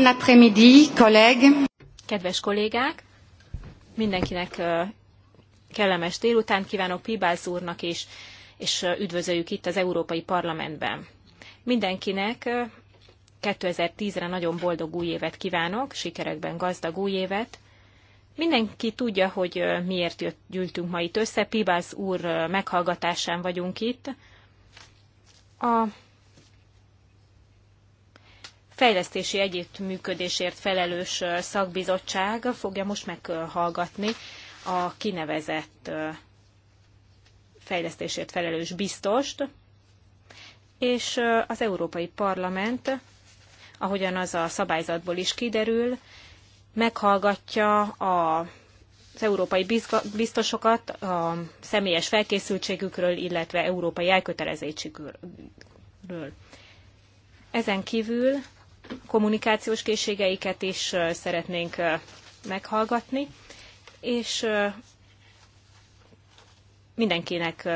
Bon après-midi, collègues. Kedves kollégák, mindenkinek kellemes délután kívánok Pibász úrnak is, és üdvözöljük itt az Európai Parlamentben. Mindenkinek 2010-re nagyon boldog új évet kívánok, sikerekben gazdag új évet. Mindenki tudja, hogy miért jött, gyűltünk ma itt össze. Pibász úr meghallgatásán vagyunk itt. A fejlesztési együttműködésért felelős szakbizottság fogja most meghallgatni a kinevezett fejlesztésért felelős biztost, és az Európai Parlament, ahogyan az a szabályzatból is kiderül, meghallgatja a az európai biztosokat a személyes felkészültségükről, illetve európai elkötelezettségükről. Ezen kívül kommunikációs készségeiket is szeretnénk meghallgatni, és mindenkinek,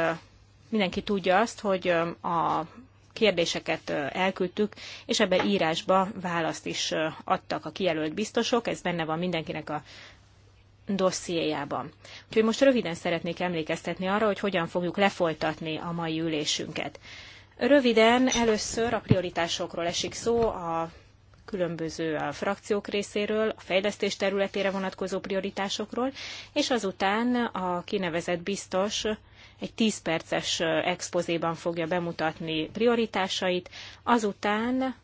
mindenki tudja azt, hogy a kérdéseket elküldtük, és ebbe írásba választ is adtak a kijelölt biztosok, ez benne van mindenkinek a dossziéjában. Úgyhogy most röviden szeretnék emlékeztetni arra, hogy hogyan fogjuk lefolytatni a mai ülésünket. Röviden először a prioritásokról esik szó a különböző a frakciók részéről, a fejlesztés területére vonatkozó prioritásokról, és azután a kinevezett biztos egy 10 perces expozéban fogja bemutatni prioritásait, azután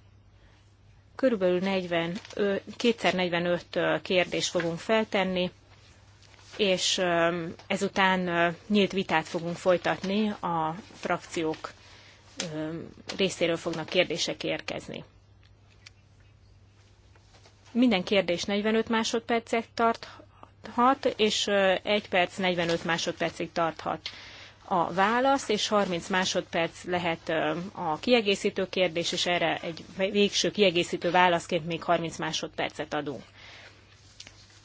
körülbelül 40, 245 kérdést fogunk feltenni, és ezután nyílt vitát fogunk folytatni, a frakciók részéről fognak kérdések érkezni. Minden kérdés 45 másodpercig tarthat, és 1 perc 45 másodpercig tarthat a válasz, és 30 másodperc lehet a kiegészítő kérdés, és erre egy végső kiegészítő válaszként még 30 másodpercet adunk.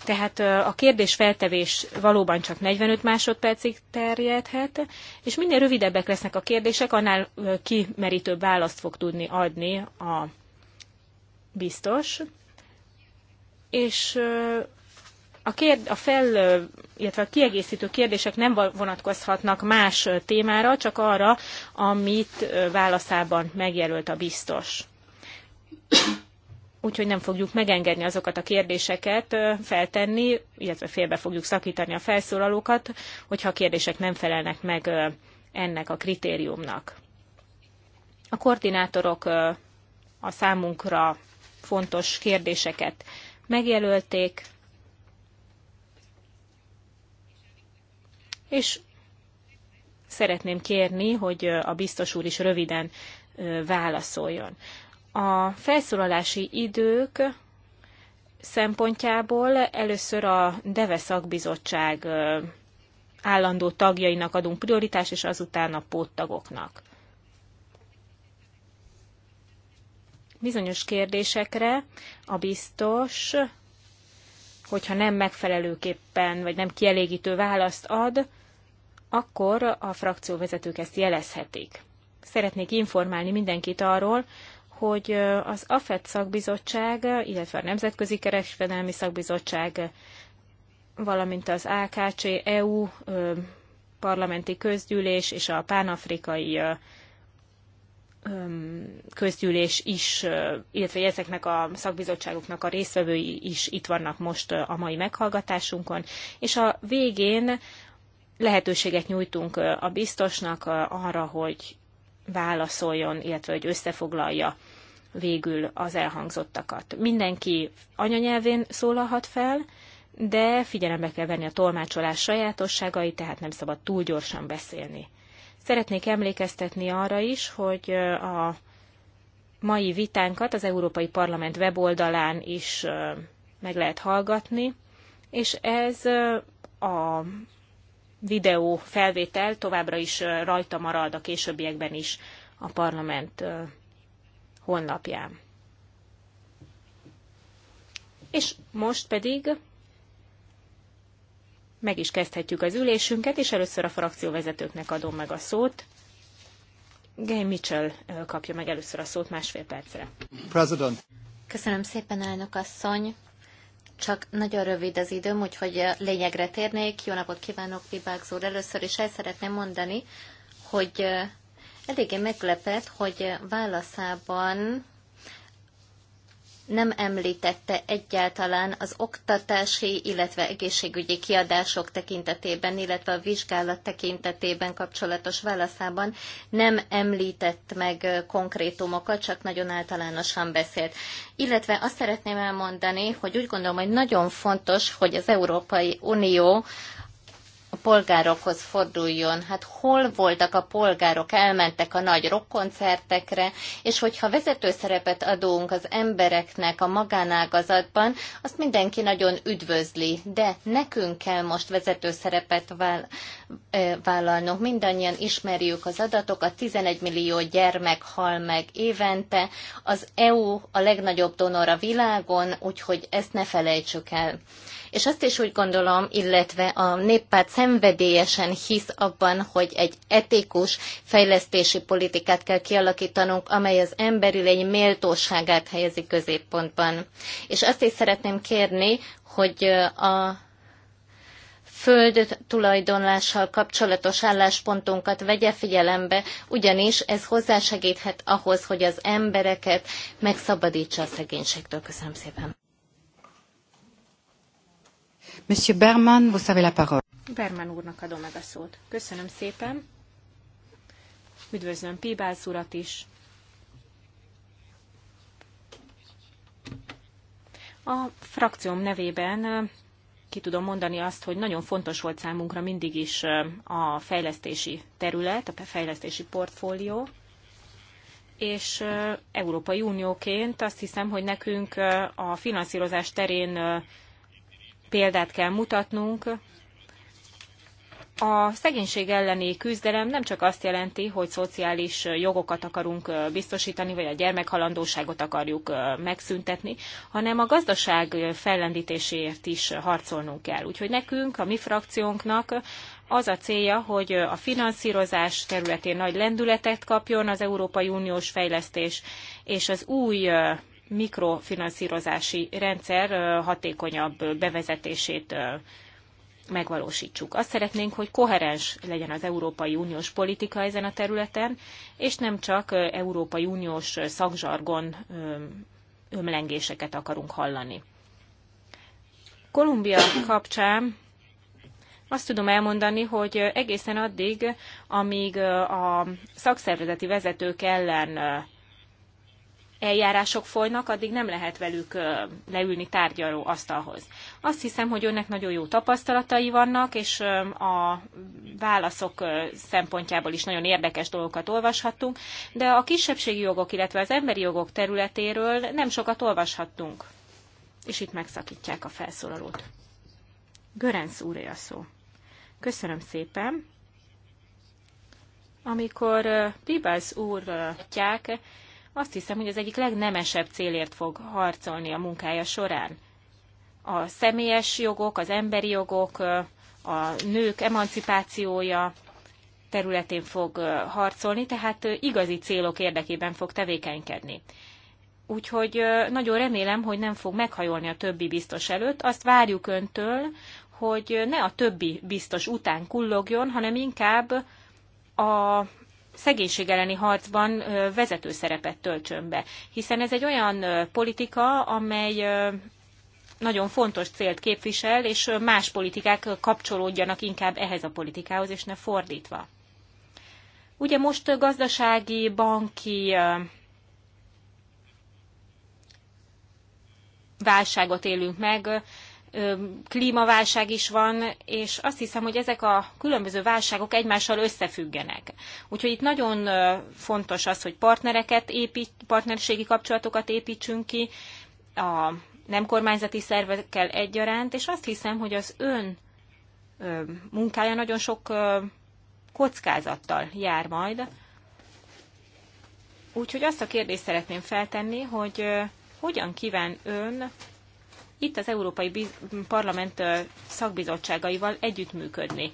Tehát a kérdés feltevés valóban csak 45 másodpercig terjedhet, és minél rövidebbek lesznek a kérdések, annál kimerítőbb választ fog tudni adni a biztos és a, kérd, a fel, illetve a kiegészítő kérdések nem vonatkozhatnak más témára, csak arra, amit válaszában megjelölt a biztos. Úgyhogy nem fogjuk megengedni azokat a kérdéseket feltenni, illetve félbe fogjuk szakítani a felszólalókat, hogyha a kérdések nem felelnek meg ennek a kritériumnak. A koordinátorok a számunkra fontos kérdéseket megjelölték, és szeretném kérni, hogy a biztos úr is röviden válaszoljon. A felszólalási idők szempontjából először a DEVE szakbizottság állandó tagjainak adunk prioritást, és azután a póttagoknak. bizonyos kérdésekre a biztos, hogyha nem megfelelőképpen vagy nem kielégítő választ ad, akkor a frakcióvezetők ezt jelezhetik. Szeretnék informálni mindenkit arról, hogy az AFET szakbizottság, illetve a Nemzetközi Kereskedelmi Szakbizottság, valamint az AKC EU parlamenti közgyűlés és a pánafrikai közgyűlés is, illetve ezeknek a szakbizottságoknak a résztvevői is itt vannak most a mai meghallgatásunkon, és a végén lehetőséget nyújtunk a biztosnak arra, hogy válaszoljon, illetve hogy összefoglalja végül az elhangzottakat. Mindenki anyanyelvén szólalhat fel, de figyelembe kell venni a tolmácsolás sajátosságai, tehát nem szabad túl gyorsan beszélni. Szeretnék emlékeztetni arra is, hogy a mai vitánkat az Európai Parlament weboldalán is meg lehet hallgatni, és ez a videó felvétel továbbra is rajta marad a későbbiekben is a parlament honlapján. És most pedig meg is kezdhetjük az ülésünket, és először a frakcióvezetőknek adom meg a szót. Gay Mitchell kapja meg először a szót másfél percre. President. Köszönöm szépen, elnök asszony. Csak nagyon rövid az időm, úgyhogy lényegre térnék. Jó napot kívánok, Vibágz Zúr. Először is el szeretném mondani, hogy eléggé meglepett, hogy válaszában nem említette egyáltalán az oktatási, illetve egészségügyi kiadások tekintetében, illetve a vizsgálat tekintetében kapcsolatos válaszában nem említett meg konkrétumokat, csak nagyon általánosan beszélt. Illetve azt szeretném elmondani, hogy úgy gondolom, hogy nagyon fontos, hogy az Európai Unió a polgárokhoz forduljon. Hát hol voltak a polgárok, elmentek a nagy rockkoncertekre, és hogyha vezető szerepet adunk az embereknek a magánágazatban, azt mindenki nagyon üdvözli, de nekünk kell most vezető szerepet vállalnunk. Mindannyian ismerjük az adatokat, 11 millió gyermek hal meg évente, az EU a legnagyobb donor a világon, úgyhogy ezt ne felejtsük el és azt is úgy gondolom, illetve a néppárt szenvedélyesen hisz abban, hogy egy etikus fejlesztési politikát kell kialakítanunk, amely az emberi lény méltóságát helyezi középpontban. És azt is szeretném kérni, hogy a föld tulajdonlással kapcsolatos álláspontunkat vegye figyelembe, ugyanis ez hozzásegíthet ahhoz, hogy az embereket megszabadítsa a szegénységtől. Köszönöm szépen. Monsieur Berman, vous avez la parole. Berman úrnak adom meg a szót. Köszönöm szépen. Üdvözlöm Pibász urat is. A frakcióm nevében ki tudom mondani azt, hogy nagyon fontos volt számunkra mindig is a fejlesztési terület, a fejlesztési portfólió, és Európai Unióként azt hiszem, hogy nekünk a finanszírozás terén példát kell mutatnunk. A szegénység elleni küzdelem nem csak azt jelenti, hogy szociális jogokat akarunk biztosítani, vagy a gyermekhalandóságot akarjuk megszüntetni, hanem a gazdaság fellendítéséért is harcolnunk kell. Úgyhogy nekünk, a mi frakciónknak az a célja, hogy a finanszírozás területén nagy lendületet kapjon az Európai Uniós fejlesztés, és az új mikrofinanszírozási rendszer hatékonyabb bevezetését megvalósítsuk. Azt szeretnénk, hogy koherens legyen az Európai Uniós politika ezen a területen, és nem csak Európai Uniós szakzsargon ömlengéseket akarunk hallani. Kolumbia kapcsán azt tudom elmondani, hogy egészen addig, amíg a szakszervezeti vezetők ellen eljárások folynak, addig nem lehet velük leülni tárgyaló asztalhoz. Azt hiszem, hogy önnek nagyon jó tapasztalatai vannak, és a válaszok szempontjából is nagyon érdekes dolgokat olvashattunk, de a kisebbségi jogok, illetve az emberi jogok területéről nem sokat olvashattunk. És itt megszakítják a felszólalót. Görenc úré a szó. Köszönöm szépen. Amikor Bibász úr látják, azt hiszem, hogy az egyik legnemesebb célért fog harcolni a munkája során. A személyes jogok, az emberi jogok, a nők emancipációja területén fog harcolni, tehát igazi célok érdekében fog tevékenykedni. Úgyhogy nagyon remélem, hogy nem fog meghajolni a többi biztos előtt. Azt várjuk öntől, hogy ne a többi biztos után kullogjon, hanem inkább a szegénység elleni harcban vezető szerepet töltsön be, hiszen ez egy olyan politika, amely nagyon fontos célt képvisel, és más politikák kapcsolódjanak inkább ehhez a politikához, és ne fordítva. Ugye most gazdasági, banki válságot élünk meg, klímaválság is van, és azt hiszem, hogy ezek a különböző válságok egymással összefüggenek. Úgyhogy itt nagyon fontos az, hogy partnereket épít, partnerségi kapcsolatokat építsünk ki a nem kormányzati szervekkel egyaránt, és azt hiszem, hogy az ön munkája nagyon sok kockázattal jár majd. Úgyhogy azt a kérdést szeretném feltenni, hogy hogyan kíván ön itt az Európai Parlament szakbizottságaival együttműködni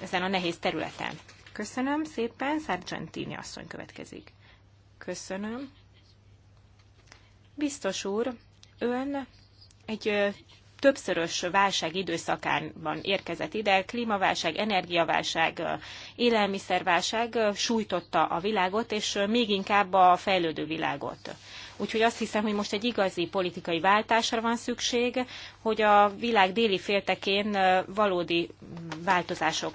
ezen a nehéz területen. Köszönöm szépen, Sargentini asszony következik. Köszönöm. Biztos úr, ön egy többszörös válság időszakában érkezett ide, klímaválság, energiaválság, élelmiszerválság sújtotta a világot, és még inkább a fejlődő világot. Úgyhogy azt hiszem, hogy most egy igazi politikai váltásra van szükség, hogy a világ déli féltekén valódi változások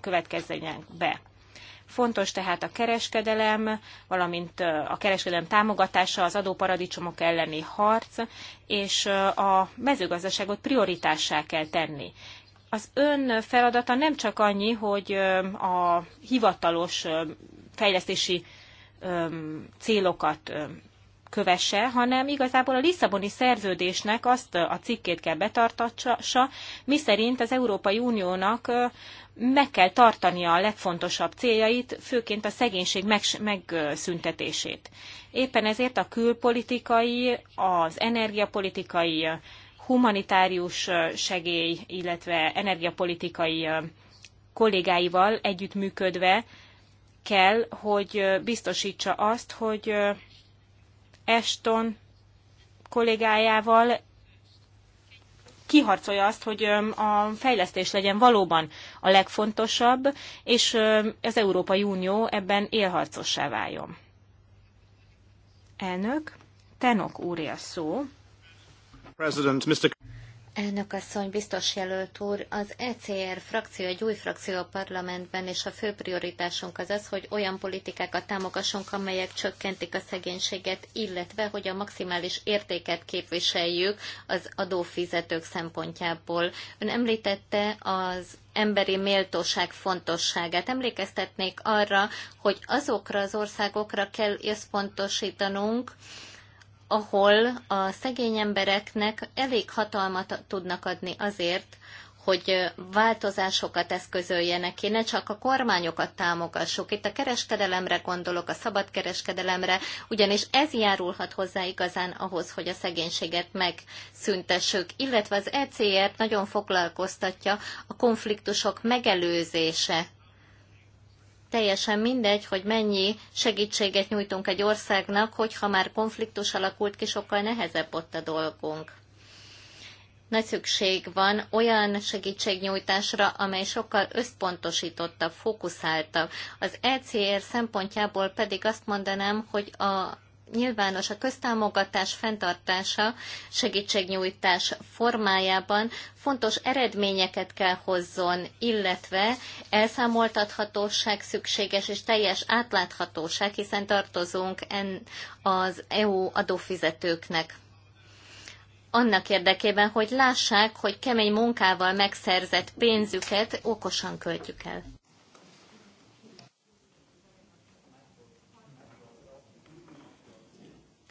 következzenek be. Fontos tehát a kereskedelem, valamint a kereskedelem támogatása, az adóparadicsomok elleni harc, és a mezőgazdaságot prioritássá kell tenni. Az ön feladata nem csak annyi, hogy a hivatalos fejlesztési célokat kövesse, hanem igazából a Lisszaboni szerződésnek azt a cikkét kell betartassa, miszerint az Európai Uniónak meg kell tartania a legfontosabb céljait, főként a szegénység megszüntetését. Éppen ezért a külpolitikai, az energiapolitikai, humanitárius segély, illetve energiapolitikai kollégáival együttműködve kell, hogy biztosítsa azt, hogy Ashton kollégájával kiharcolja azt, hogy a fejlesztés legyen valóban a legfontosabb, és az Európai Unió ebben élharcossá váljon. Elnök, Tenok úr a szó. President, Mr. Elnök asszony, biztos jelölt úr, az ECR frakció egy új frakció a parlamentben, és a fő prioritásunk az az, hogy olyan politikákat támogassunk, amelyek csökkentik a szegénységet, illetve hogy a maximális értéket képviseljük az adófizetők szempontjából. Ön említette az emberi méltóság fontosságát. Emlékeztetnék arra, hogy azokra az országokra kell összpontosítanunk, ahol a szegény embereknek elég hatalmat tudnak adni azért, hogy változásokat eszközöljenek ki, ne csak a kormányokat támogassuk. Itt a kereskedelemre gondolok, a szabad kereskedelemre, ugyanis ez járulhat hozzá igazán ahhoz, hogy a szegénységet megszüntessük, illetve az ECR-t nagyon foglalkoztatja a konfliktusok megelőzése teljesen mindegy, hogy mennyi segítséget nyújtunk egy országnak, hogyha már konfliktus alakult ki, sokkal nehezebb ott a dolgunk. Nagy szükség van olyan segítségnyújtásra, amely sokkal összpontosítottabb, fókuszáltabb. Az ECR szempontjából pedig azt mondanám, hogy a nyilvános a köztámogatás fenntartása, segítségnyújtás formájában fontos eredményeket kell hozzon, illetve elszámoltathatóság szükséges és teljes átláthatóság, hiszen tartozunk en az EU adófizetőknek annak érdekében, hogy lássák, hogy kemény munkával megszerzett pénzüket okosan költjük el.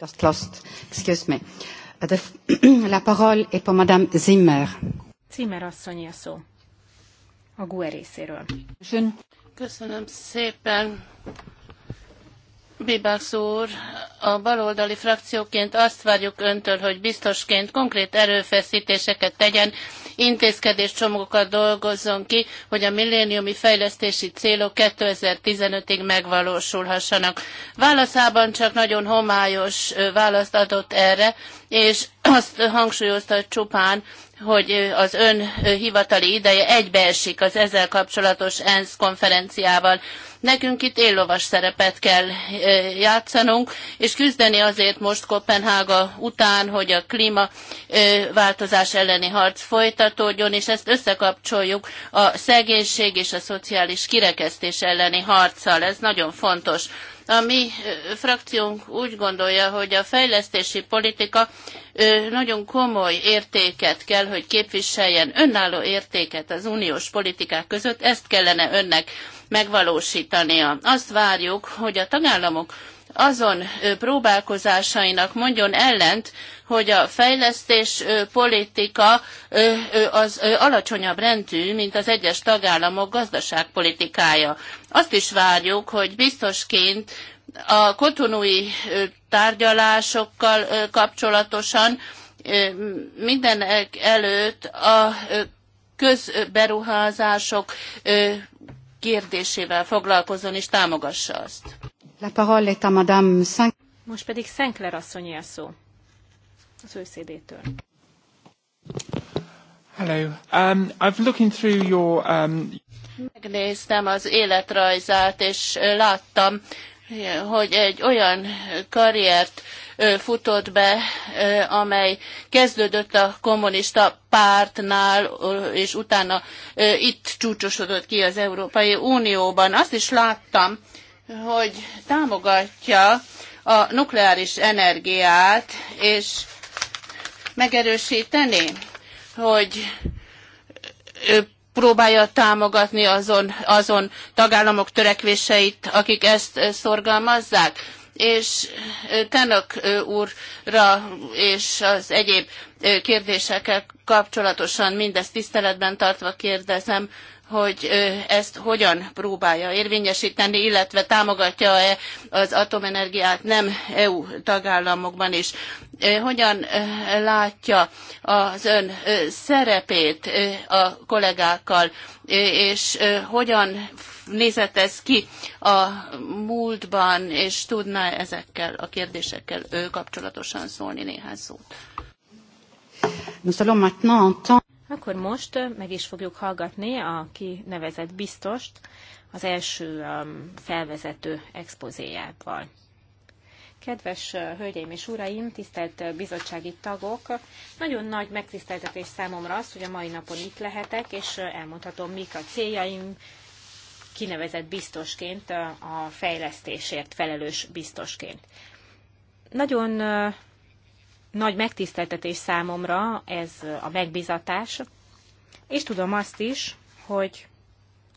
just lost, excuse me. Uh, the, la parole est pour Madame Zimmer. Zimmer asszony a szó. A GUE részéről. Köszönöm szépen. Bibax úr, a baloldali frakcióként azt várjuk öntől, hogy biztosként konkrét erőfeszítéseket tegyen, intézkedéscsomagokat dolgozzon ki, hogy a milléniumi fejlesztési célok 2015-ig megvalósulhassanak. Válaszában csak nagyon homályos választ adott erre, és azt hangsúlyozta csupán, hogy az ön hivatali ideje egybeesik az ezzel kapcsolatos ENSZ konferenciával. Nekünk itt éllovas szerepet kell játszanunk, és küzdeni azért most Kopenhága után, hogy a klímaváltozás elleni harc folytatódjon, és ezt összekapcsoljuk a szegénység és a szociális kirekesztés elleni harccal. Ez nagyon fontos a mi frakciónk úgy gondolja, hogy a fejlesztési politika nagyon komoly értéket kell, hogy képviseljen, önálló értéket az uniós politikák között, ezt kellene önnek megvalósítania. Azt várjuk, hogy a tagállamok azon próbálkozásainak mondjon ellent, hogy a fejlesztés politika az alacsonyabb rendű, mint az egyes tagállamok gazdaságpolitikája. Azt is várjuk, hogy biztosként a kotonói tárgyalásokkal kapcsolatosan mindenek előtt a közberuházások kérdésével foglalkozon és támogassa azt. La parole est à Madame Saint... Most pedig Szentler asszonyé a szó az őszédétől. Hello. Um, I've looking through your... Um... Megnéztem az életrajzát, és láttam, hogy egy olyan karriert futott be, amely kezdődött a kommunista pártnál, és utána itt csúcsosodott ki az Európai Unióban. Azt is láttam, hogy támogatja a nukleáris energiát, és megerősíteni, hogy ő próbálja támogatni azon, azon tagállamok törekvéseit, akik ezt szorgalmazzák, és Tenök úrra és az egyéb kérdésekkel kapcsolatosan mindezt tiszteletben tartva kérdezem, hogy ezt hogyan próbálja érvényesíteni, illetve támogatja-e az atomenergiát nem EU tagállamokban is. Hogyan látja az ön szerepét a kollégákkal, és hogyan nézett ez ki a múltban, és tudna ezekkel a kérdésekkel kapcsolatosan szólni néhány szót? Nous allons maintenant akkor most meg is fogjuk hallgatni a kinevezett biztost az első felvezető expozéjával. Kedves hölgyeim és uraim, tisztelt bizottsági tagok! Nagyon nagy megtiszteltetés számomra az, hogy a mai napon itt lehetek, és elmondhatom, mik a céljaim kinevezett biztosként, a fejlesztésért felelős biztosként. Nagyon nagy megtiszteltetés számomra ez a megbizatás, és tudom azt is, hogy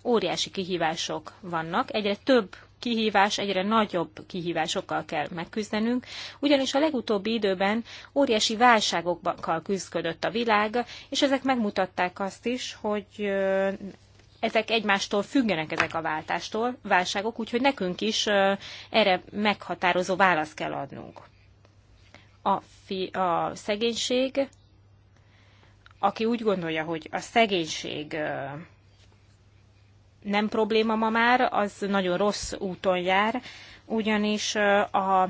óriási kihívások vannak, egyre több kihívás, egyre nagyobb kihívásokkal kell megküzdenünk, ugyanis a legutóbbi időben óriási válságokkal küzdködött a világ, és ezek megmutatták azt is, hogy ezek egymástól függenek ezek a váltástól, válságok, úgyhogy nekünk is erre meghatározó választ kell adnunk a, fi, a szegénység, aki úgy gondolja, hogy a szegénység nem probléma ma már, az nagyon rossz úton jár, ugyanis a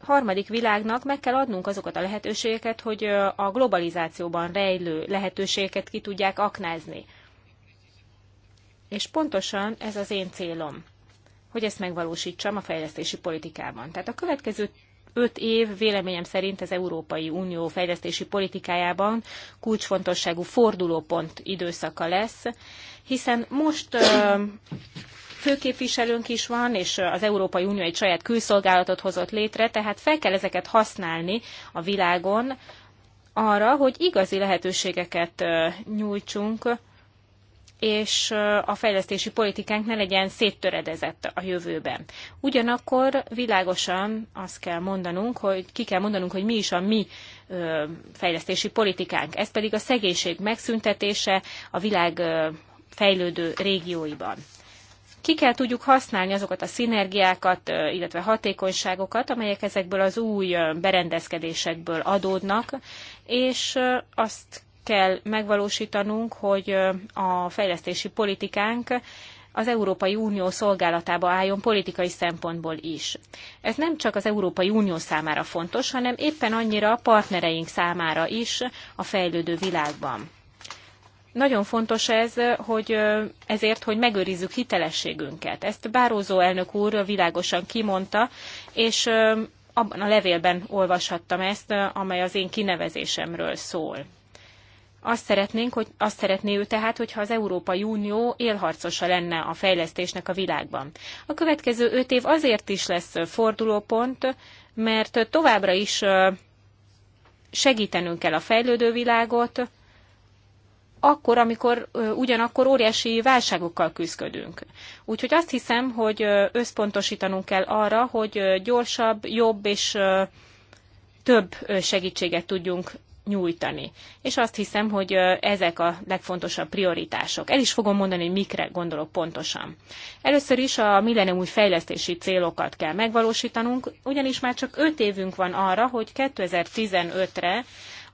harmadik világnak meg kell adnunk azokat a lehetőségeket, hogy a globalizációban rejlő lehetőségeket ki tudják aknázni. És pontosan ez az én célom, hogy ezt megvalósítsam a fejlesztési politikában. Tehát a következő öt év véleményem szerint az Európai Unió fejlesztési politikájában kulcsfontosságú fordulópont időszaka lesz, hiszen most főképviselőnk is van, és az Európai Unió egy saját külszolgálatot hozott létre, tehát fel kell ezeket használni a világon arra, hogy igazi lehetőségeket nyújtsunk és a fejlesztési politikánk ne legyen széttöredezett a jövőben. Ugyanakkor világosan azt kell mondanunk, hogy ki kell mondanunk, hogy mi is a mi fejlesztési politikánk. Ez pedig a szegénység megszüntetése a világ fejlődő régióiban. Ki kell tudjuk használni azokat a szinergiákat, illetve hatékonyságokat, amelyek ezekből az új berendezkedésekből adódnak, és azt kell megvalósítanunk, hogy a fejlesztési politikánk az Európai Unió szolgálatába álljon politikai szempontból is. Ez nem csak az Európai Unió számára fontos, hanem éppen annyira a partnereink számára is a fejlődő világban. Nagyon fontos ez, hogy ezért, hogy megőrizzük hitelességünket. Ezt Bározó elnök úr világosan kimondta, és abban a levélben olvashattam ezt, amely az én kinevezésemről szól. Azt szeretnénk, hogy azt szeretné ő tehát, hogyha az Európai Unió élharcosa lenne a fejlesztésnek a világban. A következő öt év azért is lesz fordulópont, mert továbbra is segítenünk kell a fejlődő világot, akkor, amikor ugyanakkor óriási válságokkal küzdködünk. Úgyhogy azt hiszem, hogy összpontosítanunk kell arra, hogy gyorsabb, jobb és több segítséget tudjunk nyújtani. És azt hiszem, hogy ezek a legfontosabb prioritások. El is fogom mondani, hogy mikre gondolok pontosan. Először is a millennium új fejlesztési célokat kell megvalósítanunk, ugyanis már csak 5 évünk van arra, hogy 2015-re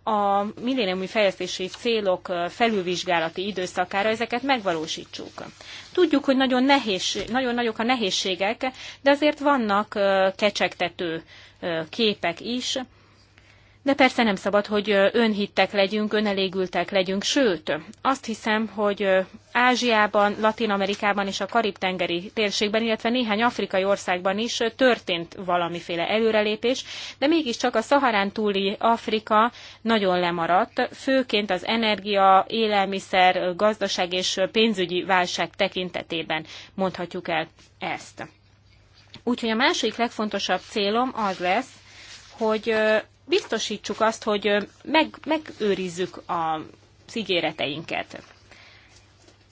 a milléniumi fejlesztési célok felülvizsgálati időszakára ezeket megvalósítsuk. Tudjuk, hogy nagyon, nehéz, nagyon nagyok a nehézségek, de azért vannak kecsegtető képek is. De persze nem szabad, hogy önhittek legyünk, önelégültek legyünk, sőt, azt hiszem, hogy Ázsiában, Latin Amerikában és a Karib-tengeri térségben, illetve néhány afrikai országban is történt valamiféle előrelépés, de mégiscsak a Szaharán túli Afrika nagyon lemaradt, főként az energia, élelmiszer, gazdaság és pénzügyi válság tekintetében mondhatjuk el ezt. Úgyhogy a második legfontosabb célom az lesz, hogy biztosítsuk azt, hogy meg, megőrizzük a ígéreteinket.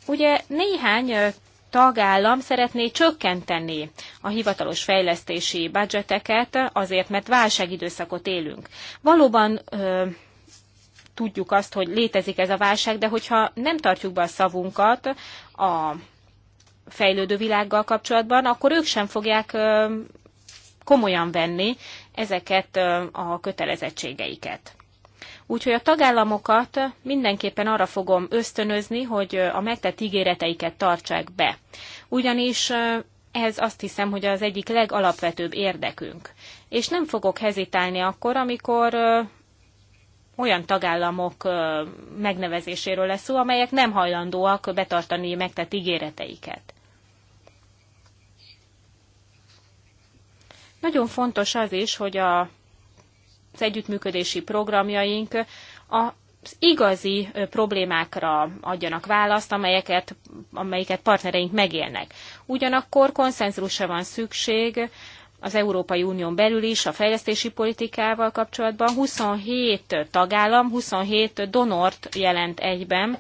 Ugye néhány tagállam szeretné csökkenteni a hivatalos fejlesztési budgeteket azért, mert válságidőszakot élünk. Valóban ö, tudjuk azt, hogy létezik ez a válság, de hogyha nem tartjuk be a szavunkat a fejlődő világgal kapcsolatban, akkor ők sem fogják ö, komolyan venni ezeket a kötelezettségeiket. Úgyhogy a tagállamokat mindenképpen arra fogom ösztönözni, hogy a megtett ígéreteiket tartsák be. Ugyanis ez azt hiszem, hogy az egyik legalapvetőbb érdekünk. És nem fogok hezitálni akkor, amikor olyan tagállamok megnevezéséről lesz szó, amelyek nem hajlandóak betartani megtett ígéreteiket. Nagyon fontos az is, hogy a, az együttműködési programjaink a az igazi problémákra adjanak választ, amelyeket, amelyiket partnereink megélnek. Ugyanakkor konszenzusra van szükség az Európai Unión belül is a fejlesztési politikával kapcsolatban. 27 tagállam, 27 donort jelent egyben,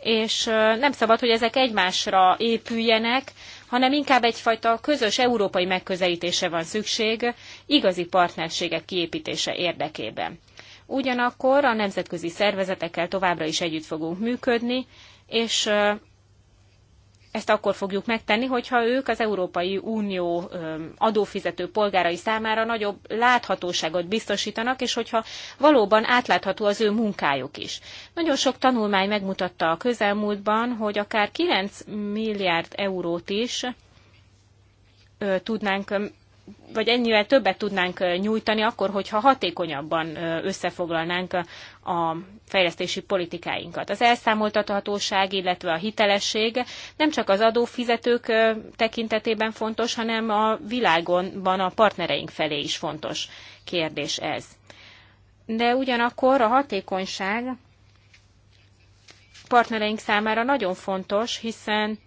és nem szabad, hogy ezek egymásra épüljenek, hanem inkább egyfajta közös európai megközelítése van szükség igazi partnerségek kiépítése érdekében. Ugyanakkor a nemzetközi szervezetekkel továbbra is együtt fogunk működni, és ezt akkor fogjuk megtenni, hogyha ők az Európai Unió adófizető polgárai számára nagyobb láthatóságot biztosítanak, és hogyha valóban átlátható az ő munkájuk is. Nagyon sok tanulmány megmutatta a közelmúltban, hogy akár 9 milliárd eurót is tudnánk vagy ennyivel többet tudnánk nyújtani, akkor, hogyha hatékonyabban összefoglalnánk a fejlesztési politikáinkat. Az elszámoltathatóság, illetve a hitelesség nem csak az adófizetők tekintetében fontos, hanem a világonban a partnereink felé is fontos kérdés ez. De ugyanakkor a hatékonyság partnereink számára nagyon fontos, hiszen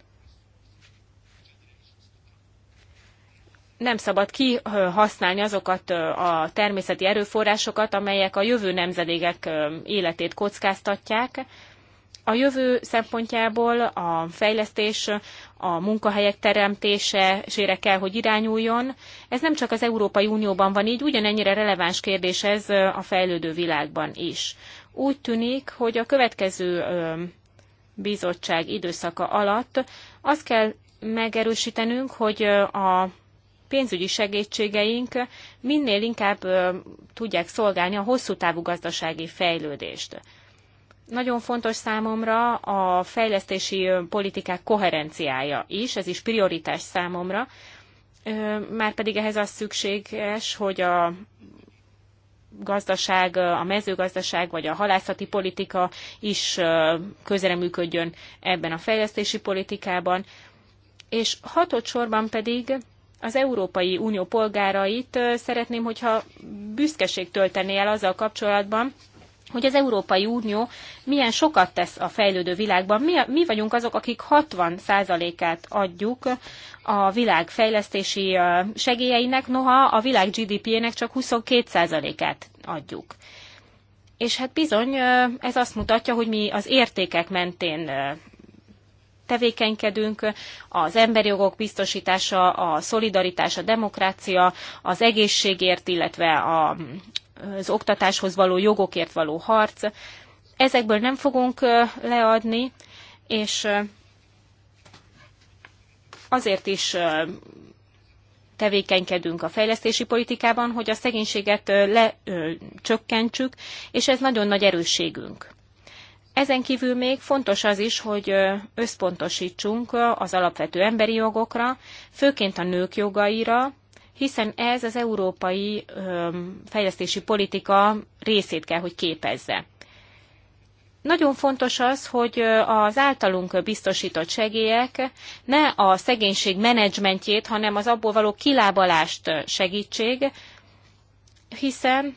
nem szabad kihasználni azokat a természeti erőforrásokat, amelyek a jövő nemzedékek életét kockáztatják. A jövő szempontjából a fejlesztés, a munkahelyek teremtésére kell, hogy irányuljon. Ez nem csak az Európai Unióban van így, ugyanennyire releváns kérdés ez a fejlődő világban is. Úgy tűnik, hogy a következő bizottság időszaka alatt azt kell megerősítenünk, hogy a pénzügyi segítségeink minél inkább tudják szolgálni a hosszú távú gazdasági fejlődést. Nagyon fontos számomra a fejlesztési politikák koherenciája is, ez is prioritás számomra, már pedig ehhez az szükséges, hogy a gazdaság, a mezőgazdaság vagy a halászati politika is közreműködjön ebben a fejlesztési politikában, és hatod sorban pedig az Európai Unió polgárait szeretném, hogyha büszkeség töltené el azzal kapcsolatban, hogy az Európai Unió milyen sokat tesz a fejlődő világban. Mi, mi vagyunk azok, akik 60%-át adjuk a világ fejlesztési segélyeinek, noha a világ GDP-ének csak 22%-át adjuk. És hát bizony, ez azt mutatja, hogy mi az értékek mentén tevékenykedünk, az emberi jogok biztosítása, a szolidaritás, a demokrácia, az egészségért, illetve a, az oktatáshoz való jogokért való harc. Ezekből nem fogunk leadni, és azért is tevékenykedünk a fejlesztési politikában, hogy a szegénységet lecsökkentsük, és ez nagyon nagy erősségünk. Ezen kívül még fontos az is, hogy összpontosítsunk az alapvető emberi jogokra, főként a nők jogaira, hiszen ez az európai fejlesztési politika részét kell, hogy képezze. Nagyon fontos az, hogy az általunk biztosított segélyek ne a szegénység menedzsmentjét, hanem az abból való kilábalást segítség, hiszen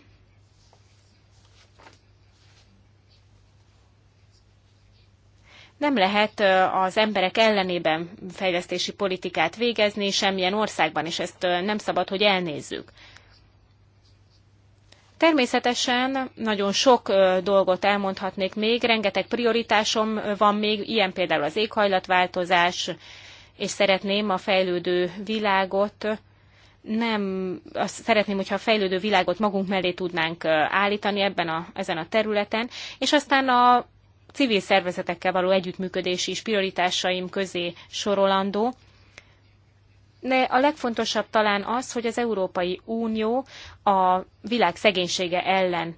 Nem lehet az emberek ellenében fejlesztési politikát végezni semmilyen országban, és ezt nem szabad, hogy elnézzük. Természetesen nagyon sok dolgot elmondhatnék még, rengeteg prioritásom van még, ilyen például az éghajlatváltozás, és szeretném a fejlődő világot nem, azt szeretném, hogyha a fejlődő világot magunk mellé tudnánk állítani ebben a, ezen a területen, és aztán a civil szervezetekkel való együttműködés is prioritásaim közé sorolandó. De a legfontosabb talán az, hogy az Európai Unió a világ szegénysége ellen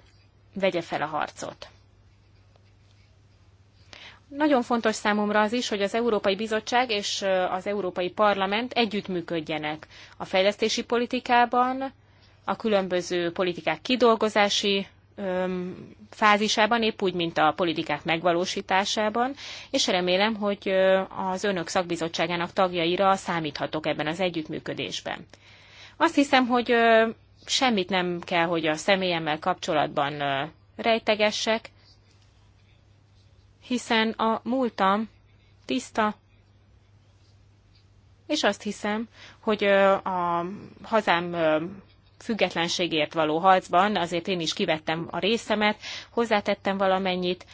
vegye fel a harcot. Nagyon fontos számomra az is, hogy az Európai Bizottság és az Európai Parlament együttműködjenek a fejlesztési politikában, a különböző politikák kidolgozási fázisában, épp úgy, mint a politikák megvalósításában, és remélem, hogy az önök szakbizottságának tagjaira számíthatok ebben az együttműködésben. Azt hiszem, hogy semmit nem kell, hogy a személyemmel kapcsolatban rejtegessek, hiszen a múltam tiszta, és azt hiszem, hogy a hazám függetlenségért való harcban, azért én is kivettem a részemet, hozzátettem valamennyit,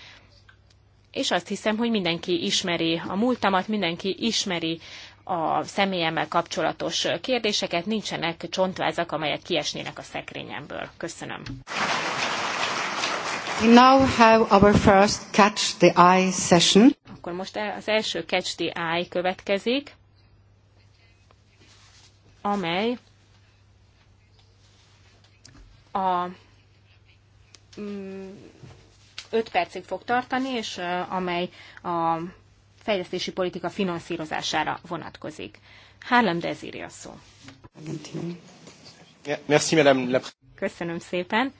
és azt hiszem, hogy mindenki ismeri a múltamat, mindenki ismeri a személyemmel kapcsolatos kérdéseket, nincsenek csontvázak, amelyek kiesnének a szekrényemből. Köszönöm. We now have our first Catch the Eye session. Akkor most az első Catch the Eye következik, amely a 5 mm, percig fog tartani, és amely a fejlesztési politika finanszírozására vonatkozik. Harlem Desiri a szó. Köszönöm szépen.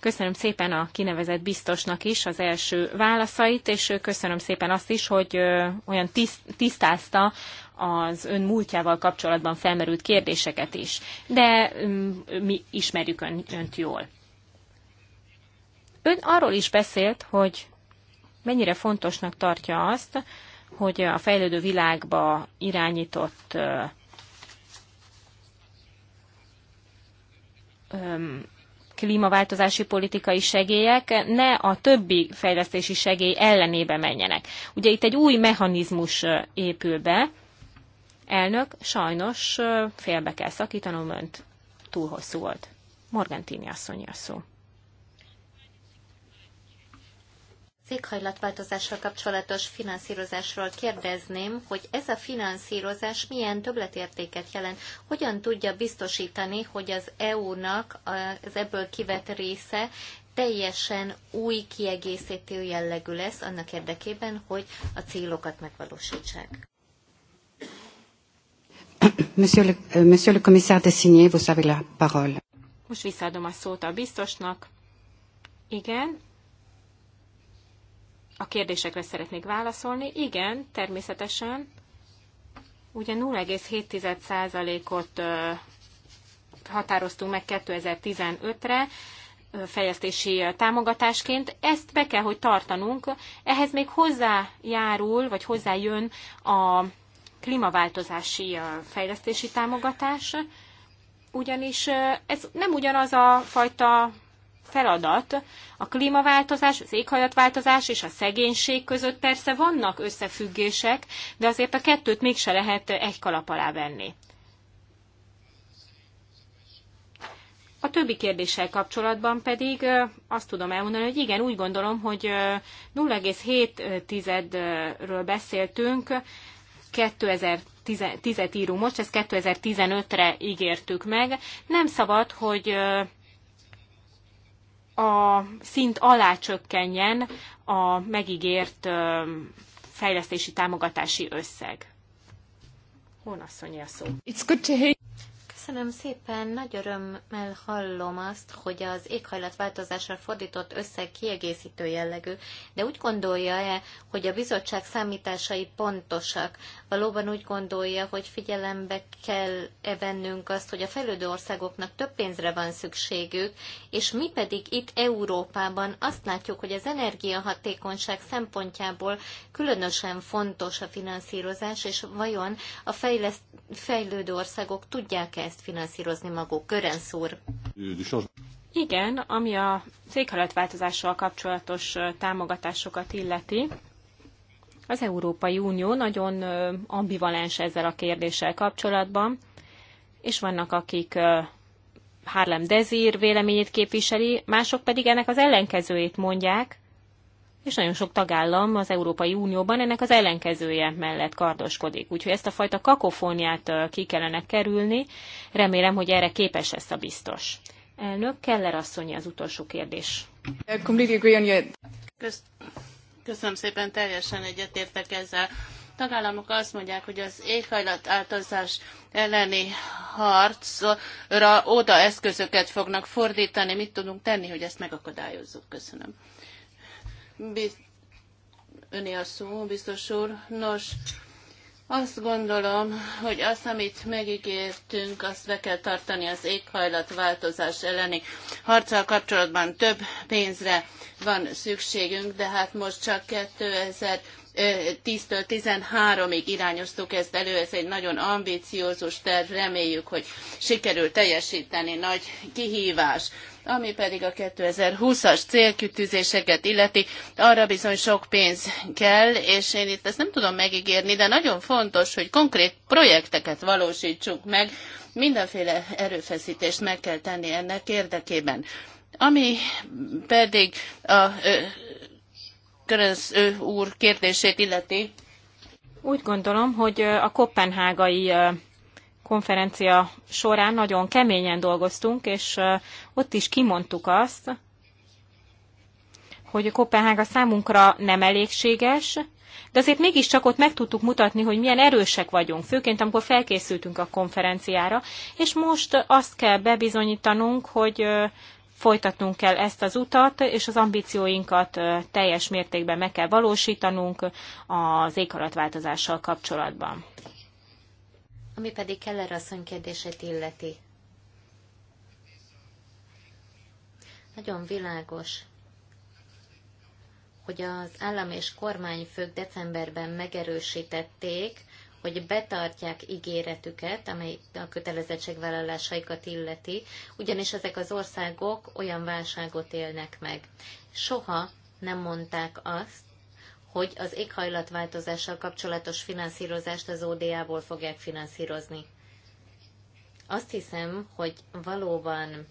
Köszönöm szépen a kinevezett biztosnak is az első válaszait, és köszönöm szépen azt is, hogy olyan tisztázta az ön múltjával kapcsolatban felmerült kérdéseket is, de mm, mi ismerjük ön, önt jól. Ön arról is beszélt, hogy mennyire fontosnak tartja azt, hogy a fejlődő világba irányított klímaváltozási politikai segélyek ne a többi fejlesztési segély ellenébe menjenek. Ugye itt egy új mechanizmus épül be, Elnök, sajnos félbe kell szakítanom önt. Túl hosszú volt. Morgantini asszony a szó. Az kapcsolatos finanszírozásról kérdezném, hogy ez a finanszírozás milyen többletértéket jelent? Hogyan tudja biztosítani, hogy az EU-nak az ebből kivett része teljesen új kiegészítő jellegű lesz annak érdekében, hogy a célokat megvalósítsák? Monsieur le, euh, monsieur le commissaire vous avez la parole. Most visszaadom a szót a biztosnak. Igen. A kérdésekre szeretnék válaszolni. Igen, természetesen. Ugye 0,7%-ot határoztunk meg 2015-re fejlesztési támogatásként. Ezt be kell, hogy tartanunk. Ehhez még hozzájárul, vagy hozzájön a klímaváltozási fejlesztési támogatás, ugyanis ez nem ugyanaz a fajta feladat. A klímaváltozás, az éghajlatváltozás és a szegénység között persze vannak összefüggések, de azért a kettőt mégse lehet egy kalap alá venni. A többi kérdéssel kapcsolatban pedig azt tudom elmondani, hogy igen, úgy gondolom, hogy 0,7-ről beszéltünk, 2010-et írunk most, ezt 2015-re ígértük meg. Nem szabad, hogy a szint alá csökkenjen a megígért fejlesztési támogatási összeg. Hónasszonyi a szó. It's good to hear. Köszönöm szépen, nagy örömmel hallom azt, hogy az éghajlatváltozásra fordított összeg kiegészítő jellegű, de úgy gondolja-e, hogy a bizottság számításai pontosak? Valóban úgy gondolja, hogy figyelembe kell -e vennünk azt, hogy a fejlődő országoknak több pénzre van szükségük, és mi pedig itt Európában azt látjuk, hogy az energiahatékonyság szempontjából különösen fontos a finanszírozás, és vajon a fejlődő országok tudják -e ezt finanszírozni maguk. Görensz úr. Igen, ami a székhajlatváltozással kapcsolatos támogatásokat illeti, az Európai Unió nagyon ambivalens ezzel a kérdéssel kapcsolatban, és vannak, akik Harlem Desir véleményét képviseli, mások pedig ennek az ellenkezőjét mondják, és nagyon sok tagállam az Európai Unióban ennek az ellenkezője mellett kardoskodik. Úgyhogy ezt a fajta kakofóniát ki kellene kerülni. Remélem, hogy erre képes lesz a biztos. Elnök Keller asszony az utolsó kérdés. Köszönöm szépen, teljesen egyetértek ezzel. A tagállamok azt mondják, hogy az éghajlatváltozás elleni harcra oda eszközöket fognak fordítani. Mit tudunk tenni, hogy ezt megakadályozzuk? Köszönöm. Biz, öné a szó, biztos úr. Nos, azt gondolom, hogy azt, amit megígértünk, azt be kell tartani az éghajlatváltozás elleni harccal kapcsolatban több pénzre van szükségünk, de hát most csak 2000 10-től 13-ig irányoztuk ezt elő, ez egy nagyon ambiciózus terv, reméljük, hogy sikerül teljesíteni nagy kihívás ami pedig a 2020-as célkütűzéseket illeti, arra bizony sok pénz kell, és én itt ezt nem tudom megígérni, de nagyon fontos, hogy konkrét projekteket valósítsunk meg, mindenféle erőfeszítést meg kell tenni ennek érdekében. Ami pedig a Görönsz úr kérdését illeti. Úgy gondolom, hogy a kopenhágai konferencia során nagyon keményen dolgoztunk, és ott is kimondtuk azt, hogy Kopenhága számunkra nem elégséges, de azért mégiscsak ott meg tudtuk mutatni, hogy milyen erősek vagyunk, főként amikor felkészültünk a konferenciára, és most azt kell bebizonyítanunk, hogy folytatnunk kell ezt az utat, és az ambícióinkat teljes mértékben meg kell valósítanunk az éghajlatváltozással kapcsolatban. Ami pedig Keller asszony kérdését illeti. Nagyon világos, hogy az állam és kormányfők decemberben megerősítették, hogy betartják ígéretüket, amely a kötelezettségvállalásaikat illeti, ugyanis ezek az országok olyan válságot élnek meg. Soha nem mondták azt, hogy az éghajlatváltozással kapcsolatos finanszírozást az ODA-ból fogják finanszírozni. Azt hiszem, hogy valóban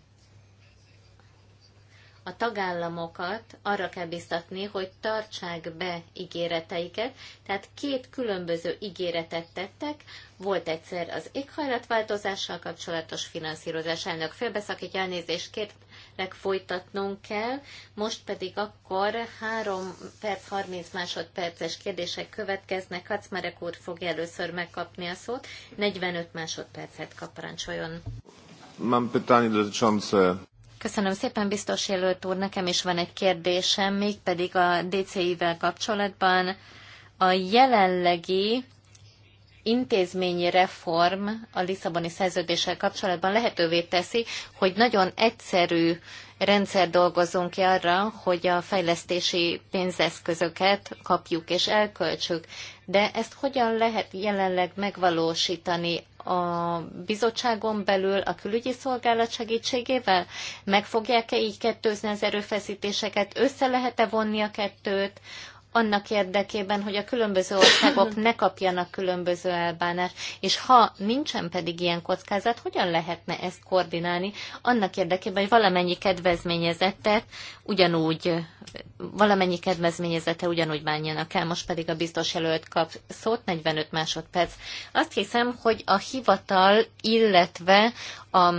a tagállamokat arra kell biztatni, hogy tartsák be ígéreteiket, tehát két különböző ígéretet tettek, volt egyszer az éghajlatváltozással kapcsolatos finanszírozás elnök félbeszakítja, elnézést kérlek folytatnunk kell, most pedig akkor 3 perc 30 másodperces kérdések következnek, Kacmarek úr fogja először megkapni a szót, 45 másodpercet kap, parancsoljon. Mam pytanie dotyczące Köszönöm szépen, biztos jelölt úr. Nekem is van egy kérdésem, mégpedig a DCI-vel kapcsolatban. A jelenlegi intézményi reform a Lisszaboni szerződéssel kapcsolatban lehetővé teszi, hogy nagyon egyszerű rendszer dolgozunk ki arra, hogy a fejlesztési pénzeszközöket kapjuk és elköltsük. De ezt hogyan lehet jelenleg megvalósítani a bizottságon belül a külügyi szolgálat segítségével? Meg fogják-e így kettőzni az erőfeszítéseket? Össze lehet-e vonni a kettőt? annak érdekében, hogy a különböző országok ne kapjanak különböző elbánást, és ha nincsen pedig ilyen kockázat, hogyan lehetne ezt koordinálni annak érdekében, hogy valamennyi kedvezményezettet ugyanúgy, valamennyi kedvezményezete ugyanúgy bánjanak el, most pedig a biztos jelölt kap szót, 45 másodperc. Azt hiszem, hogy a hivatal, illetve a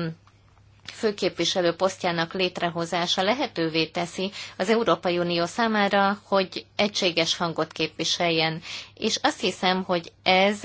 főképviselő posztjának létrehozása lehetővé teszi az Európai Unió számára, hogy egységes hangot képviseljen. És azt hiszem, hogy ez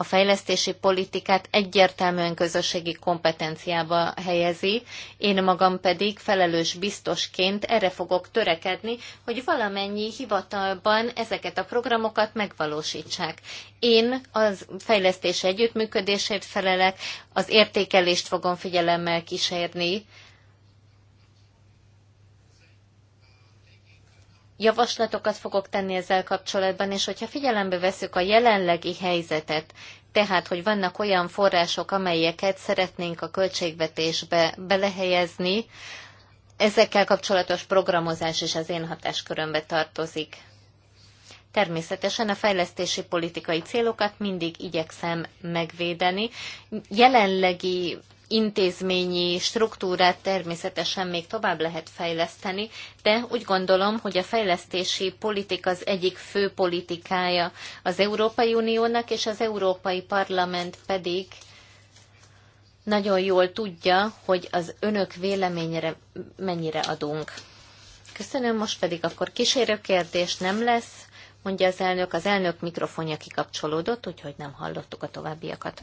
a fejlesztési politikát egyértelműen közösségi kompetenciába helyezi, én magam pedig felelős biztosként erre fogok törekedni, hogy valamennyi hivatalban ezeket a programokat megvalósítsák. Én az fejlesztés együttműködésért felelek, az értékelést fogom figyelemmel kísérni, javaslatokat fogok tenni ezzel kapcsolatban, és hogyha figyelembe veszük a jelenlegi helyzetet, tehát, hogy vannak olyan források, amelyeket szeretnénk a költségvetésbe belehelyezni, ezekkel kapcsolatos programozás is az én hatáskörömbe tartozik. Természetesen a fejlesztési politikai célokat mindig igyekszem megvédeni. Jelenlegi intézményi struktúrát természetesen még tovább lehet fejleszteni, de úgy gondolom, hogy a fejlesztési politika az egyik fő politikája az Európai Uniónak, és az Európai Parlament pedig nagyon jól tudja, hogy az önök véleményre mennyire adunk. Köszönöm, most pedig akkor kísérő kérdés nem lesz, mondja az elnök. Az elnök mikrofonja kikapcsolódott, úgyhogy nem hallottuk a továbbiakat.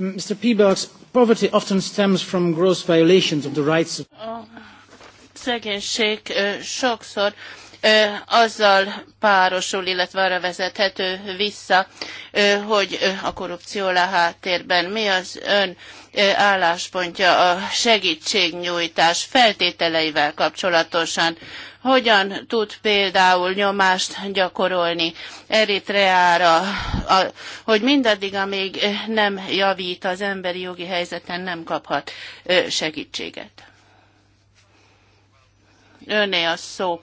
Mr. Piebalgs, poverty often stems from gross violations of the rights of... A szegénység sokszor azzal párosul, illetve arra vezethető vissza, hogy a korrupció a háttérben. Mi az ön álláspontja a segítségnyújtás feltételeivel kapcsolatosan? hogyan tud például nyomást gyakorolni Eritreára, a, hogy mindaddig, amíg nem javít az emberi jogi helyzeten, nem kaphat segítséget. Önné a szó.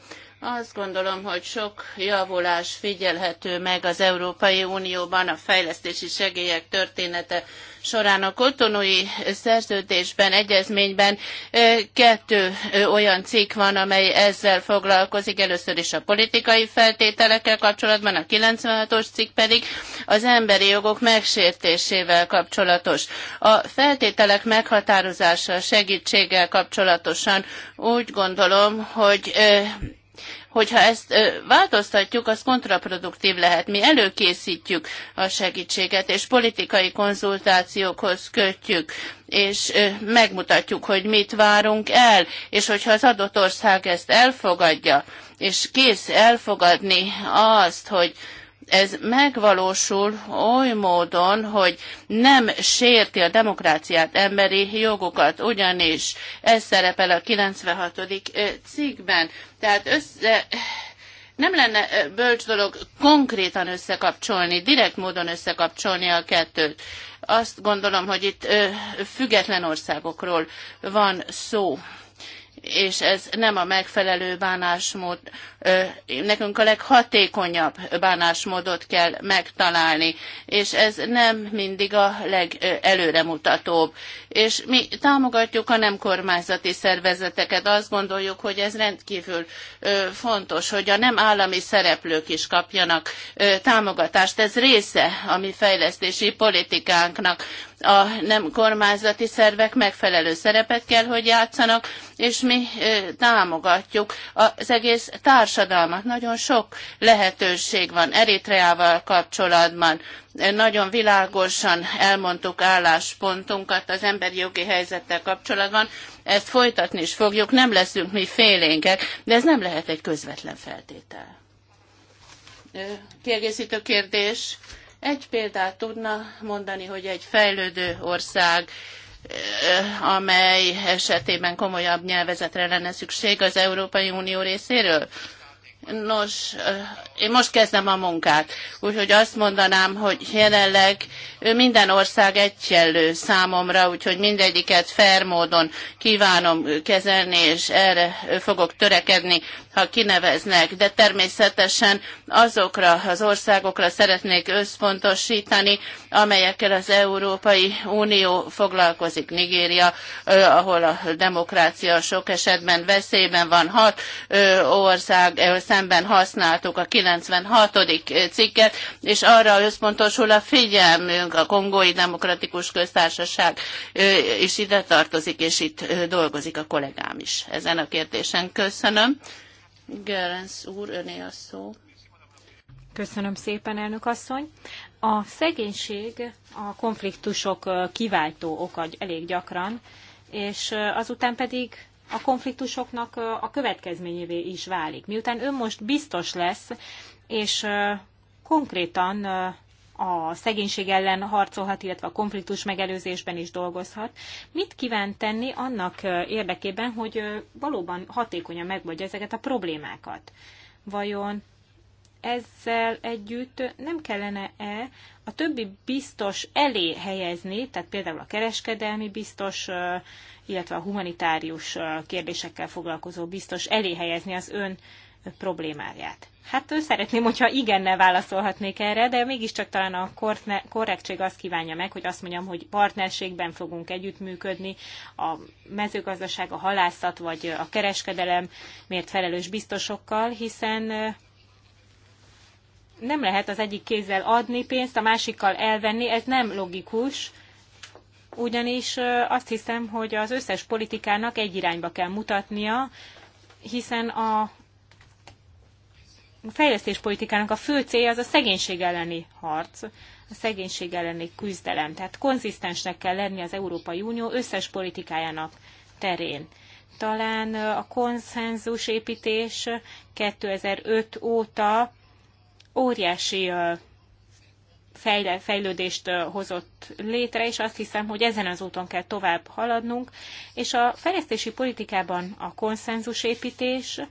Azt gondolom, hogy sok javulás figyelhető meg az Európai Unióban a fejlesztési segélyek története során. A kotonói szerződésben, egyezményben kettő olyan cikk van, amely ezzel foglalkozik. Először is a politikai feltételekkel kapcsolatban, a 96-os cikk pedig az emberi jogok megsértésével kapcsolatos. A feltételek meghatározása segítséggel kapcsolatosan úgy gondolom, hogy hogyha ezt változtatjuk, az kontraproduktív lehet. Mi előkészítjük a segítséget, és politikai konzultációkhoz kötjük, és megmutatjuk, hogy mit várunk el, és hogyha az adott ország ezt elfogadja, és kész elfogadni azt, hogy ez megvalósul oly módon, hogy nem sérti a demokráciát, emberi jogokat, ugyanis ez szerepel a 96. cikkben. Tehát össze, nem lenne bölcs dolog konkrétan összekapcsolni, direkt módon összekapcsolni a kettőt. Azt gondolom, hogy itt független országokról van szó és ez nem a megfelelő bánásmód. Nekünk a leghatékonyabb bánásmódot kell megtalálni, és ez nem mindig a legelőremutatóbb. És mi támogatjuk a nem kormányzati szervezeteket. Azt gondoljuk, hogy ez rendkívül fontos, hogy a nem állami szereplők is kapjanak támogatást. Ez része a mi fejlesztési politikánknak a nem kormányzati szervek megfelelő szerepet kell, hogy játszanak, és mi támogatjuk az egész társadalmat. Nagyon sok lehetőség van Eritreával kapcsolatban. Nagyon világosan elmondtuk álláspontunkat az emberi jogi helyzettel kapcsolatban. Ezt folytatni is fogjuk, nem leszünk mi félénkek, de ez nem lehet egy közvetlen feltétel. Kiegészítő kérdés. Egy példát tudna mondani, hogy egy fejlődő ország eh, amely esetében komolyabb nyelvezetre lenne szükség az Európai Unió részéről? Nos, eh, én most kezdem a munkát, úgyhogy azt mondanám, hogy jelenleg eh, minden ország egyenlő számomra, úgyhogy mindegyiket fair módon kívánom eh, kezelni, és erre fogok törekedni, ha kineveznek. De természetesen azokra az országokra szeretnék összpontosítani, amelyekkel az Európai Unió foglalkozik. Nigéria, ahol a demokrácia sok esetben veszélyben van, hat ország, szemben használtuk a 96. cikket, és arra összpontosul a figyelmünk, a Kongói Demokratikus Köztársaság is ide tartozik, és itt dolgozik a kollégám is ezen a kérdésen. Köszönöm. Gerenc úr, öné a szó. Köszönöm szépen, elnök asszony. A szegénység a konfliktusok kiváltó oka elég gyakran, és azután pedig a konfliktusoknak a következményévé is válik. Miután ön most biztos lesz, és konkrétan a szegénység ellen harcolhat, illetve a konfliktus megelőzésben is dolgozhat. Mit kíván tenni annak érdekében, hogy valóban hatékonyan megoldja ezeket a problémákat? Vajon ezzel együtt nem kellene-e a többi biztos elé helyezni, tehát például a kereskedelmi biztos, illetve a humanitárius kérdésekkel foglalkozó biztos elé helyezni az ön problémáját. Hát szeretném, hogyha igennel válaszolhatnék erre, de mégiscsak talán a korrektség azt kívánja meg, hogy azt mondjam, hogy partnerségben fogunk együttműködni, a mezőgazdaság, a halászat vagy a kereskedelem miért felelős biztosokkal, hiszen nem lehet az egyik kézzel adni pénzt, a másikkal elvenni, ez nem logikus, ugyanis azt hiszem, hogy az összes politikának egy irányba kell mutatnia, hiszen a fejlesztéspolitikának a fő célja az a szegénység elleni harc, a szegénység elleni küzdelem. Tehát konzisztensnek kell lenni az Európai Unió összes politikájának terén. Talán a konszenzus 2005 óta óriási fejlődést hozott létre, és azt hiszem, hogy ezen az úton kell tovább haladnunk, és a fejlesztési politikában a konszenzusépítés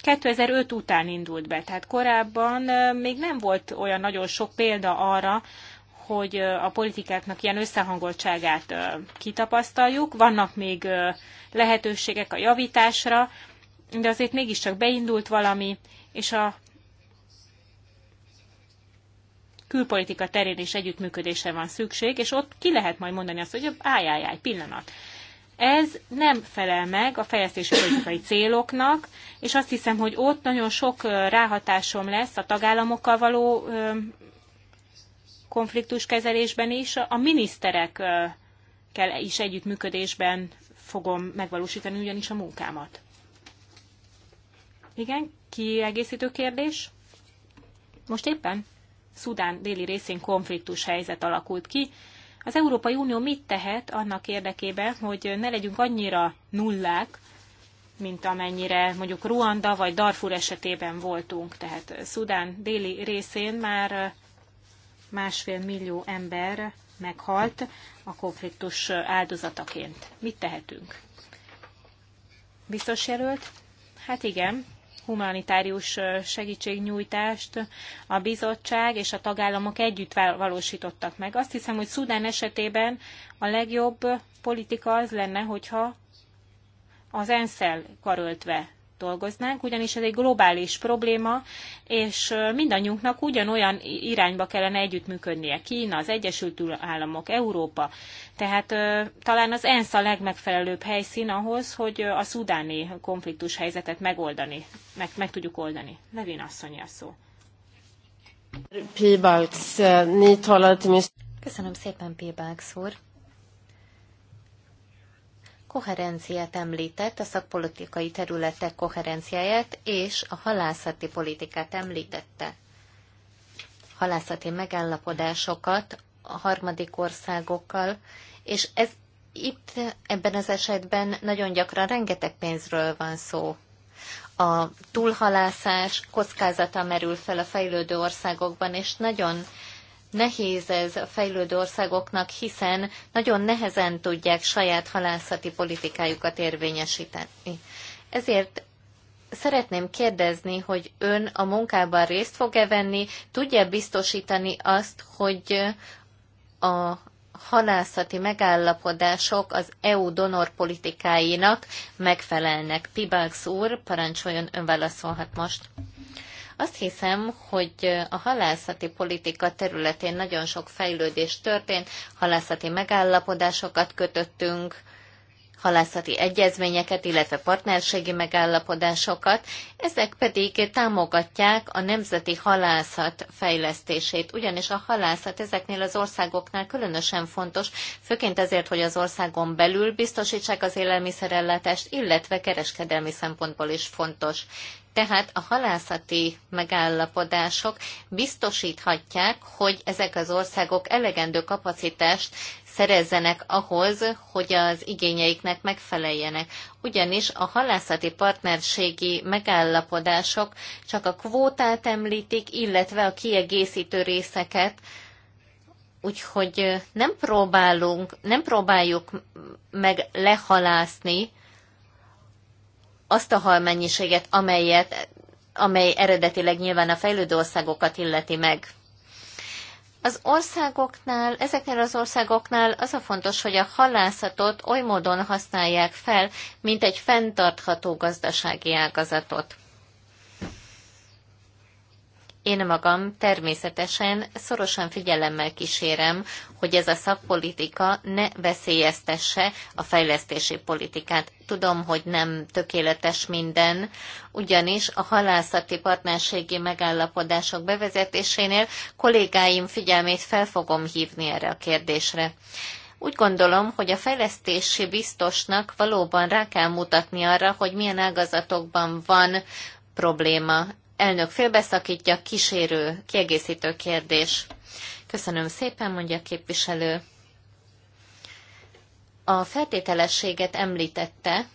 2005 után indult be, tehát korábban még nem volt olyan nagyon sok példa arra, hogy a politikáknak ilyen összehangoltságát kitapasztaljuk. Vannak még lehetőségek a javításra, de azért mégiscsak beindult valami, és a külpolitika terén is együttműködésre van szükség, és ott ki lehet majd mondani azt, hogy ájjájáj, pillanat. Ez nem felel meg a fejlesztési politikai céloknak, és azt hiszem, hogy ott nagyon sok ráhatásom lesz a tagállamokkal való konfliktuskezelésben is, a miniszterekkel is együttműködésben fogom megvalósítani ugyanis a munkámat. Igen, kiegészítő kérdés? Most éppen? Szudán déli részén konfliktus helyzet alakult ki. Az Európai Unió mit tehet annak érdekében, hogy ne legyünk annyira nullák, mint amennyire mondjuk Ruanda vagy Darfur esetében voltunk. Tehát Szudán déli részén már másfél millió ember meghalt a konfliktus áldozataként. Mit tehetünk? Biztos jelölt? Hát igen, humanitárius segítségnyújtást a bizottság és a tagállamok együtt valósítottak meg. Azt hiszem, hogy Szudán esetében a legjobb politika az lenne, hogyha az ENSZ-el karöltve dolgoznánk, ugyanis ez egy globális probléma, és mindannyiunknak ugyanolyan irányba kellene együttműködnie. Kína, az Egyesült Államok, Európa. Tehát talán az ENSZ a legmegfelelőbb helyszín ahhoz, hogy a szudáni konfliktus helyzetet megoldani, meg, meg tudjuk oldani. Levin asszony a szó. Köszönöm szépen, Pébalks úr koherenciát említett, a szakpolitikai területek koherenciáját és a halászati politikát említette. Halászati megállapodásokat a harmadik országokkal, és ez itt ebben az esetben nagyon gyakran rengeteg pénzről van szó. A túlhalászás kockázata merül fel a fejlődő országokban, és nagyon nehéz ez a fejlődő országoknak, hiszen nagyon nehezen tudják saját halászati politikájukat érvényesíteni. Ezért szeretném kérdezni, hogy ön a munkában részt fog-e venni, tudja biztosítani azt, hogy a halászati megállapodások az EU donorpolitikájának megfelelnek. Pibax úr, parancsoljon, ön válaszolhat most. Azt hiszem, hogy a halászati politika területén nagyon sok fejlődés történt, halászati megállapodásokat kötöttünk, halászati egyezményeket, illetve partnerségi megállapodásokat, ezek pedig támogatják a nemzeti halászat fejlesztését, ugyanis a halászat ezeknél az országoknál különösen fontos, főként azért, hogy az országon belül biztosítsák az élelmiszerellátást, illetve kereskedelmi szempontból is fontos. Tehát a halászati megállapodások biztosíthatják, hogy ezek az országok elegendő kapacitást szerezzenek ahhoz, hogy az igényeiknek megfeleljenek. Ugyanis a halászati partnerségi megállapodások csak a kvótát említik, illetve a kiegészítő részeket, úgyhogy nem próbálunk, nem próbáljuk meg lehalászni azt a halmennyiséget, amelyet, amely eredetileg nyilván a fejlődő országokat illeti meg. Az országoknál, ezeknél az országoknál az a fontos, hogy a halászatot oly módon használják fel, mint egy fenntartható gazdasági ágazatot. Én magam természetesen szorosan figyelemmel kísérem, hogy ez a szakpolitika ne veszélyeztesse a fejlesztési politikát. Tudom, hogy nem tökéletes minden, ugyanis a halászati partnerségi megállapodások bevezetésénél kollégáim figyelmét fel fogom hívni erre a kérdésre. Úgy gondolom, hogy a fejlesztési biztosnak valóban rá kell mutatni arra, hogy milyen ágazatokban van probléma, Elnök félbeszakítja, kísérő, kiegészítő kérdés. Köszönöm szépen, mondja a képviselő. A feltételességet említette,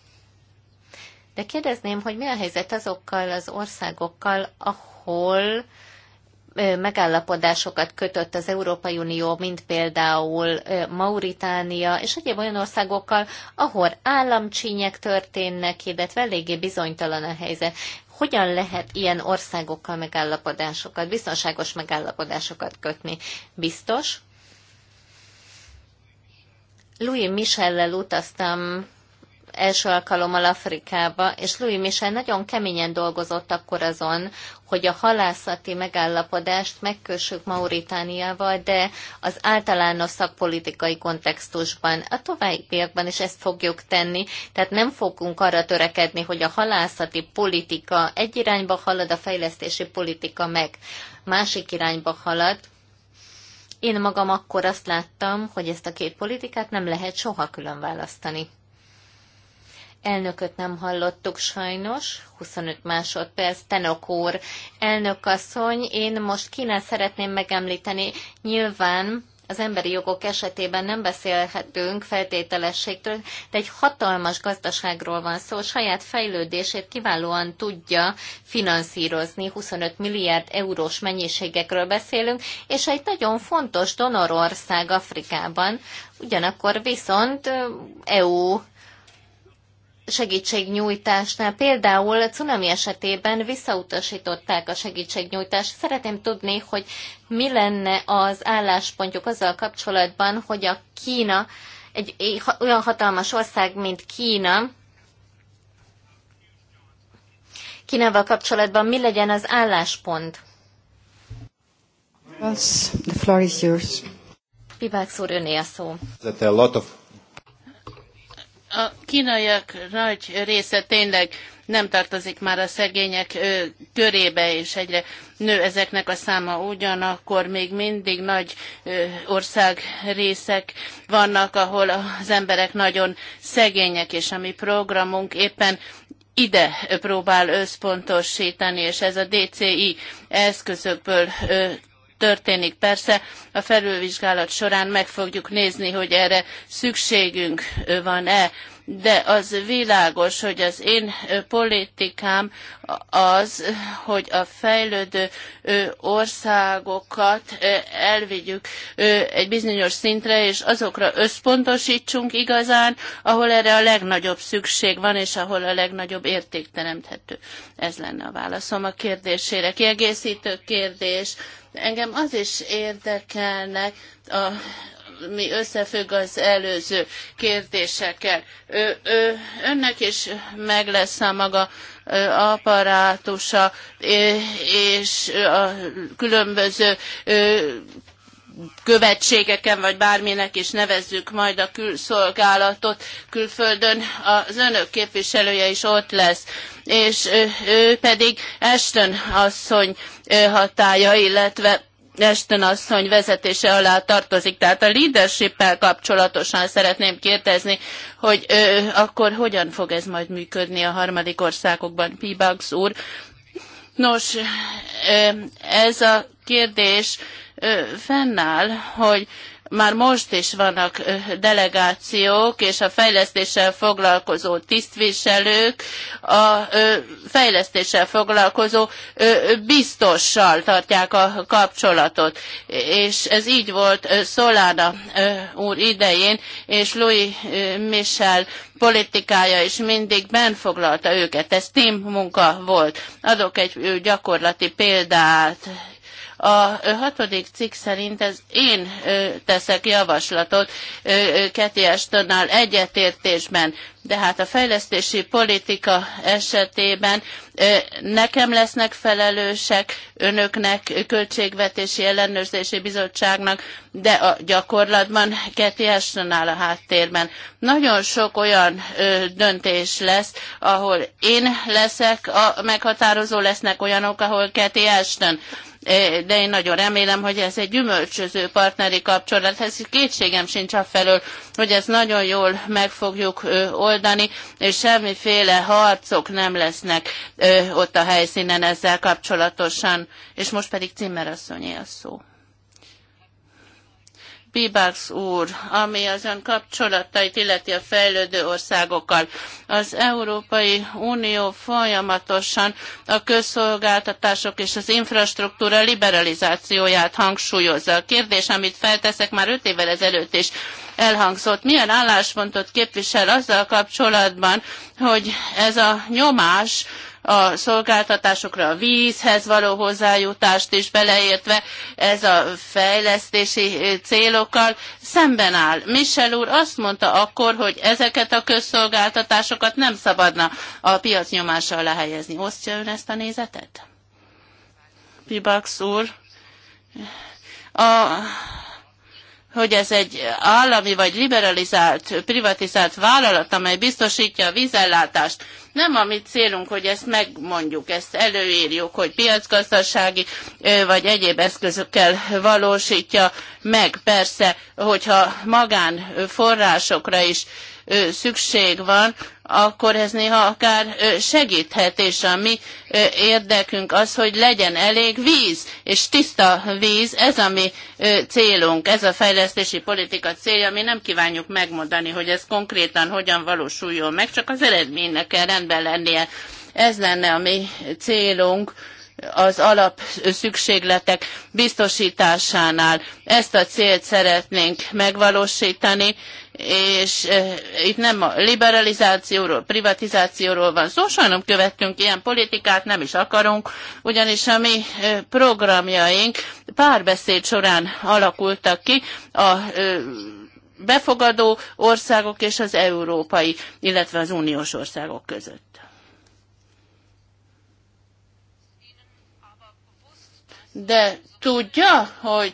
de kérdezném, hogy mi a helyzet azokkal az országokkal, ahol megállapodásokat kötött az Európai Unió, mint például Mauritánia és egyéb olyan országokkal, ahol államcsínyek történnek, illetve eléggé bizonytalan a helyzet hogyan lehet ilyen országokkal megállapodásokat, biztonságos megállapodásokat kötni. Biztos. Louis Michellel utaztam első alkalommal Afrikába, és Louis Michel nagyon keményen dolgozott akkor azon, hogy a halászati megállapodást megkössük Mauritániával, de az általános szakpolitikai kontextusban, a továbbiakban is ezt fogjuk tenni, tehát nem fogunk arra törekedni, hogy a halászati politika egy irányba halad, a fejlesztési politika meg másik irányba halad, én magam akkor azt láttam, hogy ezt a két politikát nem lehet soha külön választani. Elnököt nem hallottuk sajnos, 25 másodperc, Tenok úr. Elnök asszony, én most kinek szeretném megemlíteni. Nyilván az emberi jogok esetében nem beszélhetünk feltételességtől, de egy hatalmas gazdaságról van szó, saját fejlődését kiválóan tudja finanszírozni, 25 milliárd eurós mennyiségekről beszélünk, és egy nagyon fontos donorország Afrikában, ugyanakkor viszont EU segítségnyújtásnál, például a cunami esetében visszautasították a segítségnyújtást. Szeretném tudni, hogy mi lenne az álláspontjuk azzal kapcsolatban, hogy a Kína, egy olyan hatalmas ország, mint Kína, Kínával kapcsolatban mi legyen az álláspont? The floor is yours. szúr, öné a szó. That a lot of a kínaiak nagy része tényleg nem tartozik már a szegények körébe, és egyre nő ezeknek a száma ugyanakkor még mindig nagy ország részek vannak, ahol az emberek nagyon szegények, és a mi programunk éppen ide próbál összpontosítani, és ez a DCI eszközökből történik. Persze a felülvizsgálat során meg fogjuk nézni, hogy erre szükségünk van-e de az világos, hogy az én politikám az, hogy a fejlődő országokat elvigyük egy bizonyos szintre, és azokra összpontosítsunk igazán, ahol erre a legnagyobb szükség van, és ahol a legnagyobb érték teremthető. Ez lenne a válaszom a kérdésére. Kiegészítő kérdés. Engem az is érdekelnek a ami összefügg az előző kérdésekkel. Ő, ő, önnek is meg lesz a maga apparátusa és a különböző követségeken, vagy bárminek is nevezzük majd a külszolgálatot külföldön, az önök képviselője is ott lesz. És ő pedig Ashton asszony hatája, illetve Ashton asszony vezetése alá tartozik. Tehát a leadership kapcsolatosan szeretném kérdezni, hogy ö, akkor hogyan fog ez majd működni a harmadik országokban, Pibax úr. Nos, ö, ez a kérdés ö, fennáll, hogy ö, már most is vannak delegációk és a fejlesztéssel foglalkozó tisztviselők a fejlesztéssel foglalkozó biztossal tartják a kapcsolatot. És ez így volt Szolána úr idején, és Louis Michel politikája is mindig benfoglalta őket. Ez team munka volt. Adok egy gyakorlati példát a hatodik cikk szerint ez én teszek javaslatot Keti Estonnal egyetértésben, de hát a fejlesztési politika esetében nekem lesznek felelősek, önöknek, költségvetési ellenőrzési bizottságnak, de a gyakorlatban Keti Estonnal a háttérben. Nagyon sok olyan döntés lesz, ahol én leszek a meghatározó, lesznek olyanok, ahol Keti Eston de én nagyon remélem, hogy ez egy gyümölcsöző partneri kapcsolat. Ez kétségem sincs felől, hogy ezt nagyon jól meg fogjuk oldani, és semmiféle harcok nem lesznek ott a helyszínen ezzel kapcsolatosan. És most pedig Cimmerasszonyé a szó. Pibax úr, ami az ön kapcsolatait illeti a fejlődő országokkal. Az Európai Unió folyamatosan a közszolgáltatások és az infrastruktúra liberalizációját hangsúlyozza. A kérdés, amit felteszek már öt évvel ezelőtt is, elhangzott. Milyen álláspontot képvisel azzal kapcsolatban, hogy ez a nyomás a szolgáltatásokra, a vízhez való hozzájutást is beleértve ez a fejlesztési célokkal szemben áll. Michel úr azt mondta akkor, hogy ezeket a közszolgáltatásokat nem szabadna a piac nyomása alá helyezni. Osztja ön ezt a nézetet? Pibax úr, a hogy ez egy állami vagy liberalizált, privatizált vállalat, amely biztosítja a vízellátást. Nem a mi célunk, hogy ezt megmondjuk, ezt előírjuk, hogy piacgazdasági vagy egyéb eszközökkel valósítja meg. Persze, hogyha magánforrásokra is szükség van, akkor ez néha akár segíthet, és a mi érdekünk az, hogy legyen elég víz, és tiszta víz, ez a mi célunk, ez a fejlesztési politika célja, mi nem kívánjuk megmondani, hogy ez konkrétan hogyan valósuljon meg, csak az eredménynek kell rendben lennie. Ez lenne a mi célunk az alap szükségletek biztosításánál. Ezt a célt szeretnénk megvalósítani, és itt nem a liberalizációról, privatizációról van szó, sajnos követtünk ilyen politikát, nem is akarunk, ugyanis a mi programjaink párbeszéd során alakultak ki a befogadó országok és az európai, illetve az uniós országok között. De tudja, hogy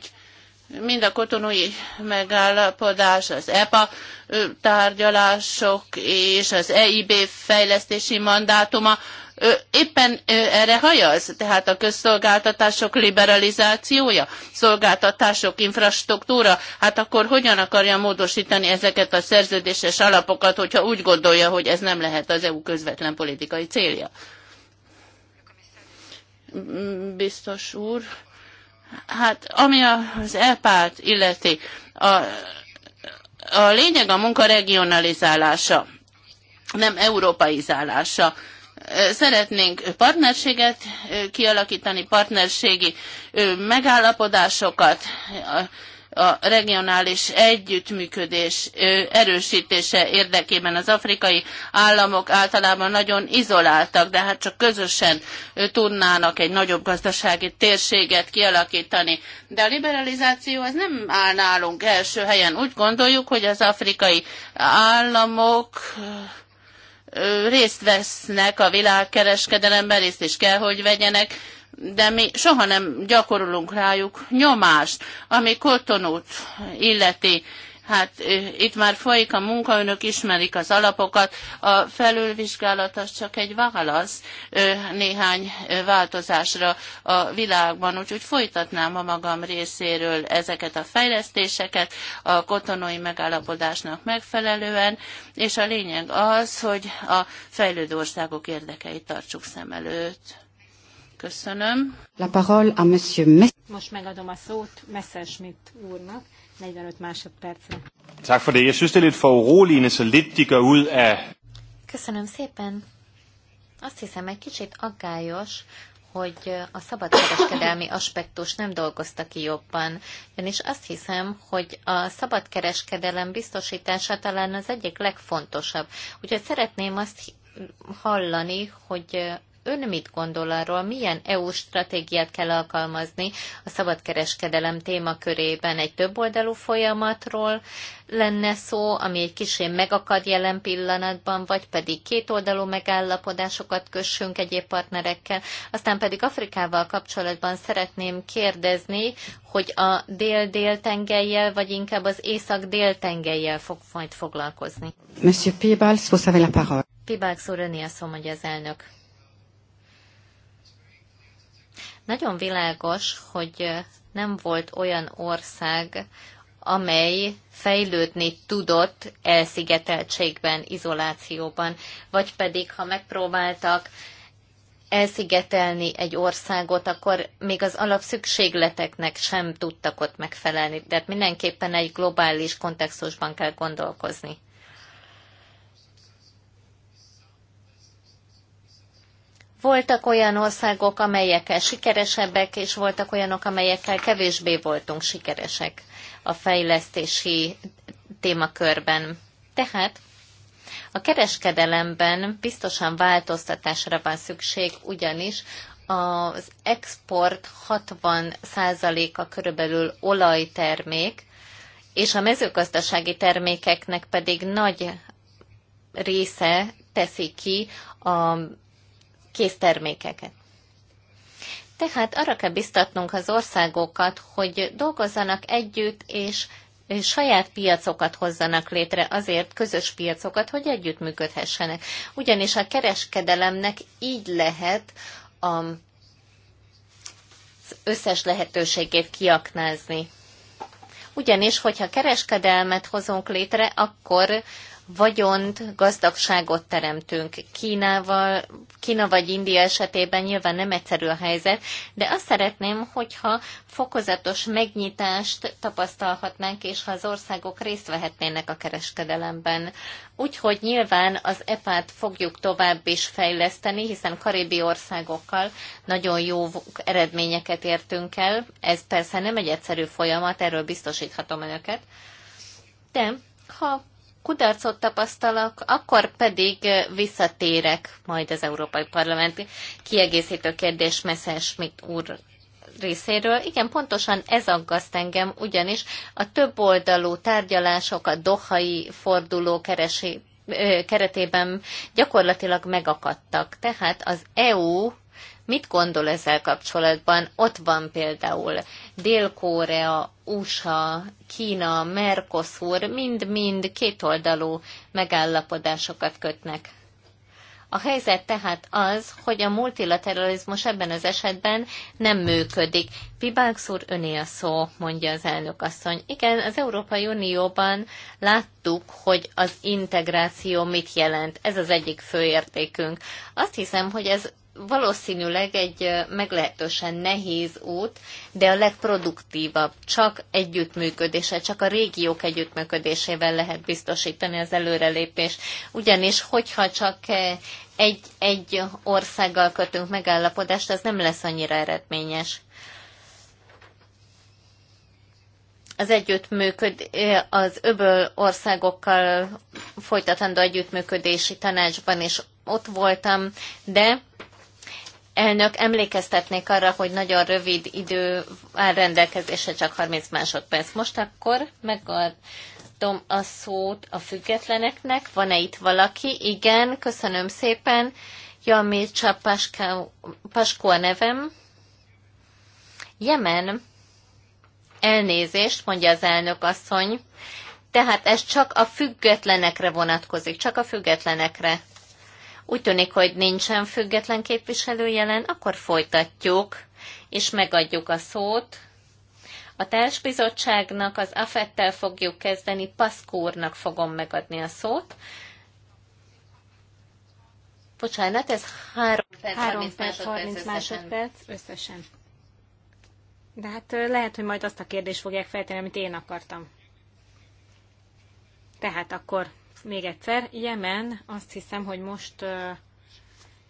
mind a kotonui megállapodás, az EPA tárgyalások és az EIB fejlesztési mandátuma éppen erre hajaz, tehát a közszolgáltatások liberalizációja, szolgáltatások infrastruktúra, hát akkor hogyan akarja módosítani ezeket a szerződéses alapokat, hogyha úgy gondolja, hogy ez nem lehet az EU közvetlen politikai célja? Biztos úr. Hát, ami az EPÁ-t illeti, a, a lényeg a munka regionalizálása, nem európaizálása. Szeretnénk partnerséget kialakítani, partnerségi megállapodásokat, a regionális együttműködés erősítése érdekében az afrikai államok általában nagyon izoláltak, de hát csak közösen tudnának egy nagyobb gazdasági térséget kialakítani. De a liberalizáció az nem áll nálunk első helyen. Úgy gondoljuk, hogy az afrikai államok részt vesznek a világkereskedelemben, részt is kell, hogy vegyenek, de mi soha nem gyakorolunk rájuk nyomást, ami kotonút illeti. Hát itt már folyik a munka, önök ismerik az alapokat. A felülvizsgálat az csak egy válasz néhány változásra a világban, úgyhogy folytatnám a magam részéről ezeket a fejlesztéseket a kotonói megállapodásnak megfelelően, és a lényeg az, hogy a fejlődő országok érdekeit tartsuk szem előtt. Köszönöm. La parole à monsieur Mess- Most megadom a szót Messerschmidt úrnak, 45 másodpercre. Tak for det. Jeg synes, det er lidt for uroligende, så lidt de gør ud af... Köszönöm szépen. Azt hiszem, egy kicsit aggályos, hogy a szabadkereskedelmi aspektus nem dolgozta ki jobban. Én is azt hiszem, hogy a szabadkereskedelem biztosítása talán az egyik legfontosabb. Úgyhogy szeretném azt hallani, hogy Ön mit gondol arról, milyen EU stratégiát kell alkalmazni a szabadkereskedelem témakörében? Egy többoldalú folyamatról lenne szó, ami egy kicsi megakad jelen pillanatban, vagy pedig kétoldalú megállapodásokat kössünk egyéb partnerekkel. Aztán pedig Afrikával kapcsolatban szeretném kérdezni, hogy a dél-dél vagy inkább az észak-dél fog majd foglalkozni. Monsieur Pibals, vous avez la parole. Pibals a szó, mondja az elnök. Nagyon világos, hogy nem volt olyan ország, amely fejlődni tudott elszigeteltségben, izolációban, vagy pedig, ha megpróbáltak elszigetelni egy országot, akkor még az alapszükségleteknek sem tudtak ott megfelelni. Tehát mindenképpen egy globális kontextusban kell gondolkozni. Voltak olyan országok, amelyekkel sikeresebbek, és voltak olyanok, amelyekkel kevésbé voltunk sikeresek a fejlesztési témakörben. Tehát a kereskedelemben biztosan változtatásra van szükség, ugyanis az export 60%-a körülbelül olajtermék, és a mezőgazdasági termékeknek pedig nagy része teszi ki a késztermékeket. Tehát arra kell biztatnunk az országokat, hogy dolgozzanak együtt, és saját piacokat hozzanak létre, azért közös piacokat, hogy együttműködhessenek. Ugyanis a kereskedelemnek így lehet az összes lehetőségét kiaknázni. Ugyanis, hogyha kereskedelmet hozunk létre, akkor vagyont, gazdagságot teremtünk. Kínával, Kína vagy India esetében nyilván nem egyszerű a helyzet, de azt szeretném, hogyha fokozatos megnyitást tapasztalhatnánk, és ha az országok részt vehetnének a kereskedelemben. Úgyhogy nyilván az EPA-t fogjuk tovább is fejleszteni, hiszen karibi országokkal nagyon jó eredményeket értünk el. Ez persze nem egy egyszerű folyamat, erről biztosíthatom önöket. De ha kudarcot tapasztalok, akkor pedig visszatérek majd az Európai Parlamenti kiegészítő kérdés Messzes mit úr részéről. Igen, pontosan ez aggaszt engem, ugyanis a több oldalú tárgyalások, a dohai forduló keresi, keretében gyakorlatilag megakadtak. Tehát az EU mit gondol ezzel kapcsolatban? Ott van például Dél-Korea, USA, Kína, Mercosur mind-mind kétoldalú megállapodásokat kötnek. A helyzet tehát az, hogy a multilateralizmus ebben az esetben nem működik. Pibáksz úr, öné a szó, mondja az elnök asszony. Igen, az Európai Unióban láttuk, hogy az integráció mit jelent. Ez az egyik fő Azt hiszem, hogy ez valószínűleg egy meglehetősen nehéz út, de a legproduktívabb. Csak együttműködése, csak a régiók együttműködésével lehet biztosítani az előrelépés. Ugyanis, hogyha csak egy, egy országgal kötünk megállapodást, az nem lesz annyira eredményes. az együttműköd, az öböl országokkal folytatandó együttműködési tanácsban is ott voltam, de Elnök, emlékeztetnék arra, hogy nagyon rövid idő áll rendelkezésre, csak 30 másodperc. Most akkor megadom a szót a függetleneknek. Van-e itt valaki? Igen, köszönöm szépen. Jami Csapaskó a nevem. Jemen. Elnézést, mondja az elnök asszony. Tehát ez csak a függetlenekre vonatkozik, csak a függetlenekre. Úgy tűnik, hogy nincsen független képviselő jelen, akkor folytatjuk, és megadjuk a szót. A társbizottságnak az AFET-tel fogjuk kezdeni, Paszkórnak fogom megadni a szót. Bocsánat, ez 3 perc, 3 perc 30 másodperc, másodperc összesen. De hát lehet, hogy majd azt a kérdést fogják feltenni, amit én akartam. Tehát akkor még egyszer, Jemen azt hiszem, hogy most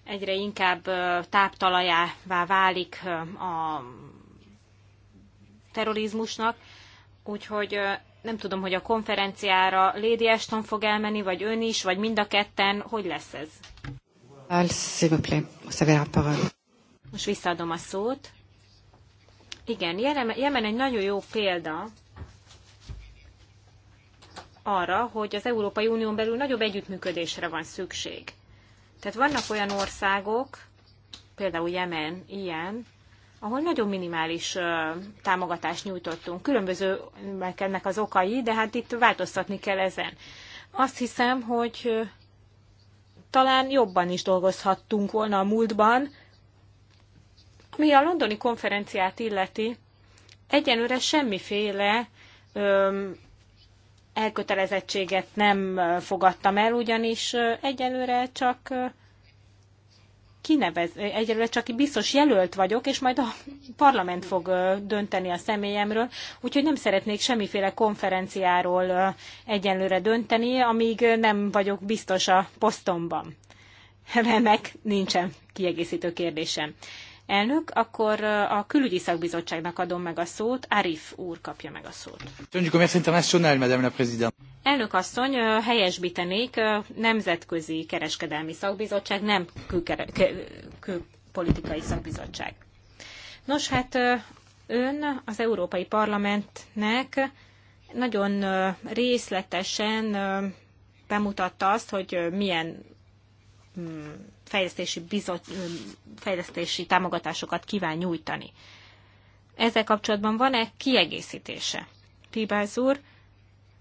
egyre inkább táptalajává válik a terrorizmusnak, úgyhogy nem tudom, hogy a konferenciára Lady Ashton fog elmenni, vagy ön is, vagy mind a ketten, hogy lesz ez? Most visszaadom a szót. Igen, Jemen egy nagyon jó példa arra, hogy az Európai Unión belül nagyobb együttműködésre van szükség. Tehát vannak olyan országok, például Jemen ilyen, ahol nagyon minimális ö, támogatást nyújtottunk. Különbözőek ennek az okai, de hát itt változtatni kell ezen. Azt hiszem, hogy ö, talán jobban is dolgozhattunk volna a múltban. Mi a londoni konferenciát illeti, egyenőre semmiféle ö, elkötelezettséget nem fogadtam el, ugyanis egyelőre csak kinevez, egyelőre csak biztos jelölt vagyok, és majd a parlament fog dönteni a személyemről, úgyhogy nem szeretnék semmiféle konferenciáról egyelőre dönteni, amíg nem vagyok biztos a posztomban. Remek, nincsen kiegészítő kérdésem elnök, akkor a külügyi szakbizottságnak adom meg a szót, Arif úr kapja meg a szót. Elnök asszony, helyesbítenék, nemzetközi kereskedelmi szakbizottság, nem külpolitikai szakbizottság. Nos, hát ön az Európai Parlamentnek nagyon részletesen bemutatta azt, hogy milyen mm, fejlesztési, bizot, fejlesztési támogatásokat kíván nyújtani. Ezzel kapcsolatban van-e kiegészítése? Pibáz úr,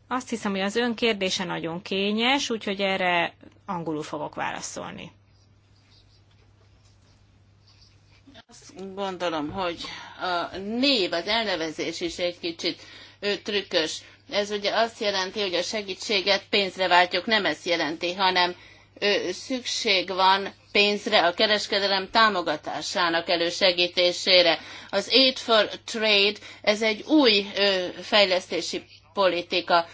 azt hiszem, hogy az ön kérdése nagyon kényes, úgyhogy erre angolul fogok válaszolni. Azt gondolom, hogy a név, az elnevezés is egy kicsit ő, trükkös. Ez ugye azt jelenti, hogy a segítséget pénzre váltjuk, nem ezt jelenti, hanem szükség van pénzre a kereskedelem támogatásának elősegítésére. Az Aid for Trade, ez egy új fejlesztési politika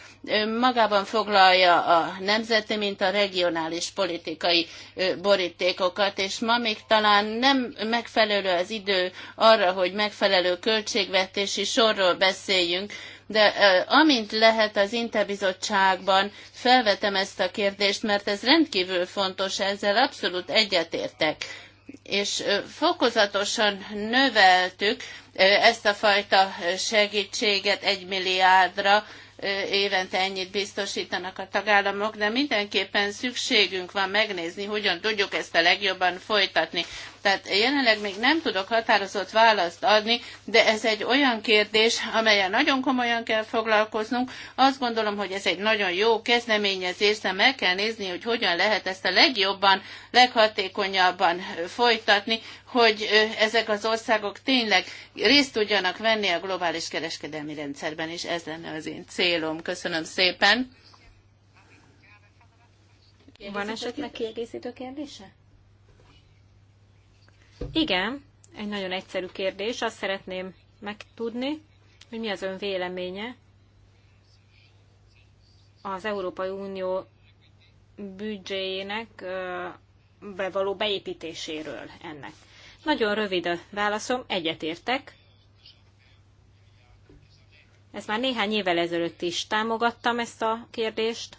magában foglalja a nemzeti, mint a regionális politikai borítékokat, és ma még talán nem megfelelő az idő arra, hogy megfelelő költségvetési sorról beszéljünk, de amint lehet az interbizottságban felvetem ezt a kérdést, mert ez rendkívül fontos, ezzel abszolút egyetértek és fokozatosan növeltük ezt a fajta segítséget egy milliárdra, évente ennyit biztosítanak a tagállamok, de mindenképpen szükségünk van megnézni, hogyan tudjuk ezt a legjobban folytatni. Tehát jelenleg még nem tudok határozott választ adni, de ez egy olyan kérdés, amelyen nagyon komolyan kell foglalkoznunk. Azt gondolom, hogy ez egy nagyon jó kezdeményezés, de meg kell nézni, hogy hogyan lehet ezt a legjobban, leghatékonyabban folytatni, hogy ezek az országok tényleg részt tudjanak venni a globális kereskedelmi rendszerben, és ez lenne az én célom. Köszönöm szépen. Van esetleg kiegészítő kérdése? Igen, egy nagyon egyszerű kérdés. Azt szeretném megtudni, hogy mi az ön véleménye az Európai Unió büdzséjének bevaló beépítéséről ennek. Nagyon rövid a válaszom, egyetértek. Ezt már néhány évvel ezelőtt is támogattam ezt a kérdést.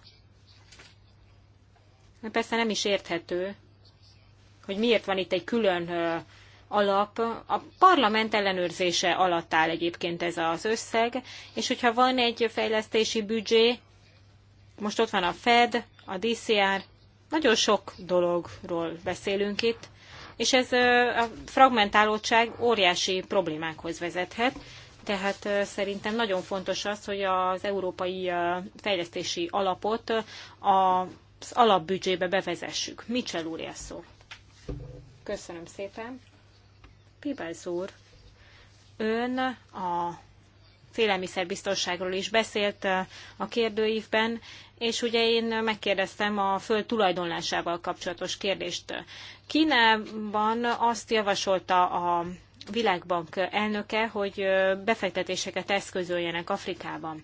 Persze nem is érthető, hogy miért van itt egy külön alap. A parlament ellenőrzése alatt áll egyébként ez az összeg, és hogyha van egy fejlesztési büdzsé, most ott van a Fed, a DCR, nagyon sok dologról beszélünk itt, és ez a fragmentálódtság óriási problémákhoz vezethet. Tehát szerintem nagyon fontos az, hogy az európai fejlesztési alapot az alapbüdzsébe bevezessük. Mitchell úr szó. Köszönöm szépen. Pibelz úr, ön a félelmiszerbiztonságról is beszélt a kérdőívben, és ugye én megkérdeztem a föld tulajdonlásával kapcsolatos kérdést. Kínában azt javasolta a Világbank elnöke, hogy befektetéseket eszközöljenek Afrikában.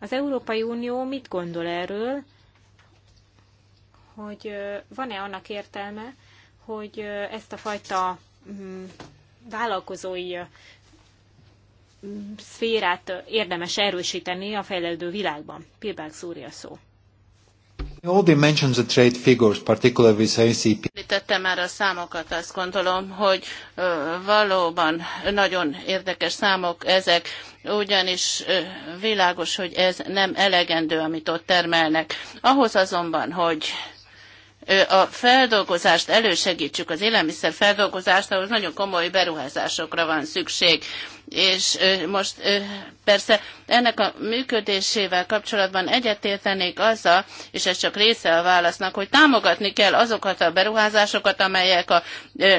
Az Európai Unió mit gondol erről, hogy van-e annak értelme, hogy ezt a fajta mm, vállalkozói mm, szférát érdemes erősíteni a fejlődő világban. Pilbák szúrja szó. All dimensions of trade figures, particularly with ACP. Tettem már a számokat, azt gondolom, hogy valóban nagyon érdekes számok ezek, ugyanis világos, hogy ez nem elegendő, amit ott termelnek. Ahhoz azonban, hogy a feldolgozást elősegtsük az élelmiszer feldolgozást, ahhoz nagyon komoly beruházásokra van szükség és most persze ennek a működésével kapcsolatban egyetértenék azzal, és ez csak része a válasznak, hogy támogatni kell azokat a beruházásokat, amelyek a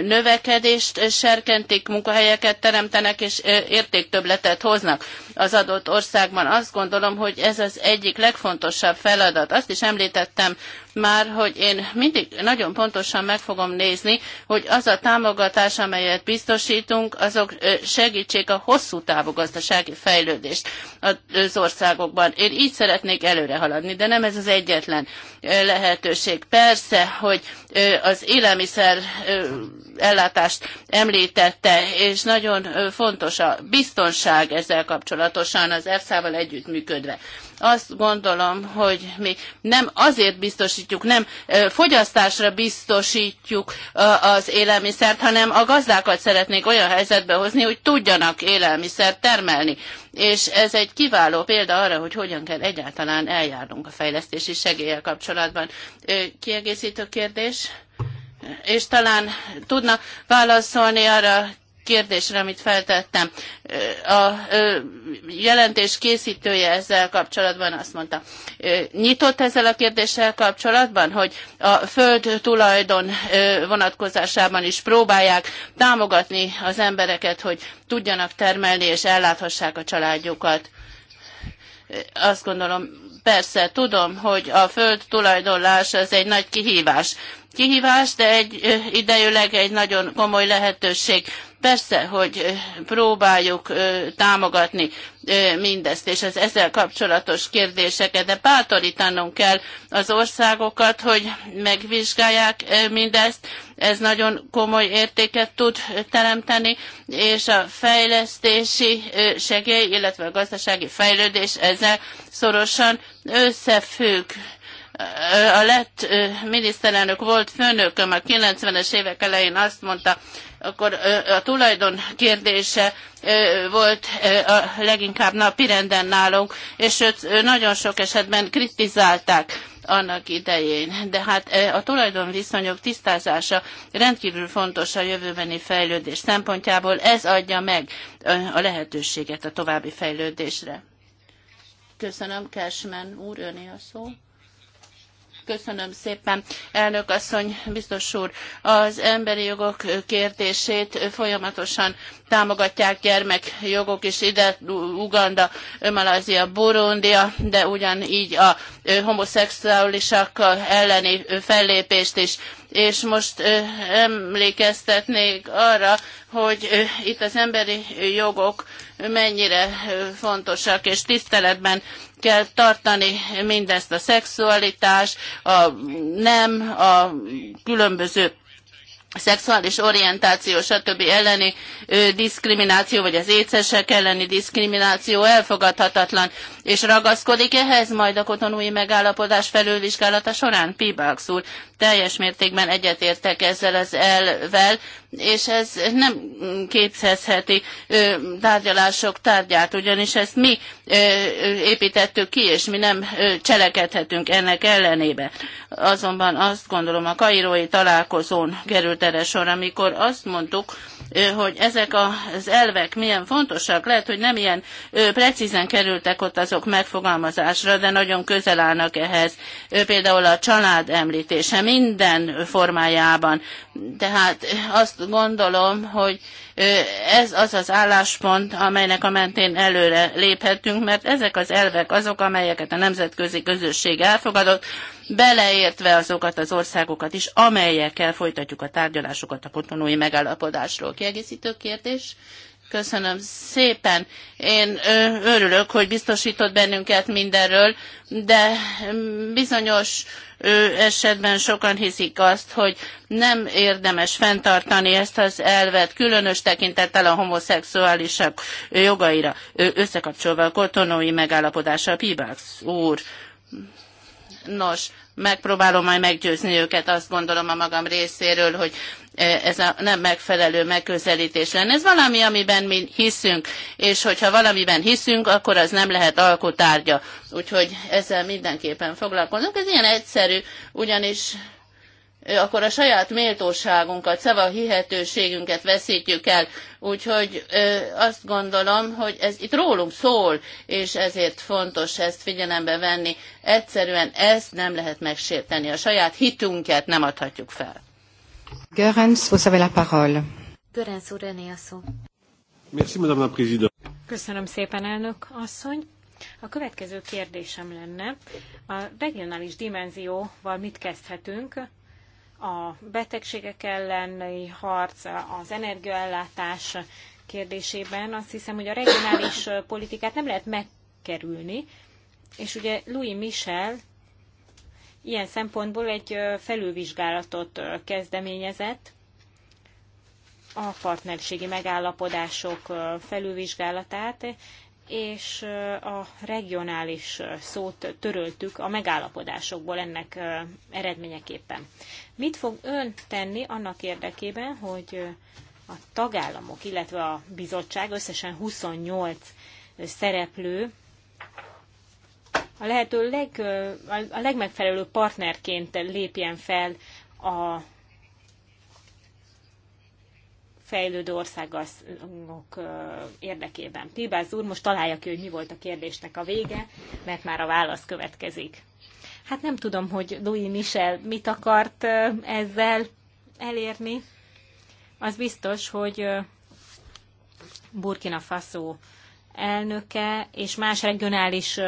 növekedést serkentik, munkahelyeket teremtenek és értéktöbletet hoznak az adott országban. Azt gondolom, hogy ez az egyik legfontosabb feladat. Azt is említettem már, hogy én mindig nagyon pontosan meg fogom nézni, hogy az a támogatás, amelyet biztosítunk, azok segítsék a hosszú távú gazdasági fejlődést az országokban. Én így szeretnék előre haladni, de nem ez az egyetlen lehetőség. Persze, hogy az élelmiszer ellátást említette, és nagyon fontos a biztonság ezzel kapcsolatosan az EFSA-val együttműködve azt gondolom, hogy mi nem azért biztosítjuk, nem fogyasztásra biztosítjuk az élelmiszert, hanem a gazdákat szeretnék olyan helyzetbe hozni, hogy tudjanak élelmiszert termelni. És ez egy kiváló példa arra, hogy hogyan kell egyáltalán eljárnunk a fejlesztési segélyek kapcsolatban. Kiegészítő kérdés? és talán tudna válaszolni arra a kérdésre, amit feltettem. A jelentés készítője ezzel kapcsolatban azt mondta, nyitott ezzel a kérdéssel kapcsolatban, hogy a föld tulajdon vonatkozásában is próbálják támogatni az embereket, hogy tudjanak termelni és elláthassák a családjukat. Azt gondolom, persze tudom, hogy a föld tulajdonlás az egy nagy kihívás. Kihívás, de egy, idejüleg egy nagyon komoly lehetőség Persze, hogy próbáljuk támogatni mindezt, és az ezzel kapcsolatos kérdéseket, de bátorítanunk kell az országokat, hogy megvizsgálják mindezt. Ez nagyon komoly értéket tud teremteni, és a fejlesztési segély, illetve a gazdasági fejlődés ezzel szorosan összefügg a lett miniszterelnök volt főnököm a 90-es évek elején azt mondta, akkor a tulajdon kérdése volt a leginkább napirenden nálunk, és őt nagyon sok esetben kritizálták annak idején. De hát a tulajdonviszonyok tisztázása rendkívül fontos a jövőbeni fejlődés szempontjából. Ez adja meg a lehetőséget a további fejlődésre. Köszönöm, Kersmen úr, öné a szó. Köszönöm szépen, elnök asszony, biztos úr. Az emberi jogok kérdését folyamatosan támogatják gyermekjogok is ide, Uganda, Malázia, Burundia, de ugyanígy a homoszexuálisak elleni fellépést is és most emlékeztetnék arra, hogy itt az emberi jogok mennyire fontosak, és tiszteletben kell tartani mindezt a szexualitás, a nem, a különböző szexuális orientáció, stb. elleni ö, diszkrimináció, vagy az écesek elleni diszkrimináció elfogadhatatlan, és ragaszkodik ehhez majd a kotonúi megállapodás felülvizsgálata során? Pibax úr, teljes mértékben egyetértek ezzel az elvel, és ez nem képezheti tárgyalások tárgyát, ugyanis ezt mi építettük ki, és mi nem cselekedhetünk ennek ellenébe. Azonban azt gondolom a kairói találkozón került erre sor, amikor azt mondtuk, hogy ezek az elvek milyen fontosak. Lehet, hogy nem ilyen precízen kerültek ott azok megfogalmazásra, de nagyon közel állnak ehhez. Például a család említése minden formájában. Tehát azt gondolom, hogy ez az az álláspont, amelynek a mentén előre léphetünk, mert ezek az elvek azok, amelyeket a nemzetközi közösség elfogadott, beleértve azokat az országokat is, amelyekkel folytatjuk a tárgyalásokat a kotonói megállapodásról. Kiegészítő kérdés? Köszönöm szépen. Én örülök, hogy biztosított bennünket mindenről, de bizonyos esetben sokan hiszik azt, hogy nem érdemes fenntartani ezt az elvet, különös tekintettel a homoszexuálisak jogaira, összekapcsolva a kotonói megállapodása a Pibax úr. Nos, megpróbálom majd meggyőzni őket, azt gondolom a magam részéről, hogy E, ez a nem megfelelő megközelítés lenne. Ez valami, amiben mi hiszünk, és hogyha valamiben hiszünk, akkor az nem lehet alkotárgya. Úgyhogy ezzel mindenképpen foglalkozunk. Ez ilyen egyszerű, ugyanis e, akkor a saját méltóságunkat, szava hihetőségünket veszítjük el. Úgyhogy ö, e, azt gondolom, hogy ez itt rólunk szól, és ezért fontos ezt figyelembe venni. Egyszerűen ezt nem lehet megsérteni. A saját hitünket nem adhatjuk fel. Görens, vous avez la parole. Görens úr, öné a szó. Merci, madame la présidente. Köszönöm szépen, elnök asszony. A következő kérdésem lenne, a regionális dimenzióval mit kezdhetünk? A betegségek elleni harc, az energiaellátás kérdésében azt hiszem, hogy a regionális politikát nem lehet megkerülni, és ugye Louis Michel ilyen szempontból egy felülvizsgálatot kezdeményezett, a partnerségi megállapodások felülvizsgálatát, és a regionális szót töröltük a megállapodásokból ennek eredményeképpen. Mit fog ön tenni annak érdekében, hogy a tagállamok, illetve a bizottság, összesen 28 szereplő a lehető leg, a legmegfelelőbb partnerként lépjen fel a fejlődő országok érdekében. Pibáz úr most találja ki, hogy mi volt a kérdésnek a vége, mert már a válasz következik. Hát nem tudom, hogy Louis Michel mit akart ezzel elérni. Az biztos, hogy Burkina Faso elnöke és más regionális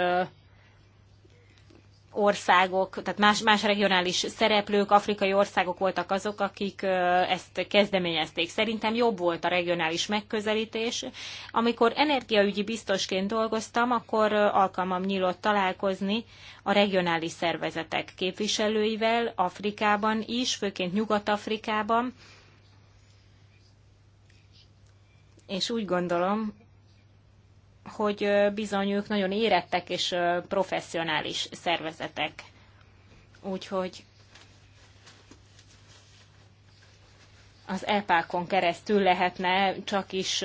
országok, tehát más, más regionális szereplők, afrikai országok voltak azok, akik ezt kezdeményezték. Szerintem jobb volt a regionális megközelítés. Amikor energiaügyi biztosként dolgoztam, akkor alkalmam nyílott találkozni a regionális szervezetek képviselőivel Afrikában is, főként Nyugat-Afrikában. És úgy gondolom, hogy bizony ők nagyon érettek és professzionális szervezetek. Úgyhogy az EPÁKon keresztül lehetne csak is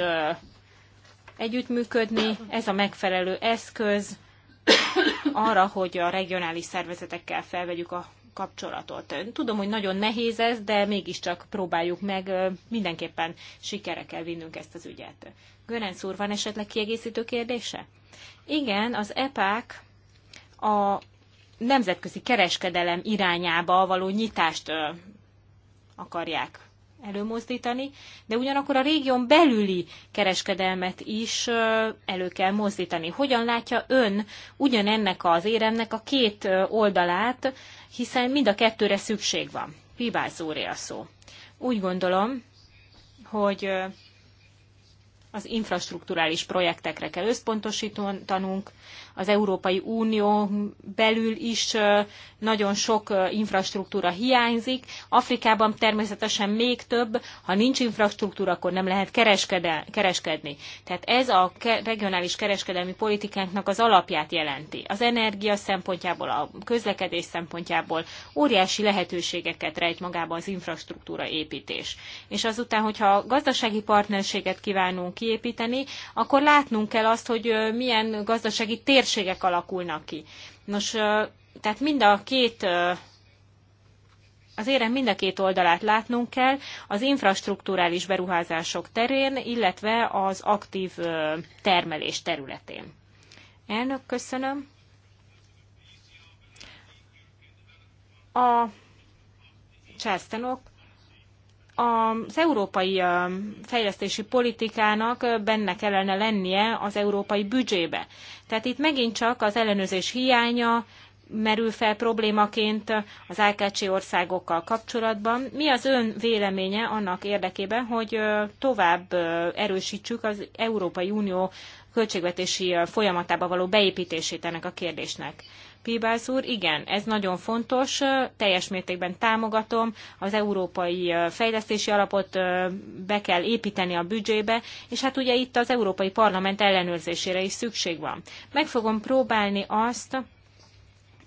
együttműködni. Ez a megfelelő eszköz arra, hogy a regionális szervezetekkel felvegyük a kapcsolatot. Tudom, hogy nagyon nehéz ez, de mégiscsak próbáljuk meg, mindenképpen sikerre kell vinnünk ezt az ügyet. Görenc úr, van esetleg kiegészítő kérdése? Igen, az EPÁK a nemzetközi kereskedelem irányába való nyitást akarják előmozdítani, de ugyanakkor a régión belüli kereskedelmet is elő kell mozdítani. Hogyan látja ön ugyanennek az éremnek a két oldalát, hiszen mind a kettőre szükség van. Pibáz a szó. Úgy gondolom, hogy az infrastruktúrális projektekre kell összpontosítanunk, az Európai Unió belül is nagyon sok infrastruktúra hiányzik. Afrikában természetesen még több, ha nincs infrastruktúra, akkor nem lehet kereskedni. Tehát ez a regionális kereskedelmi politikánknak az alapját jelenti. Az energia szempontjából, a közlekedés szempontjából óriási lehetőségeket rejt magába az infrastruktúra építés. És azután, hogyha gazdasági partnerséget kívánunk kiépíteni, akkor látnunk kell azt, hogy milyen gazdasági tér térségek alakulnak ki. Nos, tehát mind a két az érem mind a két oldalát látnunk kell, az infrastruktúrális beruházások terén, illetve az aktív termelés területén. Elnök, köszönöm. A császtanok az európai fejlesztési politikának benne kellene lennie az európai büdzsébe. Tehát itt megint csak az ellenőrzés hiánya merül fel problémaként az AKC országokkal kapcsolatban. Mi az ön véleménye annak érdekében, hogy tovább erősítsük az Európai Unió költségvetési folyamatába való beépítését ennek a kérdésnek? Pibász úr, igen, ez nagyon fontos, teljes mértékben támogatom, az Európai Fejlesztési Alapot be kell építeni a büdzsébe, és hát ugye itt az Európai Parlament ellenőrzésére is szükség van. Meg fogom próbálni azt,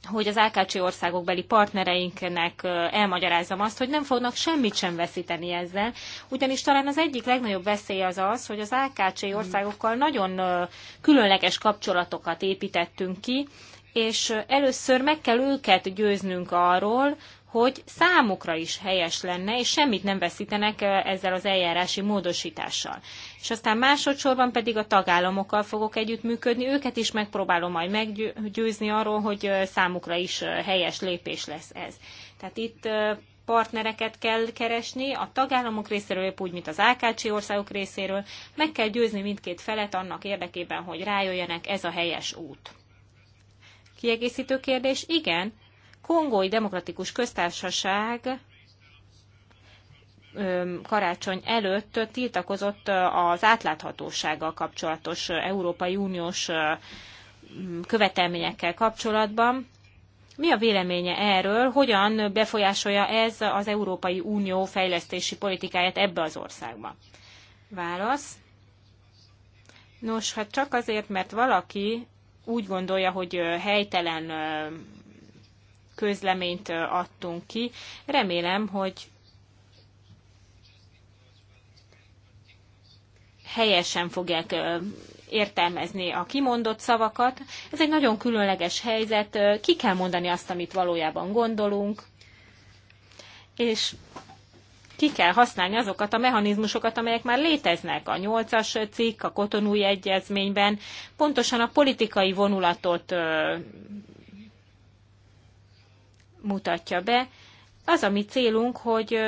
hogy az AKC országok beli partnereinknek elmagyarázzam azt, hogy nem fognak semmit sem veszíteni ezzel, ugyanis talán az egyik legnagyobb veszély az az, hogy az AKC országokkal nagyon különleges kapcsolatokat építettünk ki, és először meg kell őket győznünk arról, hogy számukra is helyes lenne, és semmit nem veszítenek ezzel az eljárási módosítással. És aztán másodszorban pedig a tagállamokkal fogok együttműködni, őket is megpróbálom majd meggyőzni arról, hogy számukra is helyes lépés lesz ez. Tehát itt partnereket kell keresni, a tagállamok részéről, épp úgy, mint az AKC országok részéről, meg kell győzni mindkét felet annak érdekében, hogy rájöjjenek ez a helyes út. Kiegészítő kérdés? Igen. Kongói Demokratikus Köztársaság karácsony előtt tiltakozott az átláthatósággal kapcsolatos Európai Uniós követelményekkel kapcsolatban. Mi a véleménye erről? Hogyan befolyásolja ez az Európai Unió fejlesztési politikáját ebbe az országba? Válasz. Nos, hát csak azért, mert valaki úgy gondolja, hogy helytelen közleményt adtunk ki. Remélem, hogy helyesen fogják értelmezni a kimondott szavakat. Ez egy nagyon különleges helyzet, ki kell mondani azt, amit valójában gondolunk, és ki kell használni azokat a mechanizmusokat, amelyek már léteznek a nyolcas cikk, a kotonúi egyezményben, pontosan a politikai vonulatot mutatja be. Az a mi célunk, hogy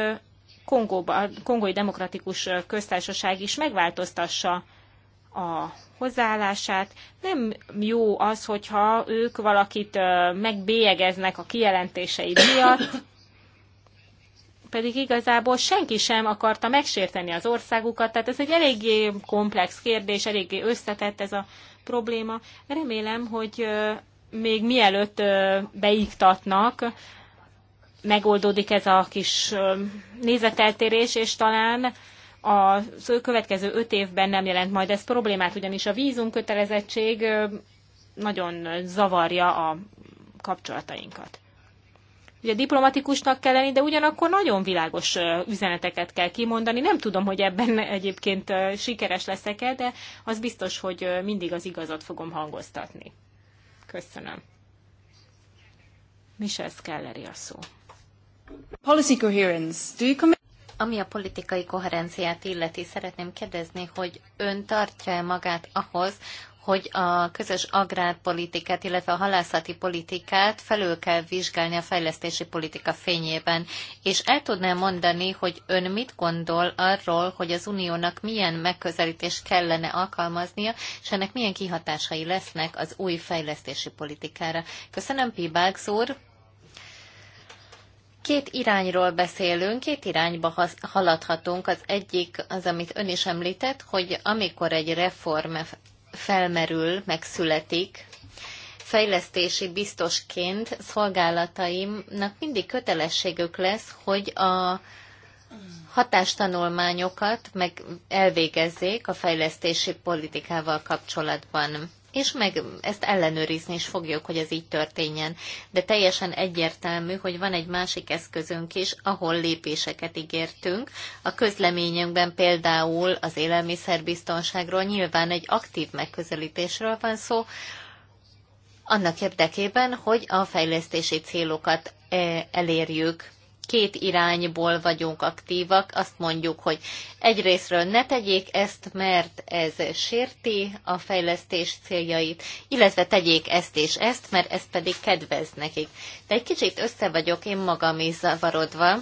Kongóba, a Kongói Demokratikus Köztársaság is megváltoztassa a hozzáállását. Nem jó az, hogyha ők valakit megbélyegeznek a kijelentései miatt, pedig igazából senki sem akarta megsérteni az országukat, tehát ez egy eléggé komplex kérdés, eléggé összetett ez a probléma. Remélem, hogy még mielőtt beiktatnak, megoldódik ez a kis nézeteltérés, és talán a következő öt évben nem jelent majd ez problémát, ugyanis a vízum kötelezettség nagyon zavarja a kapcsolatainkat. Ugye diplomatikusnak kell lenni, de ugyanakkor nagyon világos üzeneteket kell kimondani. Nem tudom, hogy ebben egyébként sikeres leszek-e, de az biztos, hogy mindig az igazat fogom hangoztatni. Köszönöm. Michel Skelleri a szó. Policy coherence. Do you commit ami a politikai koherenciát illeti, szeretném kérdezni, hogy ön tartja-e magát ahhoz, hogy a közös agrárpolitikát, illetve a halászati politikát felül kell vizsgálni a fejlesztési politika fényében. És el tudná mondani, hogy ön mit gondol arról, hogy az uniónak milyen megközelítést kellene alkalmaznia, és ennek milyen kihatásai lesznek az új fejlesztési politikára. Köszönöm, Pibák úr! két irányról beszélünk, két irányba haladhatunk. Az egyik az, amit ön is említett, hogy amikor egy reform felmerül, megszületik, fejlesztési biztosként szolgálataimnak mindig kötelességük lesz, hogy a hatástanulmányokat meg elvégezzék a fejlesztési politikával kapcsolatban és meg ezt ellenőrizni is fogjuk, hogy ez így történjen. De teljesen egyértelmű, hogy van egy másik eszközünk is, ahol lépéseket ígértünk. A közleményünkben például az élelmiszerbiztonságról nyilván egy aktív megközelítésről van szó, annak érdekében, hogy a fejlesztési célokat eh, elérjük két irányból vagyunk aktívak. Azt mondjuk, hogy egyrésztről ne tegyék ezt, mert ez sérti a fejlesztés céljait, illetve tegyék ezt és ezt, mert ez pedig kedvez nekik. De egy kicsit össze vagyok én magam is zavarodva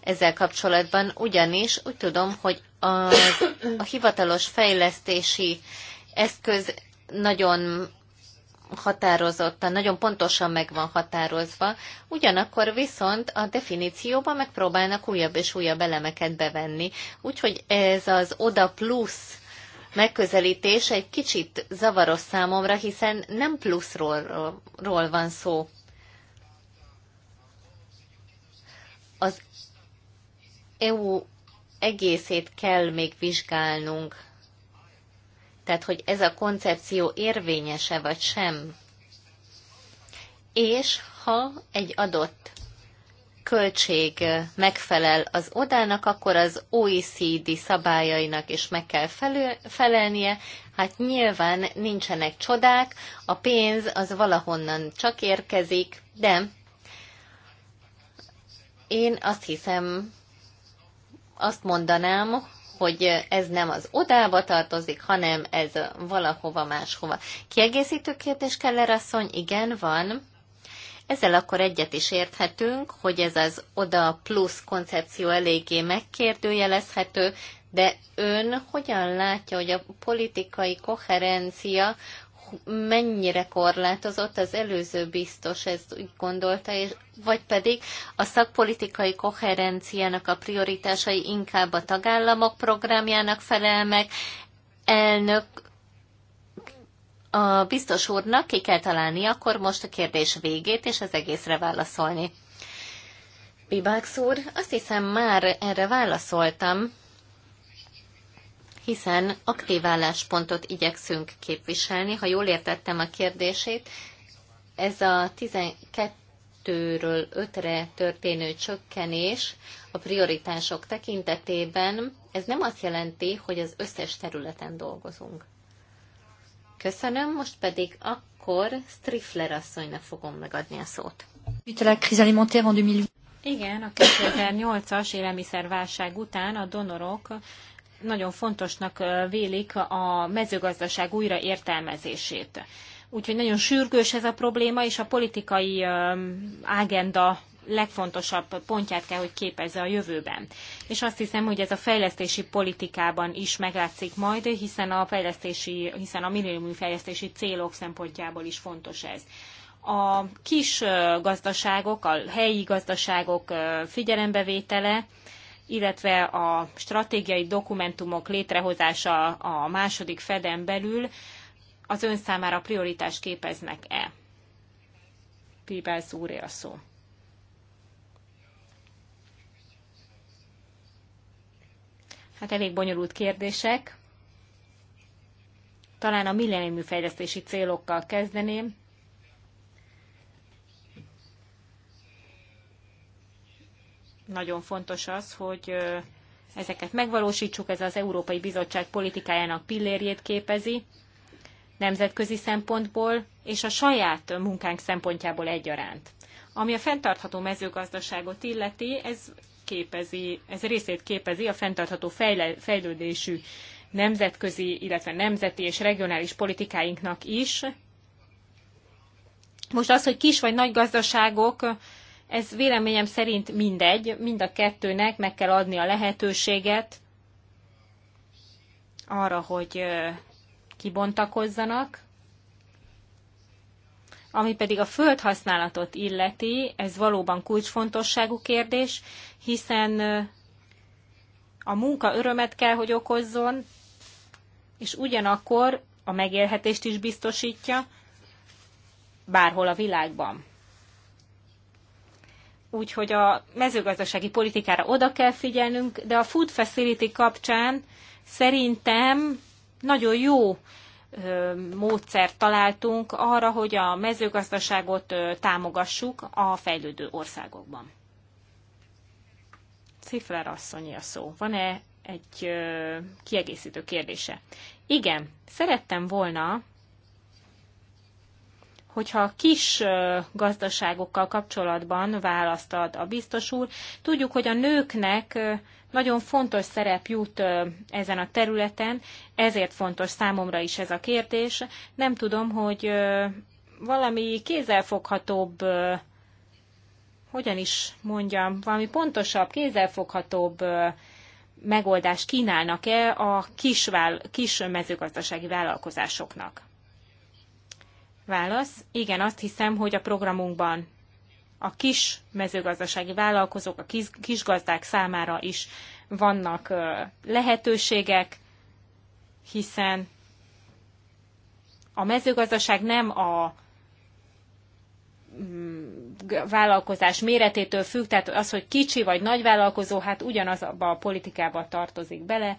ezzel kapcsolatban, ugyanis úgy tudom, hogy a, a hivatalos fejlesztési eszköz nagyon határozottan, nagyon pontosan meg van határozva, ugyanakkor viszont a definícióban megpróbálnak újabb és újabb elemeket bevenni. Úgyhogy ez az oda plusz megközelítés egy kicsit zavaros számomra, hiszen nem pluszról ról van szó. Az EU egészét kell még vizsgálnunk tehát, hogy ez a koncepció érvényese vagy sem. És ha egy adott költség megfelel az odának, akkor az OECD szabályainak is meg kell felelnie. Hát nyilván nincsenek csodák, a pénz az valahonnan csak érkezik, de én azt hiszem, azt mondanám, hogy ez nem az odába tartozik, hanem ez valahova máshova. Kiegészítő kérdés, Keller asszony? Igen, van. Ezzel akkor egyet is érthetünk, hogy ez az oda plusz koncepció eléggé megkérdőjelezhető, de ön hogyan látja, hogy a politikai koherencia mennyire korlátozott, az előző biztos ezt úgy gondolta, és, vagy pedig a szakpolitikai koherenciának a prioritásai inkább a tagállamok programjának felel meg, elnök a biztos úrnak ki kell találni akkor most a kérdés végét, és az egészre válaszolni. Bibáx úr, azt hiszem már erre válaszoltam, hiszen aktív álláspontot igyekszünk képviselni. Ha jól értettem a kérdését, ez a 12-ről 5-re történő csökkenés a prioritások tekintetében, ez nem azt jelenti, hogy az összes területen dolgozunk. Köszönöm, most pedig akkor Strifler asszonynak fogom megadni a szót. Igen, a 2008-as élelmiszerválság után a donorok nagyon fontosnak vélik a mezőgazdaság újraértelmezését. Úgyhogy nagyon sürgős ez a probléma, és a politikai ágenda legfontosabb pontját kell, hogy képezze a jövőben. És azt hiszem, hogy ez a fejlesztési politikában is meglátszik majd, hiszen a, fejlesztési, hiszen a minimumi fejlesztési célok szempontjából is fontos ez. A kis gazdaságok, a helyi gazdaságok figyelembevétele illetve a stratégiai dokumentumok létrehozása a második feden belül az ön számára prioritást képeznek-e? Pibelsz úré a szó. Hát elég bonyolult kérdések. Talán a milleniumi fejlesztési célokkal kezdeném. nagyon fontos az, hogy ezeket megvalósítsuk, ez az Európai Bizottság politikájának pillérjét képezi nemzetközi szempontból és a saját munkánk szempontjából egyaránt. Ami a fenntartható mezőgazdaságot illeti, ez, képezi, ez részét képezi a fenntartható fejle, fejlődésű nemzetközi, illetve nemzeti és regionális politikáinknak is. Most az, hogy kis vagy nagy gazdaságok ez véleményem szerint mindegy, mind a kettőnek meg kell adni a lehetőséget arra, hogy kibontakozzanak. Ami pedig a földhasználatot illeti, ez valóban kulcsfontosságú kérdés, hiszen a munka örömet kell, hogy okozzon, és ugyanakkor a megélhetést is biztosítja bárhol a világban úgyhogy a mezőgazdasági politikára oda kell figyelnünk, de a food facility kapcsán szerintem nagyon jó módszert találtunk arra, hogy a mezőgazdaságot támogassuk a fejlődő országokban. Cifler asszonyi a szó. Van-e egy kiegészítő kérdése? Igen, szerettem volna hogyha a kis gazdaságokkal kapcsolatban választ ad a biztos úr, tudjuk, hogy a nőknek nagyon fontos szerep jut ezen a területen, ezért fontos számomra is ez a kérdés. Nem tudom, hogy valami kézzelfoghatóbb, hogyan is mondjam, valami pontosabb, kézzelfoghatóbb megoldást kínálnak-e a kis, kis mezőgazdasági vállalkozásoknak? Válasz. Igen, azt hiszem, hogy a programunkban a kis mezőgazdasági vállalkozók, a kis, kis gazdák számára is vannak lehetőségek, hiszen a mezőgazdaság nem a mm, vállalkozás méretétől függ, tehát az, hogy kicsi vagy nagy vállalkozó, hát ugyanaz abba a politikába tartozik bele.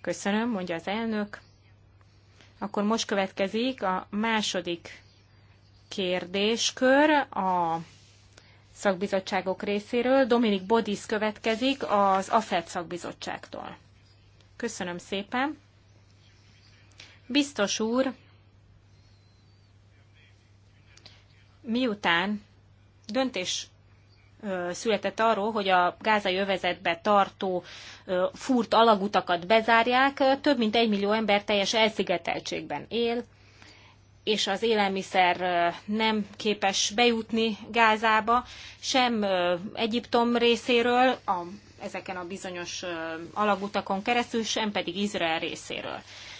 Köszönöm, mondja az elnök. Akkor most következik a második kérdéskör a szakbizottságok részéről. Dominik Bodis következik az AFED szakbizottságtól. Köszönöm szépen. Biztos úr, miután döntés született arról, hogy a gázai övezetbe tartó furt alagutakat bezárják, több mint egy millió ember teljes elszigeteltségben él, és az élelmiszer nem képes bejutni Gázába, sem Egyiptom részéről, a, ezeken a bizonyos alagutakon keresztül, sem pedig Izrael részéről.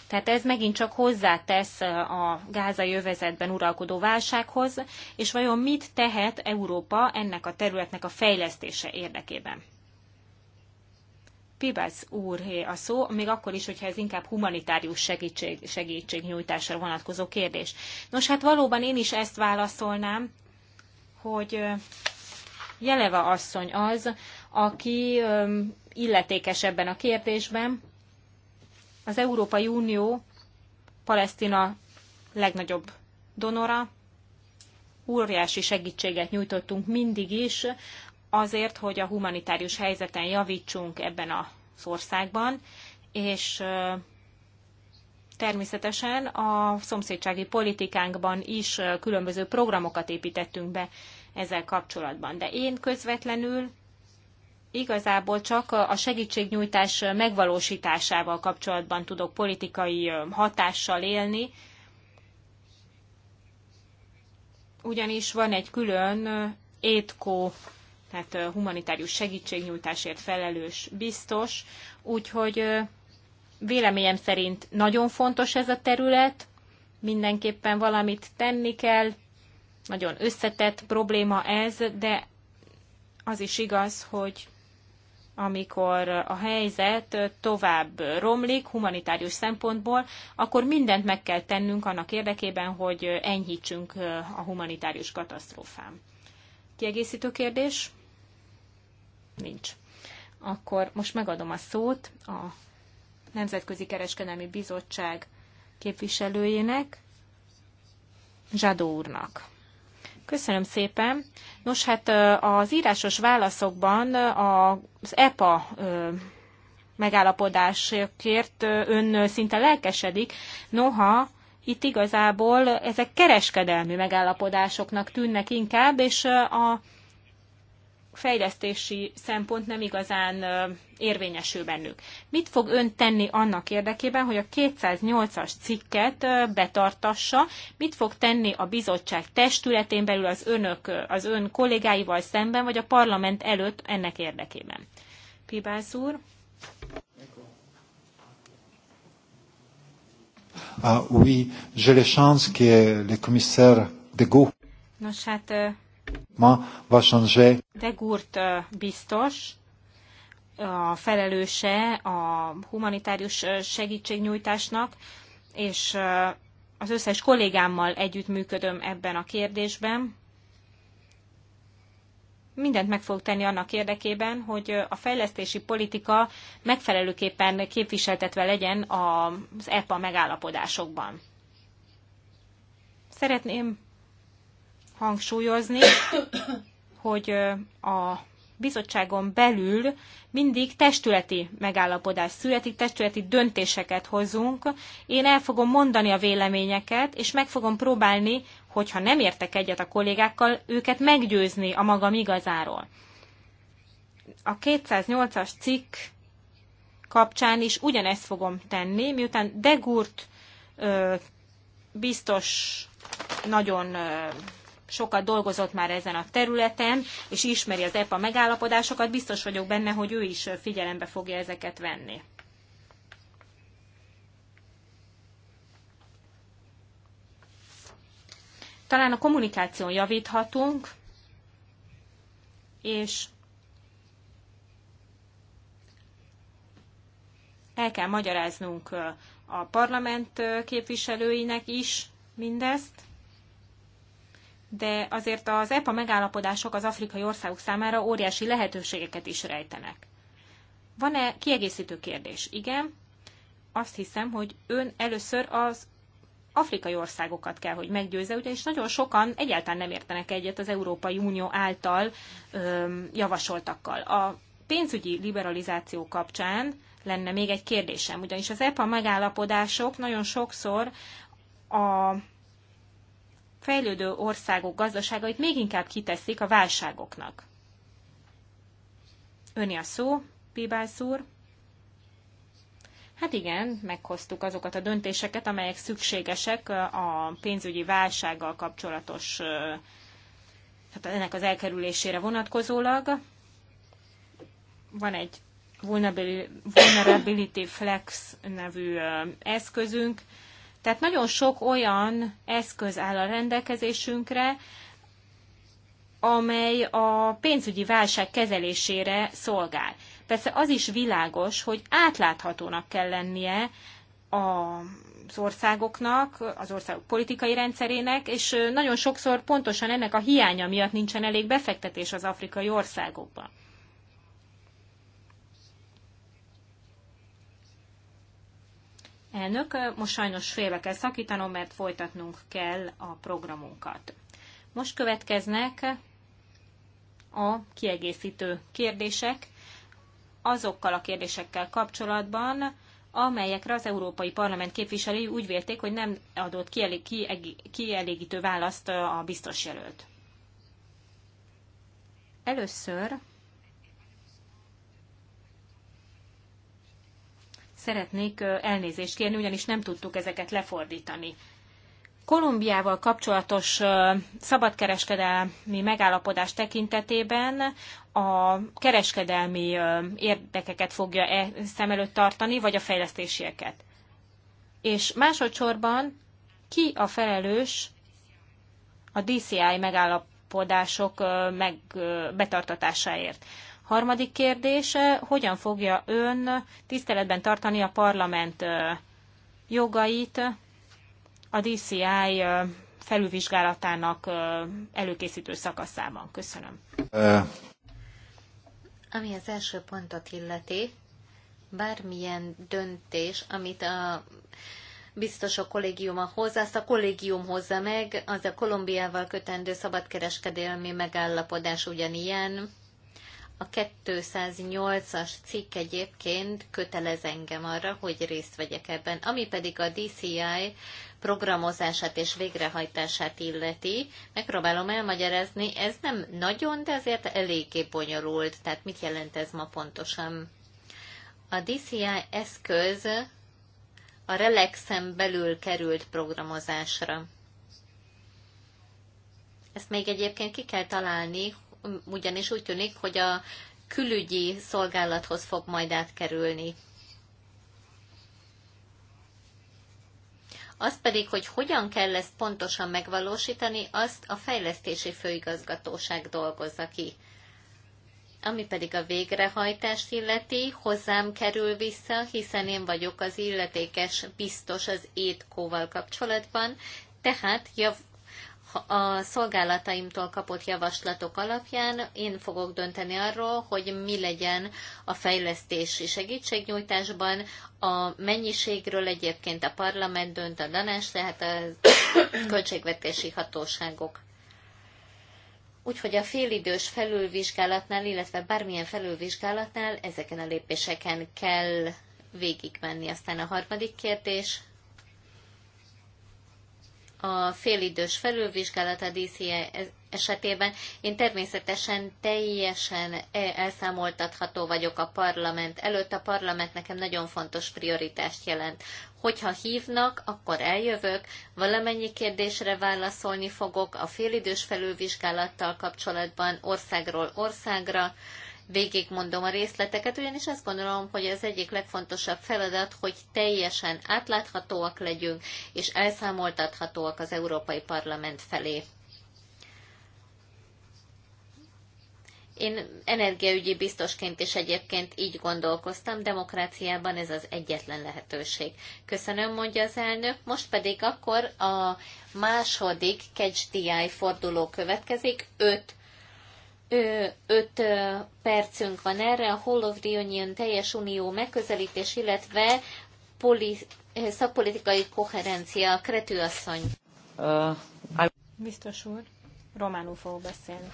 Tehát ez megint csak hozzátesz a gázai övezetben uralkodó válsághoz, és vajon mit tehet Európa ennek a területnek a fejlesztése érdekében? Pibac úr a szó, még akkor is, hogyha ez inkább humanitárius segítség, segítségnyújtásra vonatkozó kérdés. Nos, hát valóban én is ezt válaszolnám, hogy Jeleva asszony az, aki illetékes ebben a kérdésben, az Európai Unió Palesztina legnagyobb donora, óriási segítséget nyújtottunk mindig is, azért, hogy a humanitárius helyzeten javítsunk ebben az országban, és természetesen a szomszédsági politikánkban is különböző programokat építettünk be ezzel kapcsolatban. De én közvetlenül igazából csak a segítségnyújtás megvalósításával kapcsolatban tudok politikai hatással élni, ugyanis van egy külön étkó, tehát humanitárius segítségnyújtásért felelős biztos, úgyhogy véleményem szerint nagyon fontos ez a terület, mindenképpen valamit tenni kell, nagyon összetett probléma ez, de az is igaz, hogy amikor a helyzet tovább romlik humanitárius szempontból, akkor mindent meg kell tennünk annak érdekében, hogy enyhítsünk a humanitárius katasztrófán. Kiegészítő kérdés? Nincs. Akkor most megadom a szót a Nemzetközi Kereskedelmi Bizottság képviselőjének, Zsadó úrnak. Köszönöm szépen. Nos, hát az írásos válaszokban az EPA megállapodásokért ön szinte lelkesedik, noha itt igazából ezek kereskedelmi megállapodásoknak tűnnek inkább, és a fejlesztési szempont nem igazán érvényesül bennük. Mit fog ön tenni annak érdekében, hogy a 208-as cikket betartassa? Mit fog tenni a bizottság testületén belül az önök, az ön kollégáival szemben, vagy a parlament előtt ennek érdekében? Pibász úr? Ah, oui, j'ai la chance que le commissaire de Gaulle. Nos, hát Ma vason changer. De Gurt biztos, a felelőse a humanitárius segítségnyújtásnak, és az összes kollégámmal együttműködöm ebben a kérdésben. Mindent meg fogok tenni annak érdekében, hogy a fejlesztési politika megfelelőképpen képviseltetve legyen az EPA megállapodásokban. Szeretném hangsúlyozni, hogy a bizottságon belül mindig testületi megállapodás születik, testületi döntéseket hozunk. Én el fogom mondani a véleményeket, és meg fogom próbálni, hogyha nem értek egyet a kollégákkal, őket meggyőzni a magam igazáról. A 208-as cikk kapcsán is ugyanezt fogom tenni, miután Degurt ö, biztos nagyon ö, sokat dolgozott már ezen a területen, és ismeri az EPA megállapodásokat, biztos vagyok benne, hogy ő is figyelembe fogja ezeket venni. Talán a kommunikáción javíthatunk, és el kell magyaráznunk a parlament képviselőinek is mindezt, de azért az EPA megállapodások az afrikai országok számára óriási lehetőségeket is rejtenek. Van-e kiegészítő kérdés? Igen. Azt hiszem, hogy ön először az afrikai országokat kell, hogy meggyőzze, és nagyon sokan egyáltalán nem értenek egyet az Európai Unió által öm, javasoltakkal. A pénzügyi liberalizáció kapcsán lenne még egy kérdésem, ugyanis az EPA megállapodások nagyon sokszor a fejlődő országok gazdaságait még inkább kiteszik a válságoknak. Öni a szó, Pibász úr. Hát igen, meghoztuk azokat a döntéseket, amelyek szükségesek a pénzügyi válsággal kapcsolatos, tehát ennek az elkerülésére vonatkozólag. Van egy Vulnerability Flex nevű eszközünk, tehát nagyon sok olyan eszköz áll a rendelkezésünkre, amely a pénzügyi válság kezelésére szolgál. Persze az is világos, hogy átláthatónak kell lennie az országoknak, az országok politikai rendszerének, és nagyon sokszor pontosan ennek a hiánya miatt nincsen elég befektetés az afrikai országokban. Elnök, most sajnos félbe kell szakítanom, mert folytatnunk kell a programunkat. Most következnek a kiegészítő kérdések azokkal a kérdésekkel kapcsolatban, amelyekre az Európai Parlament képviselői úgy vélték, hogy nem adott kielégítő választ a biztos jelölt. Először szeretnék elnézést kérni, ugyanis nem tudtuk ezeket lefordítani. Kolumbiával kapcsolatos szabadkereskedelmi megállapodás tekintetében a kereskedelmi érdekeket fogja -e szem előtt tartani, vagy a fejlesztésieket. És másodszorban ki a felelős a DCI megállapodások meg, betartatásáért. Harmadik kérdés, hogyan fogja ön tiszteletben tartani a parlament jogait a DCI felülvizsgálatának előkészítő szakaszában? Köszönöm. Ami az első pontot illeti, bármilyen döntés, amit a biztos a kollégiuma hozza, azt a kollégium hozza meg, az a Kolumbiával kötendő szabadkereskedelmi megállapodás ugyanilyen, a 208-as cikk egyébként kötelez engem arra, hogy részt vegyek ebben. Ami pedig a DCI programozását és végrehajtását illeti, megpróbálom elmagyarázni, ez nem nagyon, de azért eléggé bonyolult. Tehát mit jelent ez ma pontosan? A DCI eszköz a Relaxen belül került programozásra. Ezt még egyébként ki kell találni, ugyanis úgy tűnik, hogy a külügyi szolgálathoz fog majd átkerülni. Az pedig, hogy hogyan kell ezt pontosan megvalósítani, azt a fejlesztési főigazgatóság dolgozza ki. Ami pedig a végrehajtást illeti, hozzám kerül vissza, hiszen én vagyok az illetékes biztos az étkóval kapcsolatban, tehát jav, a szolgálataimtól kapott javaslatok alapján én fogok dönteni arról, hogy mi legyen a fejlesztési segítségnyújtásban. A mennyiségről egyébként a parlament dönt, a danás, tehát a költségvetési hatóságok. Úgyhogy a félidős felülvizsgálatnál, illetve bármilyen felülvizsgálatnál ezeken a lépéseken kell végigmenni. Aztán a harmadik kérdés, a félidős felülvizsgálat a DCI e esetében. Én természetesen teljesen e elszámoltatható vagyok a parlament előtt. A parlament nekem nagyon fontos prioritást jelent. Hogyha hívnak, akkor eljövök, valamennyi kérdésre válaszolni fogok a félidős felülvizsgálattal kapcsolatban országról országra, végigmondom a részleteket, ugyanis azt gondolom, hogy az egyik legfontosabb feladat, hogy teljesen átláthatóak legyünk, és elszámoltathatóak az Európai Parlament felé. Én energiaügyi biztosként is egyébként így gondolkoztam, demokráciában ez az egyetlen lehetőség. Köszönöm, mondja az elnök. Most pedig akkor a második KCDI forduló következik. Öt 5 percünk van erre, a Hall of the Union teljes unió megközelítés, illetve poli, szakpolitikai koherencia. Kretű asszony. Uh, I... Biztos úr, románul fogok beszélni.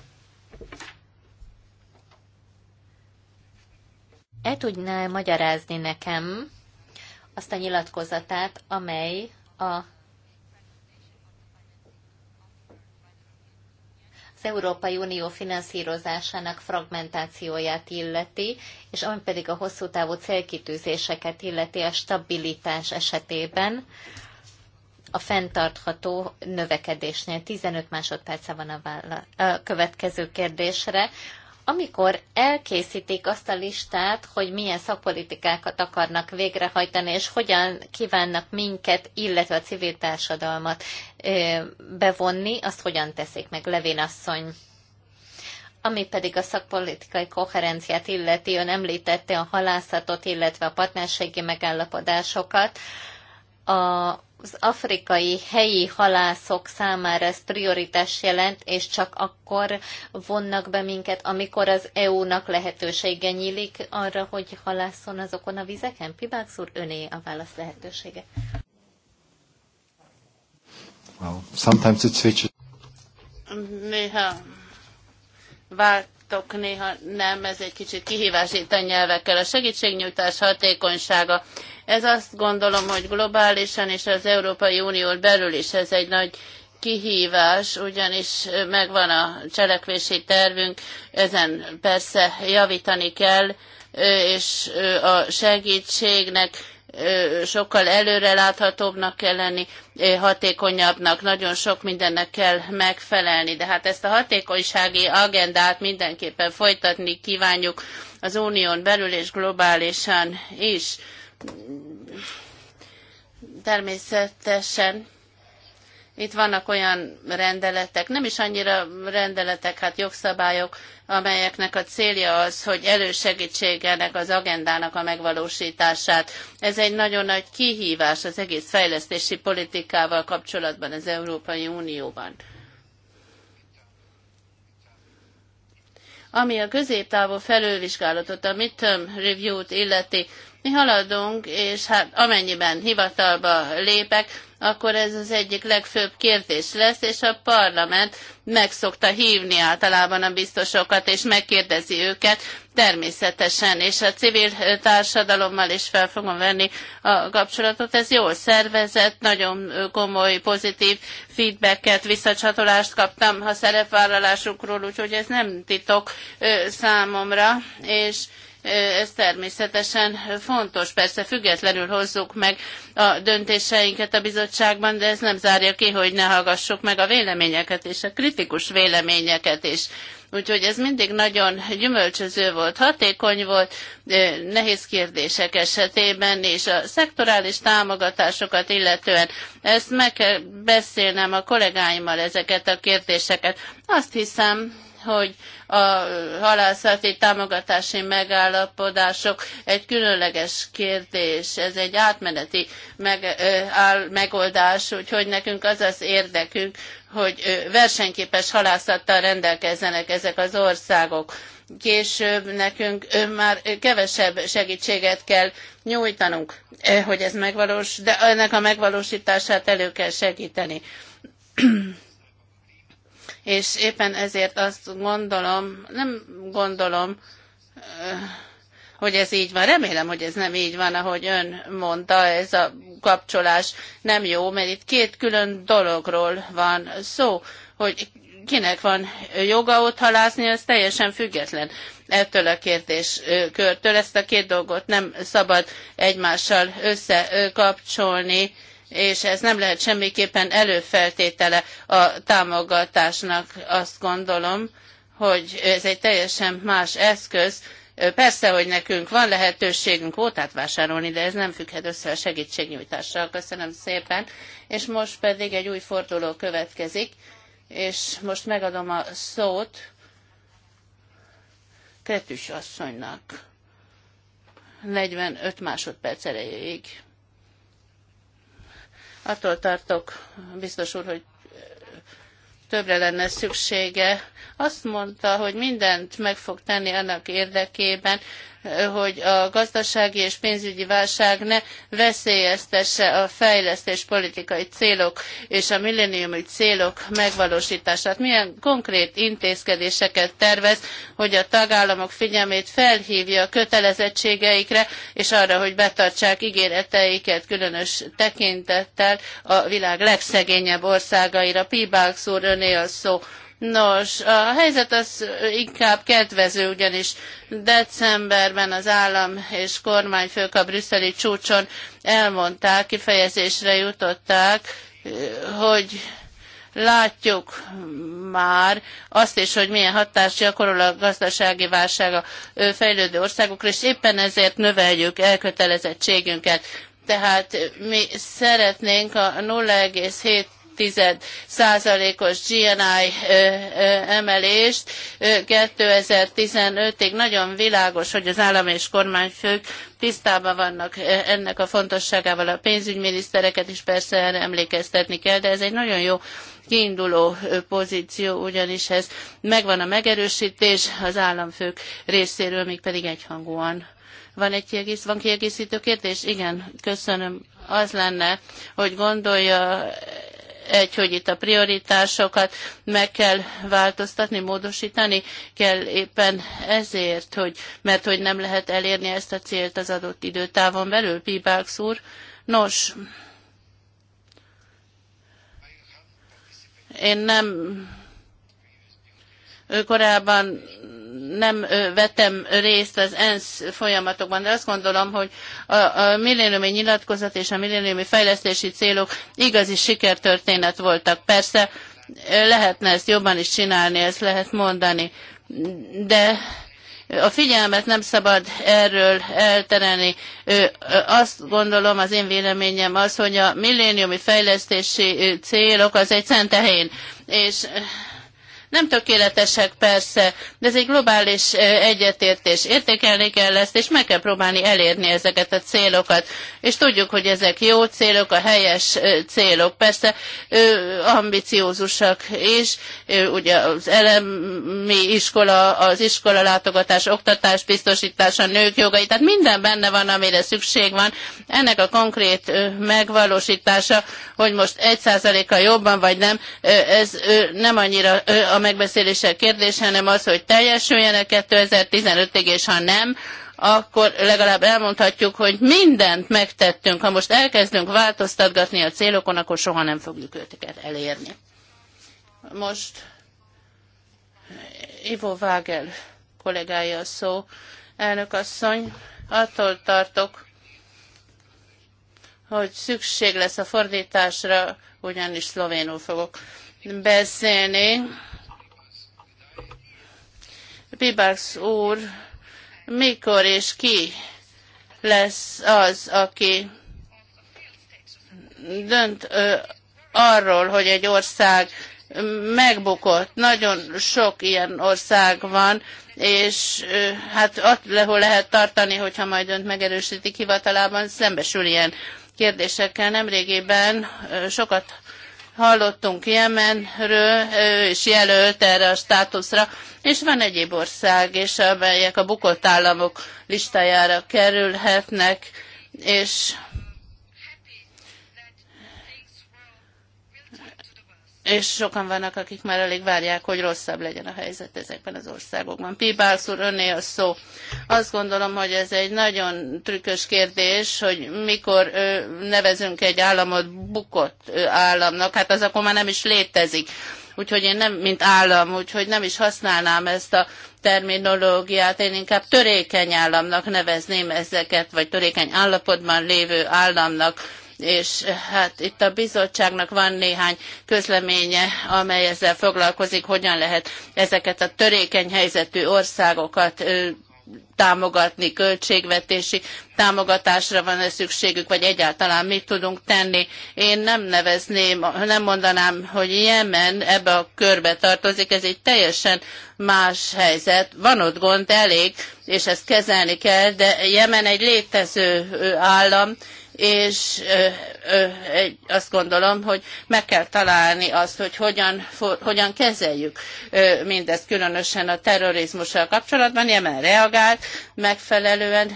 El tudná magyarázni nekem azt a nyilatkozatát, amely a Európai Unió finanszírozásának fragmentációját illeti, és ami pedig a hosszú távú célkitűzéseket illeti a stabilitás esetében, a fenntartható növekedésnél. 15 másodperce van a, vála- a következő kérdésre amikor elkészítik azt a listát, hogy milyen szakpolitikákat akarnak végrehajtani, és hogyan kívánnak minket, illetve a civil társadalmat bevonni, azt hogyan teszik meg, Levin asszony. Ami pedig a szakpolitikai koherenciát illeti, ön említette a halászatot, illetve a partnerségi megállapodásokat. A az afrikai helyi halászok számára ez prioritás jelent, és csak akkor vonnak be minket, amikor az EU-nak lehetősége nyílik arra, hogy halászon azokon a vizeken? Pibáx úr, öné a válasz lehetősége. Well, sometimes it switches. Néha vált látok, néha nem, ez egy kicsit kihívás itt a nyelvekkel. A segítségnyújtás hatékonysága. Ez azt gondolom, hogy globálisan és az Európai Unión belül is ez egy nagy kihívás, ugyanis megvan a cselekvési tervünk, ezen persze javítani kell, és a segítségnek sokkal előreláthatóbbnak kell lenni, hatékonyabbnak, nagyon sok mindennek kell megfelelni, de hát ezt a hatékonysági agendát mindenképpen folytatni kívánjuk az unión belül és globálisan is. Természetesen itt vannak olyan rendeletek, nem is annyira rendeletek, hát jogszabályok, amelyeknek a célja az, hogy elősegítsék ennek az agendának a megvalósítását. Ez egy nagyon nagy kihívás az egész fejlesztési politikával kapcsolatban az Európai Unióban. Ami a középtávú felülvizsgálatot, a midterm review-t illeti, mi haladunk, és hát amennyiben hivatalba lépek, akkor ez az egyik legfőbb kérdés lesz, és a parlament meg szokta hívni általában a biztosokat, és megkérdezi őket természetesen, és a civil társadalommal is fel fogom venni a kapcsolatot. Ez jól szervezett, nagyon komoly, pozitív feedbacket, visszacsatolást kaptam a szerepvállalásukról, úgyhogy ez nem titok számomra, és ez természetesen fontos, persze függetlenül hozzuk meg a döntéseinket a bizottságban, de ez nem zárja ki, hogy ne hallgassuk meg a véleményeket és a kritikus véleményeket is. Úgyhogy ez mindig nagyon gyümölcsöző volt, hatékony volt, nehéz kérdések esetében, és a szektorális támogatásokat illetően ezt meg kell beszélnem a kollégáimmal ezeket a kérdéseket. Azt hiszem, hogy a halászati támogatási megállapodások egy különleges kérdés, ez egy átmeneti meg, áll, megoldás, úgyhogy nekünk az az érdekünk, hogy versenyképes halászattal rendelkezzenek ezek az országok később nekünk már kevesebb segítséget kell nyújtanunk, hogy ez megvalós, de ennek a megvalósítását elő kell segíteni és éppen ezért azt gondolom, nem gondolom, hogy ez így van. Remélem, hogy ez nem így van, ahogy ön mondta, ez a kapcsolás nem jó, mert itt két külön dologról van szó, hogy kinek van joga ott halászni, az teljesen független ettől a kérdéskörtől. Ezt a két dolgot nem szabad egymással összekapcsolni és ez nem lehet semmiképpen előfeltétele a támogatásnak. Azt gondolom, hogy ez egy teljesen más eszköz. Persze, hogy nekünk van lehetőségünk ótát vásárolni, de ez nem függhet össze a segítségnyújtással. Köszönöm szépen. És most pedig egy új forduló következik, és most megadom a szót Kretűs asszonynak. 45 másodperc erejéig. Attól tartok, biztos úr, hogy többre lenne szüksége. Azt mondta, hogy mindent meg fog tenni annak érdekében, hogy a gazdasági és pénzügyi válság ne veszélyeztesse a fejlesztés politikai célok és a milleniumi célok megvalósítását. Milyen konkrét intézkedéseket tervez, hogy a tagállamok figyelmét felhívja a kötelezettségeikre, és arra, hogy betartsák ígéreteiket különös tekintettel a világ legszegényebb országaira. Pibák szúr, öné a szó. Nos, a helyzet az inkább kedvező, ugyanis decemberben az állam és kormányfők a brüsszeli csúcson elmondták, kifejezésre jutották, hogy látjuk már azt is, hogy milyen hatást gyakorol a gazdasági válság a fejlődő országokra, és éppen ezért növeljük elkötelezettségünket. Tehát mi szeretnénk a 0,7 százalékos GNI emelést 2015-ig. Nagyon világos, hogy az állam és kormányfők tisztában vannak ennek a fontosságával a pénzügyminisztereket is persze erre emlékeztetni kell, de ez egy nagyon jó kiinduló pozíció, ugyanis ez megvan a megerősítés az államfők részéről, még pedig egyhangúan. Van egy kiegész, van kiegészítő kérdés? Igen, köszönöm. Az lenne, hogy gondolja egy, hogy itt a prioritásokat meg kell változtatni, módosítani kell éppen ezért, hogy, mert hogy nem lehet elérni ezt a célt az adott időtávon belül, Pibáks úr. Nos, én nem korábban nem vettem részt az ENSZ folyamatokban, de azt gondolom, hogy a, a milléniumi nyilatkozat és a milléniumi fejlesztési célok igazi sikertörténet voltak. Persze lehetne ezt jobban is csinálni, ezt lehet mondani, de a figyelmet nem szabad erről elterelni. Azt gondolom, az én véleményem az, hogy a milléniumi fejlesztési célok az egy szentehén, és nem tökéletesek persze, de ez egy globális egyetértés. Értékelni kell ezt, és meg kell próbálni elérni ezeket a célokat. És tudjuk, hogy ezek jó célok, a helyes célok. Persze ambiciózusak is, ugye az elemi iskola, az iskola látogatás, oktatás biztosítása, nők jogai, tehát minden benne van, amire szükség van. Ennek a konkrét megvalósítása, hogy most egy kal jobban vagy nem, ez nem annyira a a kérdés, hanem az, hogy teljesüljenek 2015-ig, és ha nem, akkor legalább elmondhatjuk, hogy mindent megtettünk. Ha most elkezdünk változtatgatni a célokon, akkor soha nem fogjuk őket elérni. Most Ivo Vágel kollégája a szó. Elnök asszony, attól tartok, hogy szükség lesz a fordításra, ugyanis szlovénul fogok beszélni. Pibax úr mikor és ki lesz az, aki dönt ö, arról, hogy egy ország megbukott. Nagyon sok ilyen ország van, és ö, hát ott, lehol lehet tartani, hogyha majd önt megerősítik hivatalában, szembesül ilyen kérdésekkel. Nemrégében ö, sokat Hallottunk Jemenről, ő is jelölt erre a státuszra, és van egyéb ország is, amelyek a bukott államok listájára kerülhetnek, és és sokan vannak, akik már elég várják, hogy rosszabb legyen a helyzet ezekben az országokban. Pibász úr, önné a szó. Azt gondolom, hogy ez egy nagyon trükkös kérdés, hogy mikor nevezünk egy államot bukott államnak, hát az akkor már nem is létezik úgyhogy én nem, mint állam, úgyhogy nem is használnám ezt a terminológiát, én inkább törékeny államnak nevezném ezeket, vagy törékeny állapotban lévő államnak és hát itt a bizottságnak van néhány közleménye, amely ezzel foglalkozik, hogyan lehet ezeket a törékeny helyzetű országokat támogatni, költségvetési támogatásra van -e szükségük, vagy egyáltalán mit tudunk tenni. Én nem nevezném, nem mondanám, hogy Jemen ebbe a körbe tartozik, ez egy teljesen más helyzet. Van ott gond elég, és ezt kezelni kell, de Jemen egy létező állam, és azt gondolom, hogy meg kell találni azt, hogy hogyan, hogyan kezeljük mindezt, különösen a terrorizmussal kapcsolatban. Jemen reagált megfelelően,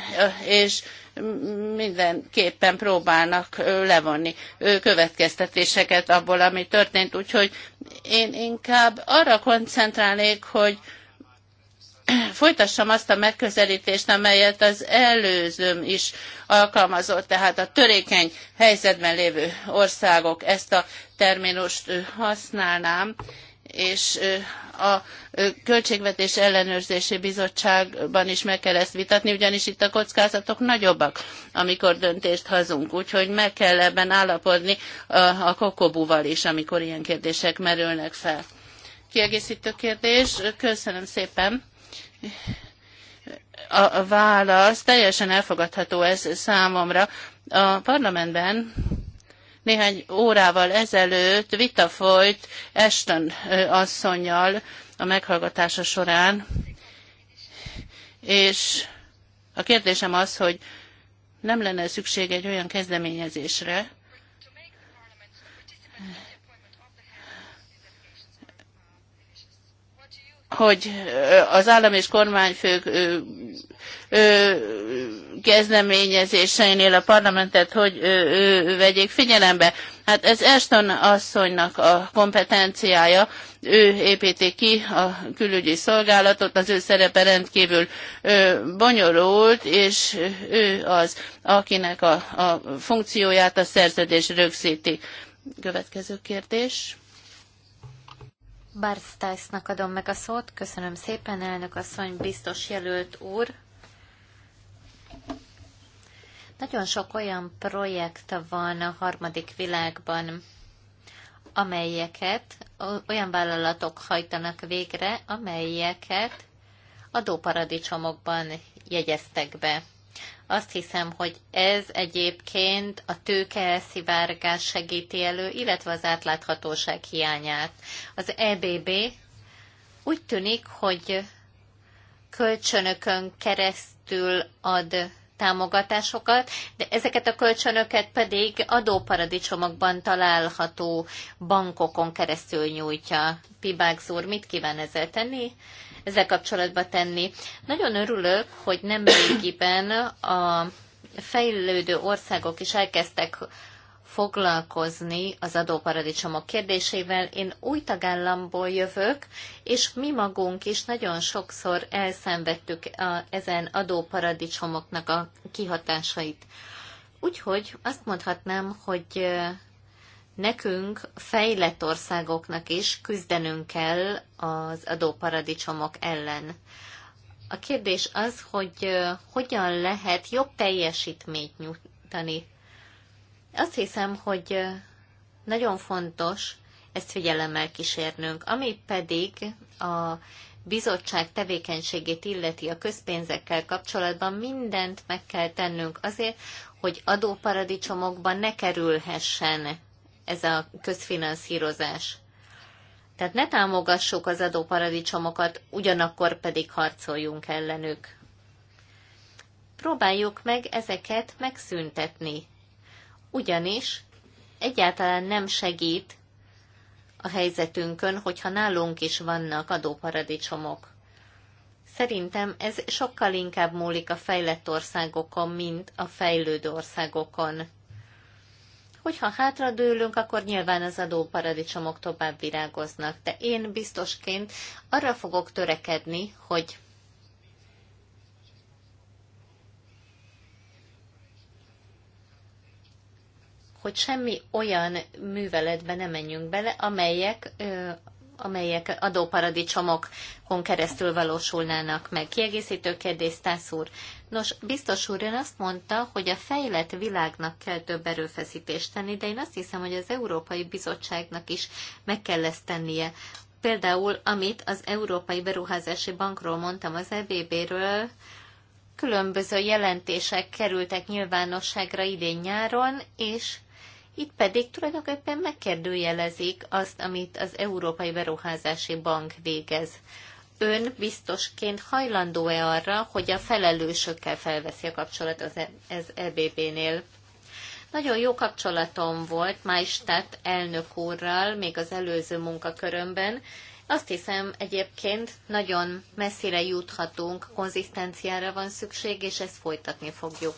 és mindenképpen próbálnak levonni következtetéseket abból, ami történt, úgyhogy én inkább arra koncentrálnék, hogy folytassam azt a megközeltést amelyet az előzőm is alkalmazott, tehát a törékeny helyzetben lévő országok, ezt a terminust használnám, és a Költségvetés Ellenőrzési Bizottságban is meg kell ezt vitatni, ugyanis itt a kockázatok nagyobbak, amikor döntést hazunk, úgyhogy meg kell ebben állapodni a kokobúval is, amikor ilyen kérdések merülnek fel. Kiegészítő kérdés, köszönöm szépen a válasz, teljesen elfogadható ez számomra. A parlamentben néhány órával ezelőtt vita folyt Ashton asszonynal a meghallgatása során, és a kérdésem az, hogy nem lenne szükség egy olyan kezdeményezésre, hogy az állam és kormányfők ö, ö, kezdeményezéseinél a parlamentet hogy ö, ö, vegyék figyelembe. Hát ez Eston asszonynak a kompetenciája, ő építi ki a külügyi szolgálatot, az ő szerepe rendkívül ö, bonyolult, és ő az, akinek a, a funkcióját a szerződés rögzíti. Következő kérdés. Barstajsznak adom meg a szót. Köszönöm szépen, elnök asszony, biztos jelölt úr. Nagyon sok olyan projekt van a harmadik világban, amelyeket olyan vállalatok hajtanak végre, amelyeket adóparadicsomokban jegyeztek be. Azt hiszem, hogy ez egyébként a tőke elszivárgás segíti elő, illetve az átláthatóság hiányát. Az EBB úgy tűnik, hogy kölcsönökön keresztül ad támogatásokat, de ezeket a kölcsönöket pedig adóparadicsomokban található bankokon keresztül nyújtja. Pibák úr, mit kíván ezzel tenni? ezzel kapcsolatban tenni. Nagyon örülök, hogy nem régiben a fejlődő országok is elkezdtek foglalkozni az adóparadicsomok kérdésével. Én új tagállamból jövök, és mi magunk is nagyon sokszor elszenvedtük a, ezen adóparadicsomoknak a kihatásait. Úgyhogy azt mondhatnám, hogy nekünk fejlett országoknak is küzdenünk kell az adóparadicsomok ellen. A kérdés az, hogy hogyan lehet jobb teljesítményt nyújtani. Azt hiszem, hogy nagyon fontos ezt figyelemmel kísérnünk, ami pedig a bizottság tevékenységét illeti a közpénzekkel kapcsolatban mindent meg kell tennünk azért, hogy adóparadicsomokban ne kerülhessen ez a közfinanszírozás. Tehát ne támogassuk az adóparadicsomokat, ugyanakkor pedig harcoljunk ellenük. Próbáljuk meg ezeket megszüntetni, ugyanis egyáltalán nem segít a helyzetünkön, hogyha nálunk is vannak adóparadicsomok. Szerintem ez sokkal inkább múlik a fejlett országokon, mint a fejlődő országokon. Hogyha hátradőlünk, akkor nyilván az adóparadicsomok tovább virágoznak, de én biztosként arra fogok törekedni, hogy hogy semmi olyan műveletbe ne menjünk bele, amelyek amelyek adóparadicsomokon keresztül valósulnának meg. Kiegészítő kérdés, Tász úr, Nos, biztos úr, ön azt mondta, hogy a fejlett világnak kell több erőfeszítést tenni, de én azt hiszem, hogy az Európai Bizottságnak is meg kell ezt tennie. Például, amit az Európai Beruházási Bankról mondtam, az EBB-ről, különböző jelentések kerültek nyilvánosságra idén-nyáron, és itt pedig tulajdonképpen megkérdőjelezik azt, amit az Európai Beruházási Bank végez ön biztosként hajlandó-e arra, hogy a felelősökkel felveszi a kapcsolat az, e- az EBB-nél? Nagyon jó kapcsolatom volt Májstát elnök úrral, még az előző munkakörömben. Azt hiszem egyébként nagyon messzire juthatunk, konzisztenciára van szükség, és ezt folytatni fogjuk.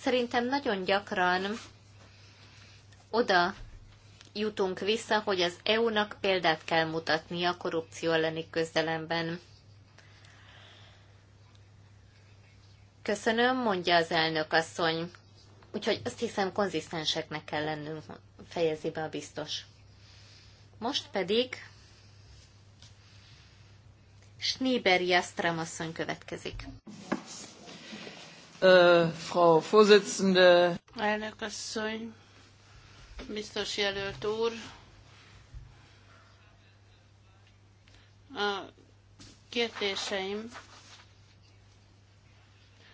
Szerintem nagyon gyakran oda jutunk vissza, hogy az EU-nak példát kell mutatnia a korrupció elleni küzdelemben. Köszönöm, mondja az elnök asszony. Úgyhogy azt hiszem, konzisztenseknek kell lennünk, fejezi be a biztos. Most pedig Schneeber Jastram asszony következik. Uh, Frau Vorsitzende. Elnök asszony, Biztos jelölt úr, a kérdéseim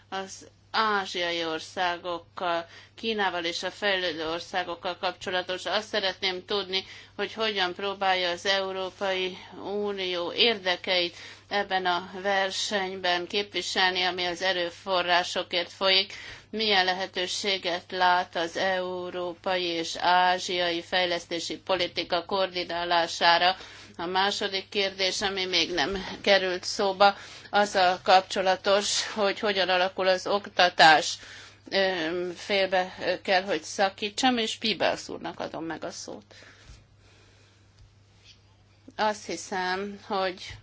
az ázsiai országokkal, Kínával és a fejlődő országokkal kapcsolatos. Azt szeretném tudni, hogy hogyan próbálja az Európai Unió érdekeit ebben a versenyben képviselni, ami az erőforrásokért folyik. Milyen lehetőséget lát az európai és ázsiai fejlesztési politika koordinálására a második kérdés, ami még nem került szóba, az a kapcsolatos, hogy hogyan alakul az oktatás. Félbe kell, hogy szakítsam, és Pibelsz úrnak adom meg a szót. Azt hiszem, hogy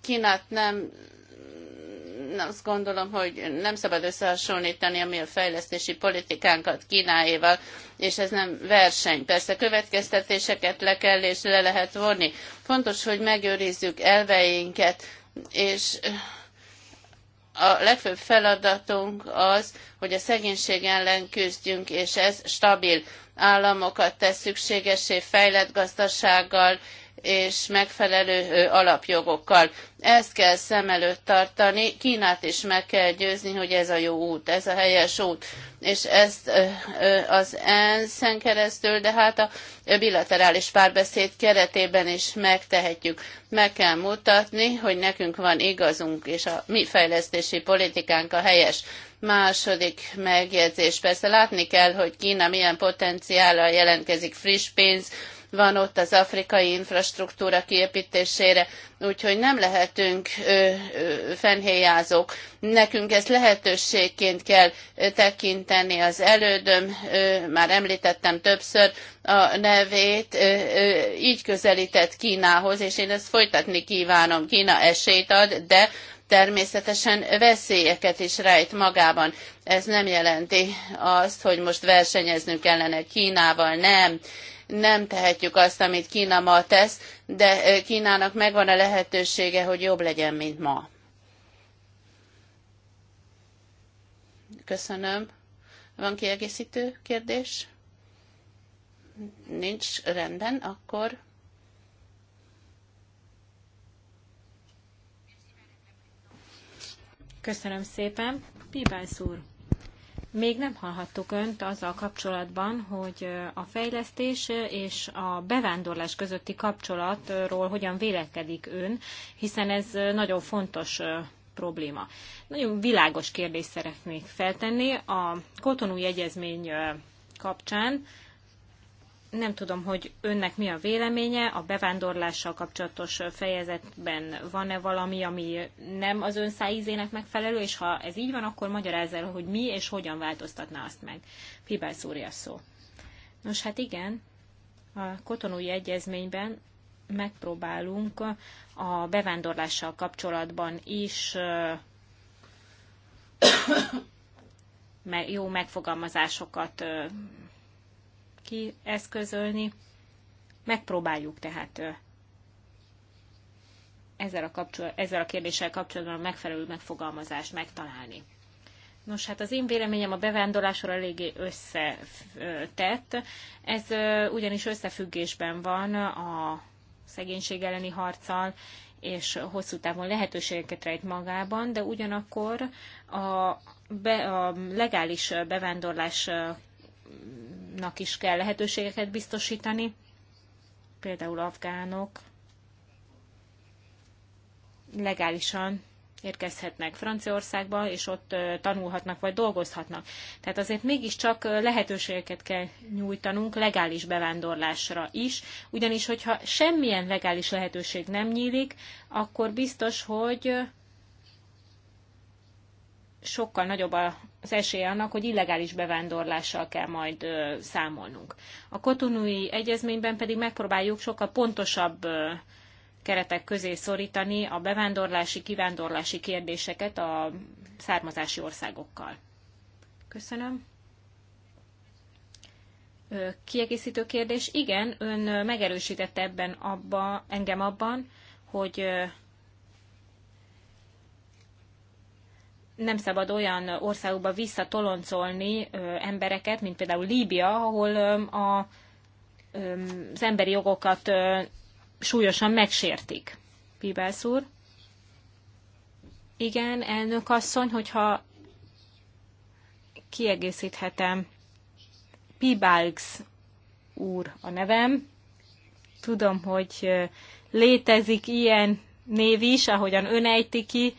Kínát nem azt gondolom, hogy nem szabad összehasonlítani a mi a fejlesztési politikánkat Kínáéval, és ez nem verseny. Persze következtetéseket le kell és le lehet vonni. Fontos, hogy megőrizzük elveinket, és a legfőbb feladatunk az, hogy a szegénység ellen küzdjünk, és ez stabil államokat tesz szükségessé fejlett gazdasággal és megfelelő alapjogokkal. Ezt kell szem előtt tartani, Kínát is meg kell győzni, hogy ez a jó út, ez a helyes út, és ezt az ENSZ-en keresztül, de hát a bilaterális párbeszéd keretében is megtehetjük. Meg kell mutatni, hogy nekünk van igazunk, és a mi fejlesztési politikánk a helyes. Második megjegyzés, persze látni kell, hogy Kína milyen potenciállal jelentkezik friss pénz, van ott az afrikai infrastruktúra kiépítésére, úgyhogy nem lehetünk fenhéjázók. Nekünk ezt lehetőségként kell tekinteni az elődöm, ö, már említettem többször a nevét, ö, ö, így közelített Kínához, és én ezt folytatni kívánom. Kína esélyt ad, de természetesen veszélyeket is rejt magában. Ez nem jelenti azt, hogy most versenyeznünk kellene Kínával, nem nem tehetjük azt, amit Kína ma tesz, de Kínának megvan a lehetősége, hogy jobb legyen, mint ma. Köszönöm. Van kiegészítő kérdés? Nincs rendben, akkor. Köszönöm szépen. Pibász úr. Még nem hallhattuk Önt azzal kapcsolatban, hogy a fejlesztés és a bevándorlás közötti kapcsolatról hogyan vélekedik Ön, hiszen ez nagyon fontos probléma. Nagyon világos kérdést szeretnék feltenni. A Kotonú egyezmény kapcsán nem tudom, hogy önnek mi a véleménye, a bevándorlással kapcsolatos fejezetben van-e valami, ami nem az ön szájízének megfelelő, és ha ez így van, akkor magyarázz el, hogy mi és hogyan változtatná azt meg. Pibel szúrja szó. Nos, hát igen, a kotonúi egyezményben megpróbálunk a bevándorlással kapcsolatban is jó megfogalmazásokat kieszközölni. Megpróbáljuk tehát ezzel a, ezzel a kérdéssel kapcsolatban a megfelelő megfogalmazást megtalálni. Nos, hát az én véleményem a bevándorlásról eléggé összetett. Ez ugyanis összefüggésben van a szegénység elleni harccal, és hosszú távon lehetőségeket rejt magában, de ugyanakkor a, be, a legális bevándorlás afgánoknak is kell lehetőségeket biztosítani, például afgánok legálisan érkezhetnek Franciaországba, és ott tanulhatnak vagy dolgozhatnak. Tehát azért mégiscsak lehetőségeket kell nyújtanunk legális bevándorlásra is, ugyanis hogyha semmilyen legális lehetőség nem nyílik, akkor biztos, hogy sokkal nagyobb az esély annak, hogy illegális bevándorlással kell majd számolnunk. A kotonui egyezményben pedig megpróbáljuk sokkal pontosabb keretek közé szorítani a bevándorlási, kivándorlási kérdéseket a származási országokkal. Köszönöm. Kiegészítő kérdés. Igen, ön megerősítette ebben abba, engem abban, hogy nem szabad olyan országokba visszatoloncolni embereket, mint például Líbia, ahol a, az emberi jogokat súlyosan megsértik. Pibász úr? Igen, elnök asszony, hogyha kiegészíthetem. Pibalgs úr a nevem. Tudom, hogy létezik ilyen név is, ahogyan ön ejti ki,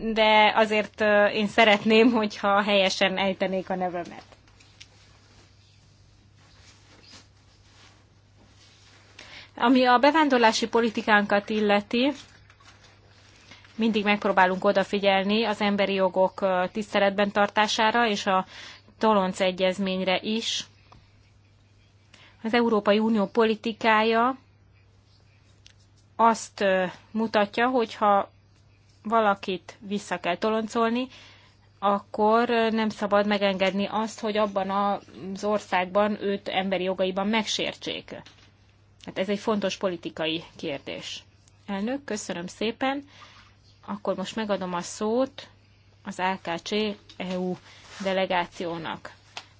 de azért én szeretném, hogyha helyesen ejtenék a nevemet. Ami a bevándorlási politikánkat illeti, mindig megpróbálunk odafigyelni az emberi jogok tiszteletben tartására és a Tolonc egyezményre is. Az Európai Unió politikája azt mutatja, hogyha valakit vissza kell toloncolni, akkor nem szabad megengedni azt, hogy abban az országban őt emberi jogaiban megsértsék. Hát ez egy fontos politikai kérdés. Elnök, köszönöm szépen. Akkor most megadom a szót az AKC EU delegációnak,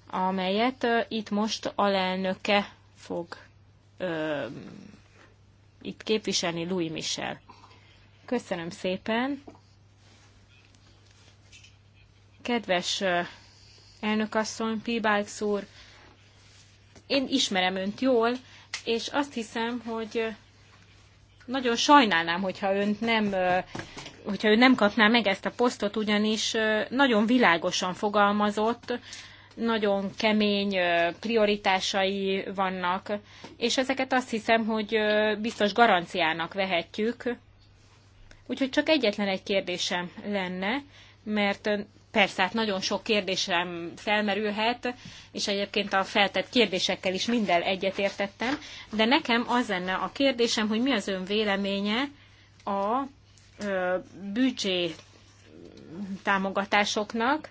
amelyet itt most alelnöke fog ö, itt képviselni Louis Michel. Köszönöm szépen. Kedves elnökasszony, Pibalks úr, én ismerem önt jól, és azt hiszem, hogy nagyon sajnálnám, hogyha önt nem hogyha ő nem kapná meg ezt a posztot, ugyanis nagyon világosan fogalmazott, nagyon kemény prioritásai vannak, és ezeket azt hiszem, hogy biztos garanciának vehetjük, Úgyhogy csak egyetlen egy kérdésem lenne, mert persze, hát nagyon sok kérdésem felmerülhet, és egyébként a feltett kérdésekkel is minden egyetértettem, de nekem az lenne a kérdésem, hogy mi az ön véleménye a ö, büdzsé támogatásoknak,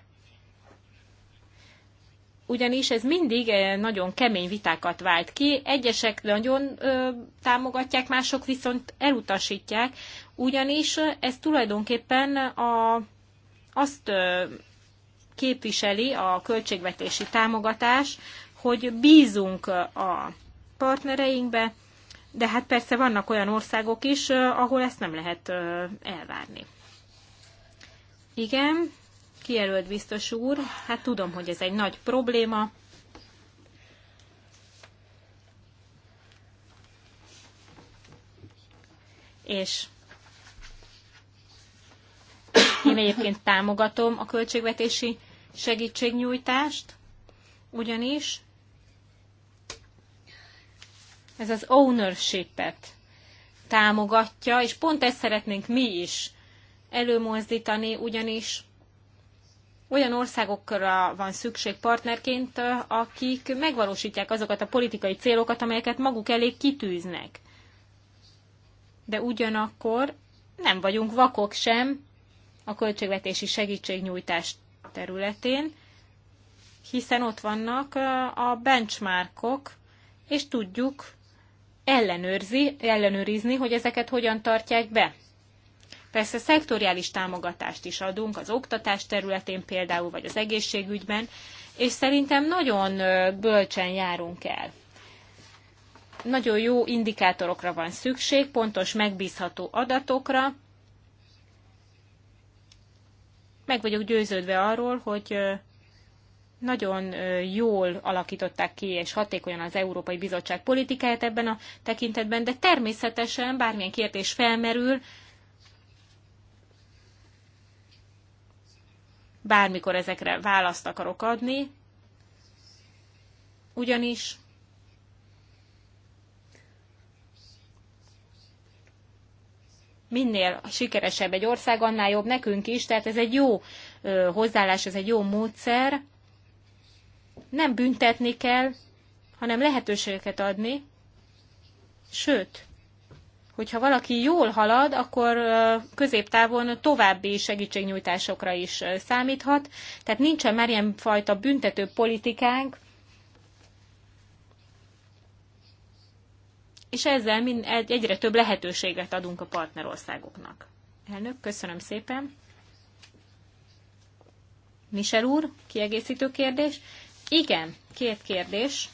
ugyanis ez mindig nagyon kemény vitákat vált ki. Egyesek nagyon ö, támogatják, mások viszont elutasítják, ugyanis ez tulajdonképpen a, azt képviseli a költségvetési támogatás, hogy bízunk a partnereinkbe, de hát persze vannak olyan országok is, ahol ezt nem lehet elvárni. Igen, kijelölt biztos úr, hát tudom, hogy ez egy nagy probléma. És egyébként támogatom a költségvetési segítségnyújtást, ugyanis ez az ownership-et támogatja, és pont ezt szeretnénk mi is előmozdítani, ugyanis olyan országokra van szükség partnerként, akik megvalósítják azokat a politikai célokat, amelyeket maguk elé kitűznek. De ugyanakkor nem vagyunk vakok sem, a költségvetési segítségnyújtás területén, hiszen ott vannak a benchmarkok, és tudjuk ellenőrzi, ellenőrizni, hogy ezeket hogyan tartják be. Persze szektoriális támogatást is adunk az oktatás területén például, vagy az egészségügyben, és szerintem nagyon bölcsen járunk el. Nagyon jó indikátorokra van szükség, pontos, megbízható adatokra, meg vagyok győződve arról, hogy nagyon jól alakították ki, és hatékonyan az Európai Bizottság politikáját ebben a tekintetben, de természetesen bármilyen kérdés felmerül, bármikor ezekre választ akarok adni, ugyanis minél sikeresebb egy ország, annál jobb nekünk is, tehát ez egy jó hozzáállás, ez egy jó módszer. Nem büntetni kell, hanem lehetőségeket adni. Sőt, hogyha valaki jól halad, akkor középtávon további segítségnyújtásokra is számíthat. Tehát nincsen már ilyen fajta büntető politikánk, és ezzel mind, egyre több lehetőséget adunk a partnerországoknak. Elnök, köszönöm szépen. Michel úr, kiegészítő kérdés. Igen, két kérdés.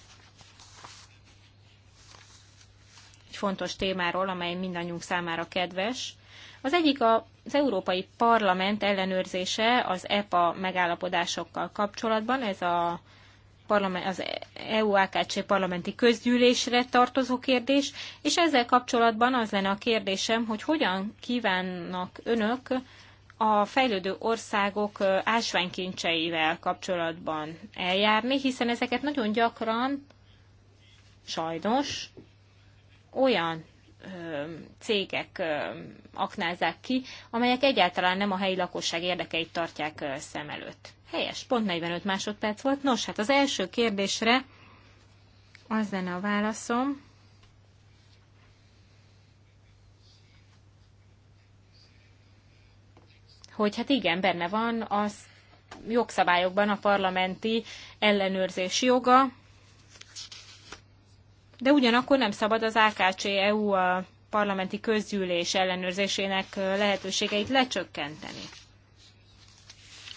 Egy fontos témáról, amely mindannyiunk számára kedves. Az egyik az Európai Parlament ellenőrzése az EPA megállapodásokkal kapcsolatban, ez a az EU-AKC parlamenti közgyűlésre tartozó kérdés, és ezzel kapcsolatban az lenne a kérdésem, hogy hogyan kívánnak önök a fejlődő országok ásványkincseivel kapcsolatban eljárni, hiszen ezeket nagyon gyakran, sajnos, olyan cégek aknázzák ki, amelyek egyáltalán nem a helyi lakosság érdekeit tartják szem előtt. Helyes, pont 45 másodperc volt. Nos, hát az első kérdésre az lenne a válaszom, hogy hát igen, benne van az jogszabályokban a parlamenti ellenőrzés joga, de ugyanakkor nem szabad az AKC-EU parlamenti közgyűlés ellenőrzésének lehetőségeit lecsökkenteni.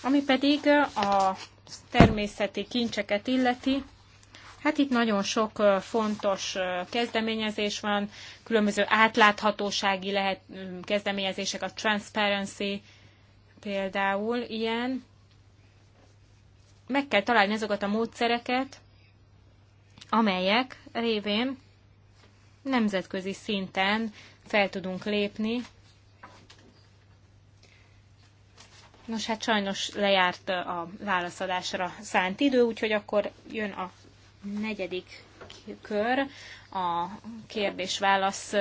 Ami pedig a természeti kincseket illeti, hát itt nagyon sok fontos kezdeményezés van, különböző átláthatósági lehet, kezdeményezések, a transparency például ilyen. Meg kell találni azokat a módszereket, amelyek révén nemzetközi szinten fel tudunk lépni Nos, hát sajnos lejárt a válaszadásra szánt idő, úgyhogy akkor jön a negyedik kör a kérdés-válasz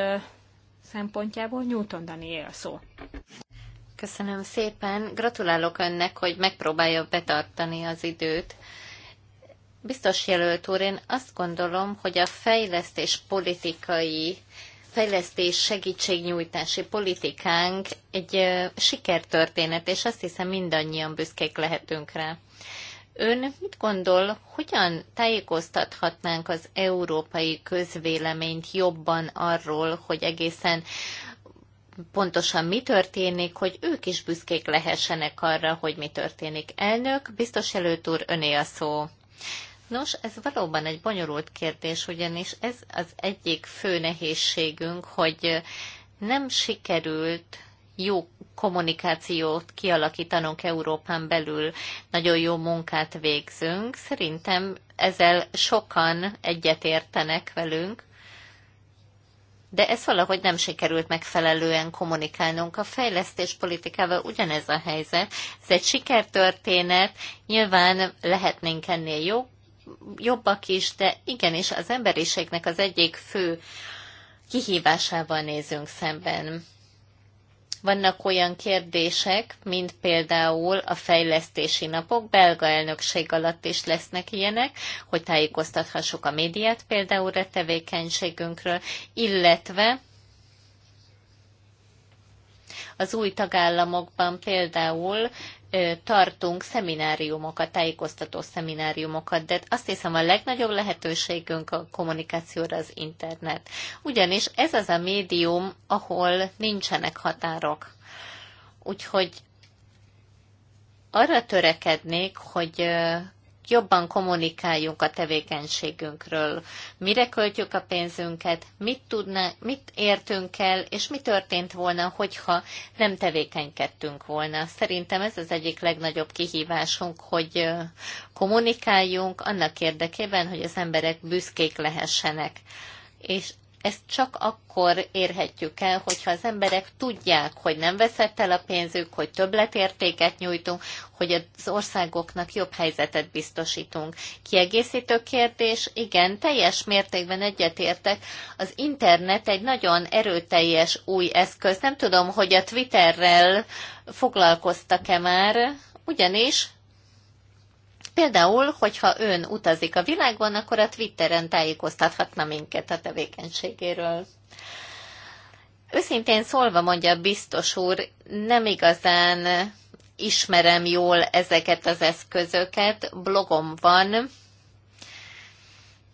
szempontjából. Newton Daniel a szó. Köszönöm szépen. Gratulálok önnek, hogy megpróbálja betartani az időt. Biztos jelölt úr, én azt gondolom, hogy a fejlesztés politikai fejlesztés segítségnyújtási politikánk egy sikertörténet, és azt hiszem mindannyian büszkék lehetünk rá. Ön mit gondol, hogyan tájékoztathatnánk az európai közvéleményt jobban arról, hogy egészen pontosan mi történik, hogy ők is büszkék lehessenek arra, hogy mi történik. Elnök, biztos előtt úr, öné a szó. Nos, ez valóban egy bonyolult kérdés, ugyanis ez az egyik fő nehézségünk, hogy nem sikerült jó kommunikációt kialakítanunk Európán belül, nagyon jó munkát végzünk. Szerintem ezzel sokan egyetértenek velünk, de ez valahogy nem sikerült megfelelően kommunikálnunk. A fejlesztéspolitikával ugyanez a helyzet. Ez egy sikertörténet, nyilván lehetnénk ennél jobb, jobbak is, de igenis az emberiségnek az egyik fő kihívásával nézünk szemben. Vannak olyan kérdések, mint például a fejlesztési napok, belga elnökség alatt is lesznek ilyenek, hogy tájékoztathassuk a médiát például a tevékenységünkről, illetve az új tagállamokban például tartunk szemináriumokat, tájékoztató szemináriumokat, de azt hiszem a legnagyobb lehetőségünk a kommunikációra az internet. Ugyanis ez az a médium, ahol nincsenek határok. Úgyhogy arra törekednék, hogy jobban kommunikáljunk a tevékenységünkről, mire költjük a pénzünket, mit, tudná, mit értünk el, és mi történt volna, hogyha nem tevékenykedtünk volna. Szerintem ez az egyik legnagyobb kihívásunk, hogy kommunikáljunk annak érdekében, hogy az emberek büszkék lehessenek. És ezt csak akkor érhetjük el, hogyha az emberek tudják, hogy nem veszett el a pénzük, hogy többletértéket nyújtunk, hogy az országoknak jobb helyzetet biztosítunk. Kiegészítő kérdés, igen, teljes mértékben egyetértek. Az internet egy nagyon erőteljes új eszköz. Nem tudom, hogy a Twitterrel foglalkoztak-e már, ugyanis Például, hogyha ön utazik a világban, akkor a Twitteren tájékoztathatna minket a tevékenységéről. Őszintén szólva mondja biztos úr, nem igazán ismerem jól ezeket az eszközöket, blogom van,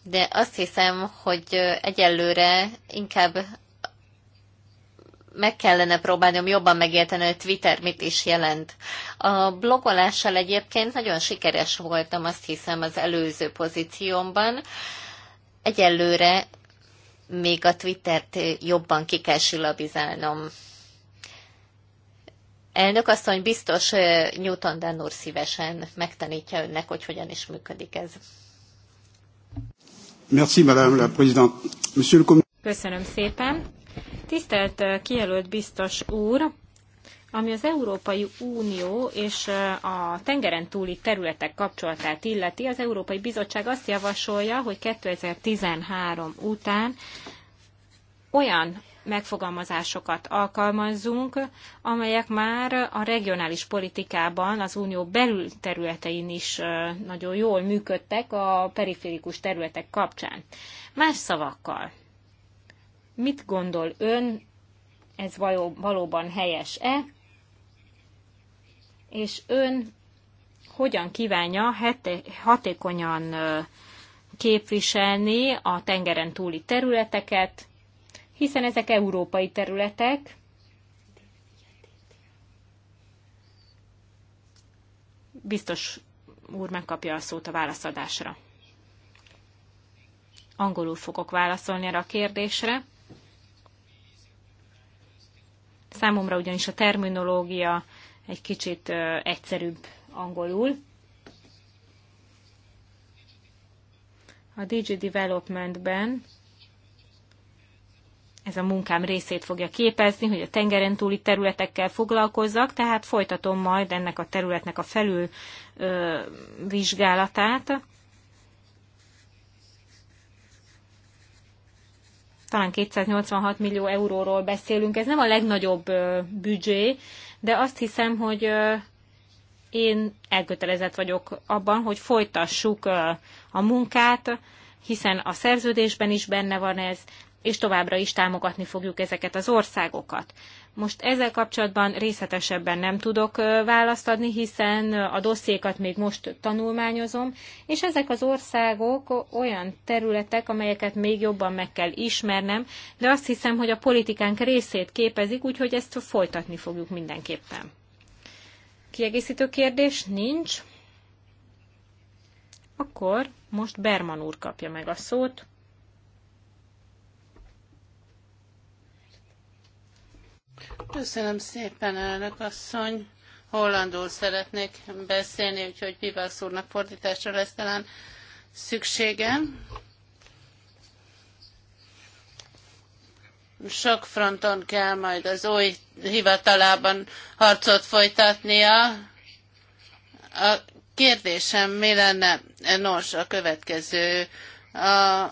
de azt hiszem, hogy egyelőre inkább meg kellene próbálnom jobban megérteni, hogy Twitter mit is jelent. A blogolással egyébként nagyon sikeres voltam, azt hiszem, az előző pozíciómban. Egyelőre még a Twittert jobban ki kell silabizálnom. Elnök asszony, biztos Newton Dan úr szívesen megtanítja önnek, hogy hogyan is működik ez. Merci, madame la présidente. Monsieur le Köszönöm szépen. Tisztelt kijelölt biztos úr, ami az Európai Unió és a tengeren túli területek kapcsolatát illeti, az Európai Bizottság azt javasolja, hogy 2013 után olyan megfogalmazásokat alkalmazzunk, amelyek már a regionális politikában az unió belül területein is nagyon jól működtek a periférikus területek kapcsán. Más szavakkal, Mit gondol ön, ez valóban helyes-e? És ön hogyan kívánja hatékonyan képviselni a tengeren túli területeket, hiszen ezek európai területek, biztos úr megkapja a szót a válaszadásra. Angolul fogok válaszolni erre a kérdésre. Számomra ugyanis a terminológia egy kicsit egyszerűbb angolul. A DG Developmentben ez a munkám részét fogja képezni, hogy a tengeren túli területekkel foglalkozzak, tehát folytatom majd ennek a területnek a felül ö, vizsgálatát. talán 286 millió euróról beszélünk. Ez nem a legnagyobb büdzsé, de azt hiszem, hogy én elkötelezett vagyok abban, hogy folytassuk a munkát, hiszen a szerződésben is benne van ez, és továbbra is támogatni fogjuk ezeket az országokat. Most ezzel kapcsolatban részletesebben nem tudok választ adni, hiszen a dossziékat még most tanulmányozom, és ezek az országok olyan területek, amelyeket még jobban meg kell ismernem, de azt hiszem, hogy a politikánk részét képezik, úgyhogy ezt folytatni fogjuk mindenképpen. Kiegészítő kérdés nincs. Akkor most Berman úr kapja meg a szót. Köszönöm szépen, elnök asszony. Hollandul szeretnék beszélni, úgyhogy Pivász úrnak fordításra lesz talán szükségem. sok fronton kell majd az új hivatalában harcot folytatnia. A kérdésem mi lenne? Nos, a következő. A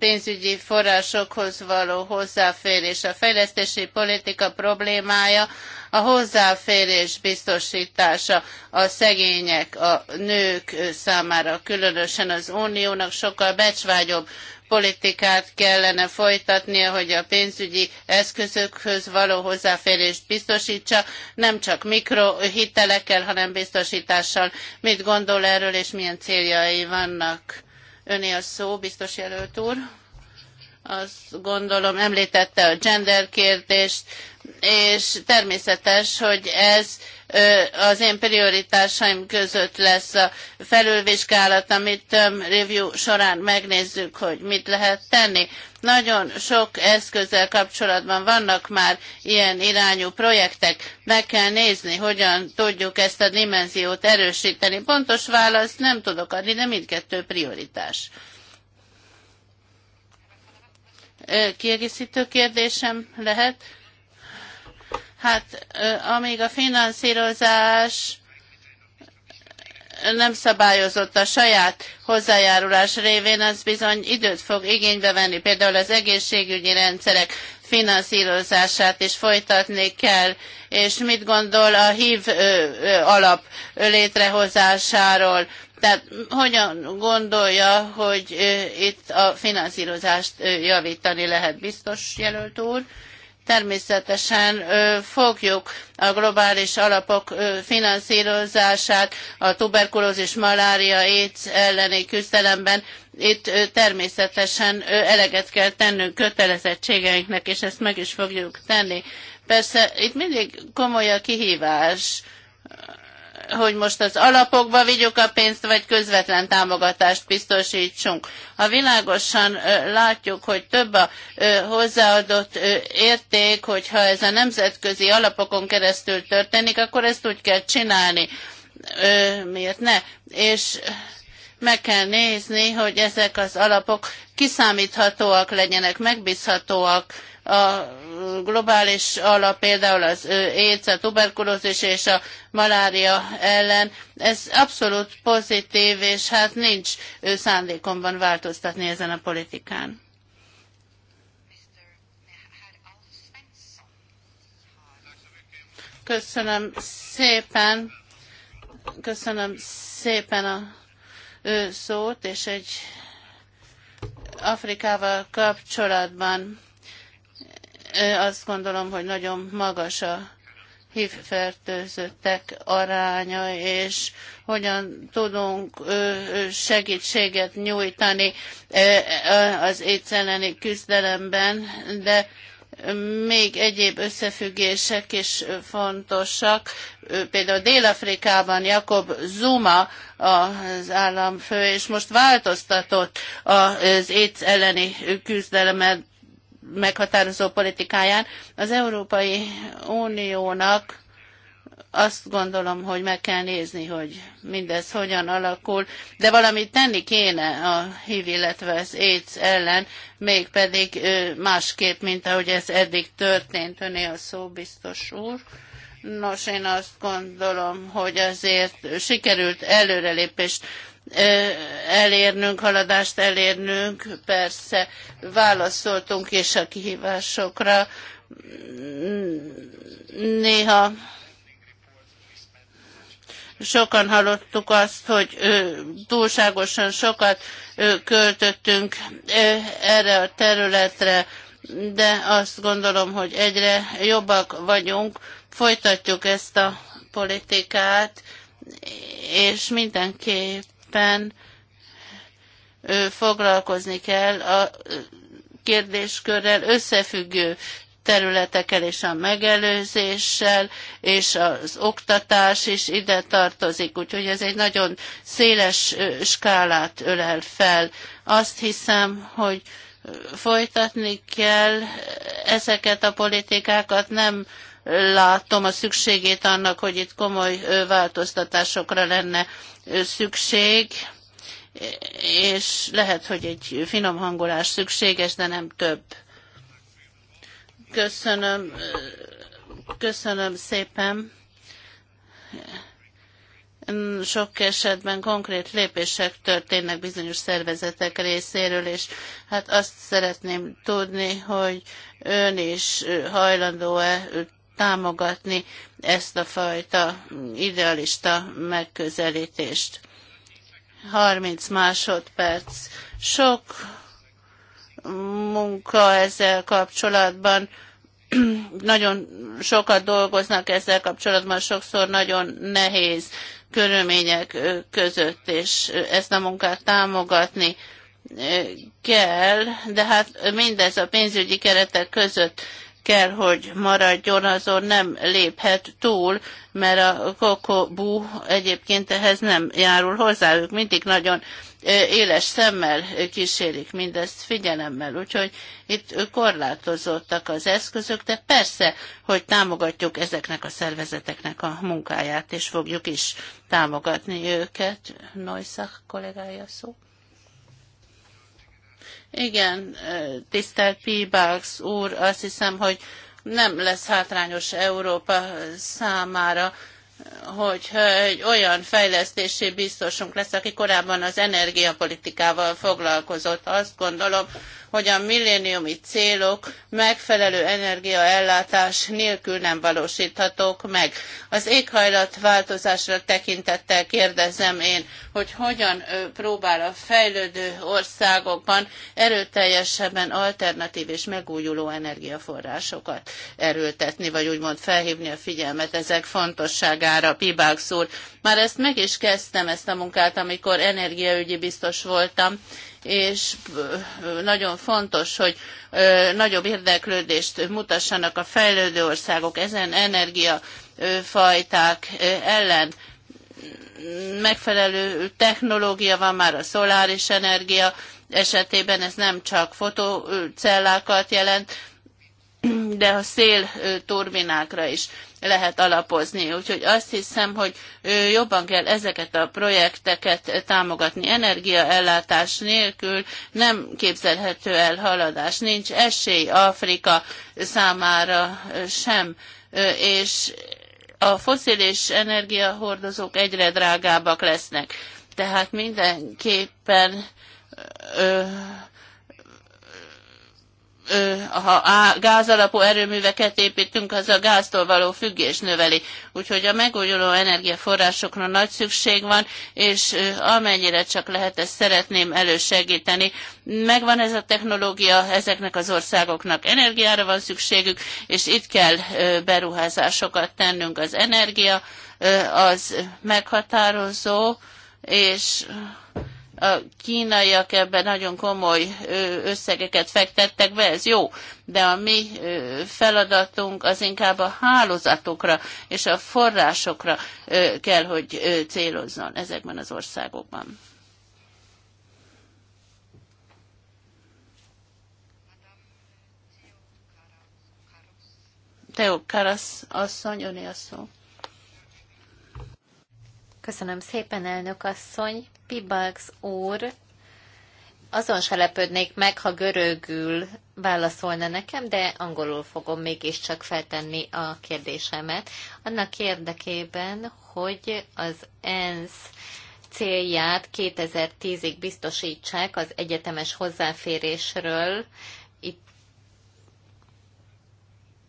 pénzügyi forrásokhoz való hozzáférés. A fejlesztési politika problémája a hozzáférés biztosítása a szegények, a nők számára, különösen az uniónak sokkal becsvágyobb politikát kellene folytatnia, hogy a pénzügyi eszközökhöz való hozzáférést biztosítsa, nem csak mikrohitelekkel, hanem biztosítással. Mit gondol erről, és milyen céljai vannak? Öné a szó, biztos jelölt úr azt gondolom említette a gender kérdést, és természetes, hogy ez az én prioritásaim között lesz a felülvizsgálat, amit review során megnézzük, hogy mit lehet tenni. Nagyon sok eszközzel kapcsolatban vannak már ilyen irányú projektek. Meg kell nézni, hogyan tudjuk ezt a dimenziót erősíteni. Pontos választ nem tudok adni, de mindkettő prioritás kiegészítő kérdésem lehet. Hát amíg a finanszírozás nem szabályozott a saját hozzájárulás révén, az bizony időt fog igénybe venni. Például az egészségügyi rendszerek finanszírozását is folytatni kell, és mit gondol a HIV alap létrehozásáról, tehát hogyan gondolja, hogy itt a finanszírozást javítani lehet biztos jelölt úr? Természetesen fogjuk a globális alapok finanszírozását a tuberkulózis, malária, AIDS elleni küzdelemben. Itt természetesen eleget kell tennünk kötelezettségeinknek, és ezt meg is fogjuk tenni. Persze itt mindig komoly a kihívás hogy most az alapokba vigyük a pénzt, vagy közvetlen támogatást biztosítsunk. Ha világosan látjuk, hogy több a hozzáadott érték, hogyha ez a nemzetközi alapokon keresztül történik, akkor ezt úgy kell csinálni. Miért ne? És meg kell nézni, hogy ezek az alapok kiszámíthatóak legyenek, megbízhatóak a globális alap például az AIDS, a tuberkulózis és a malária ellen, ez abszolút pozitív, és hát nincs szándékomban változtatni ezen a politikán. Köszönöm szépen, köszönöm szépen a ő szót, és egy Afrikával kapcsolatban azt gondolom, hogy nagyon magas a HIV fertőzöttek aránya, és hogyan tudunk segítséget nyújtani az éjsz elleni küzdelemben, de még egyéb összefüggések is fontosak. Például Dél-Afrikában Jakob Zuma az államfő, és most változtatott az éjsz elleni küzdelemet meghatározó politikáján. Az Európai Uniónak azt gondolom, hogy meg kell nézni, hogy mindez hogyan alakul, de valamit tenni kéne a HIV, illetve az AIDS ellen, mégpedig másképp, mint ahogy ez eddig történt. Öné a szó, biztos úr. Nos, én azt gondolom, hogy azért sikerült előrelépést elérnünk, haladást elérnünk, persze válaszoltunk is a kihívásokra. Néha sokan hallottuk azt, hogy túlságosan sokat költöttünk erre a területre, de azt gondolom, hogy egyre jobbak vagyunk, folytatjuk ezt a politikát, és mindenképp mindenképpen foglalkozni kell a kérdéskörrel összefüggő területekkel és a megelőzéssel, és az oktatás is ide tartozik, úgyhogy ez egy nagyon széles skálát ölel fel. Azt hiszem, hogy folytatni kell ezeket a politikákat, nem látom a szükségét annak, hogy itt komoly változtatásokra lenne szükség, és lehet, hogy egy finom hangolás szükséges, de nem több. Köszönöm, köszönöm szépen sok esetben konkrét lépések történnek bizonyos szervezetek részéről, és hát azt szeretném tudni, hogy ön is hajlandó-e támogatni ezt a fajta idealista megközelítést. 30 másodperc. Sok munka ezzel kapcsolatban nagyon sokat dolgoznak ezzel kapcsolatban, sokszor nagyon nehéz körülmények között, és ezt a munkát támogatni kell, de hát mindez a pénzügyi keretek között kell, hogy maradjon, azon nem léphet túl, mert a kokobú egyébként ehhez nem járul hozzá, ők mindig nagyon éles szemmel kísérik mindezt figyelemmel, úgyhogy itt korlátozottak az eszközök, de persze, hogy támogatjuk ezeknek a szervezeteknek a munkáját, és fogjuk is támogatni őket. Neuszach kollégája szó. Igen, tisztelt Pibax úr, azt hiszem, hogy nem lesz hátrányos Európa számára, hogyha egy olyan fejlesztési biztosunk lesz, aki korábban az energiapolitikával foglalkozott. Azt gondolom, hogy a milléniumi célok megfelelő energiaellátás nélkül nem valósíthatók meg. Az éghajlatváltozásra tekintettel kérdezem én, hogy hogyan próbál a fejlődő országokban erőteljesebben alternatív és megújuló energiaforrásokat erőltetni, vagy úgymond felhívni a figyelmet ezek fontosságára, Pibák szúr. Már ezt meg is kezdtem, ezt a munkát, amikor energiaügyi biztos voltam, és nagyon fontos, hogy nagyobb érdeklődést mutassanak a fejlődő országok ezen energiafajták ellen megfelelő technológia van már a szoláris energia esetében, ez nem csak fotocellákat jelent, de a szél turbinákra is lehet alapozni. Úgyhogy azt hiszem, hogy jobban kell ezeket a projekteket támogatni. Energiaellátás nélkül nem képzelhető el haladás. Nincs esély Afrika számára sem. És a foszilis energiahordozók egyre drágábbak lesznek. Tehát mindenképpen ha gázalapú erőműveket építünk, az a gáztól való függés növeli. Úgyhogy a megújuló energiaforrásokra nagy szükség van, és amennyire csak lehet, ezt szeretném elősegíteni. Megvan ez a technológia, ezeknek az országoknak energiára van szükségük, és itt kell beruházásokat tennünk. Az energia az meghatározó, és a kínaiak ebben nagyon komoly összegeket fektettek be, ez jó, de a mi feladatunk az inkább a hálózatokra és a forrásokra kell, hogy célozzon ezekben az országokban. Teó Karasz asszony, öné a szó. Köszönöm szépen, elnök asszony. Pibax úr, azon se lepődnék meg, ha görögül válaszolna nekem, de angolul fogom mégiscsak feltenni a kérdésemet. Annak érdekében, hogy az ENSZ célját 2010-ig biztosítsák az egyetemes hozzáférésről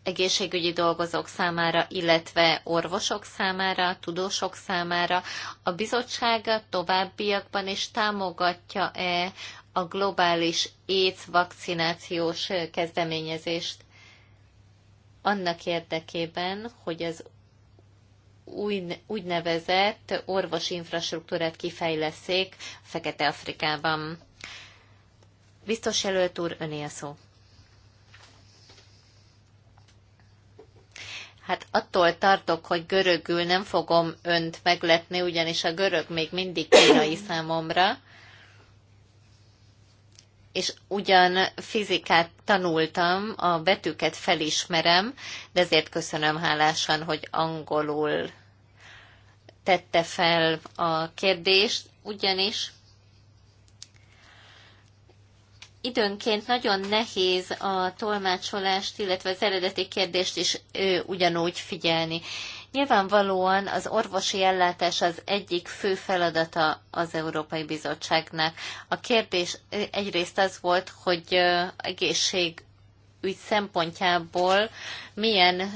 egészségügyi dolgozók számára, illetve orvosok számára, tudósok számára. A bizottság továbbiakban is támogatja-e a globális AIDS vakcinációs kezdeményezést annak érdekében, hogy az új, úgynevezett orvosi infrastruktúrát kifejleszék Fekete-Afrikában. Biztos jelölt úr, öné a szó. Hát attól tartok, hogy görögül nem fogom önt megletni, ugyanis a görög még mindig kínai számomra. És ugyan fizikát tanultam, a betűket felismerem, de ezért köszönöm hálásan, hogy angolul tette fel a kérdést, ugyanis időnként nagyon nehéz a tolmácsolást, illetve az eredeti kérdést is ő, ugyanúgy figyelni. Nyilvánvalóan az orvosi ellátás az egyik fő feladata az Európai Bizottságnak. A kérdés egyrészt az volt, hogy egészség ügy szempontjából milyen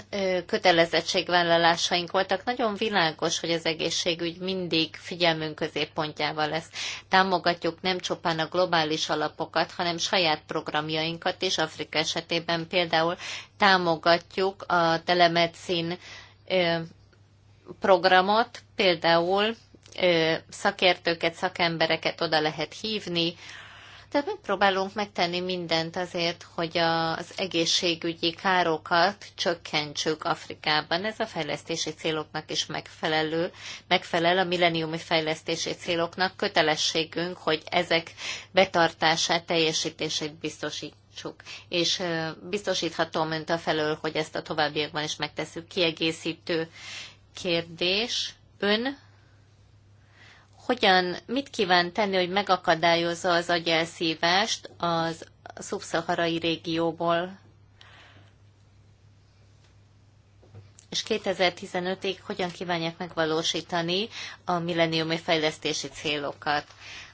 kötelezettségvállalásaink voltak. Nagyon világos, hogy az egészségügy mindig figyelmünk középpontjával lesz. Támogatjuk nem csupán a globális alapokat, hanem saját programjainkat is. Afrika esetében például támogatjuk a telemedicin programot, például szakértőket, szakembereket oda lehet hívni, tehát próbálunk megtenni mindent azért, hogy az egészségügyi károkat csökkentsük Afrikában. Ez a fejlesztési céloknak is megfelelő, megfelel a milleniumi fejlesztési céloknak kötelességünk, hogy ezek betartását, teljesítését biztosítsuk És biztosíthatom önt a felől, hogy ezt a továbbiakban is megteszük. Kiegészítő kérdés. Ön hogyan, mit kíván tenni, hogy megakadályozza az agyelszívást az szubszaharai régióból? És 2015-ig hogyan kívánják megvalósítani a milleniumi fejlesztési célokat?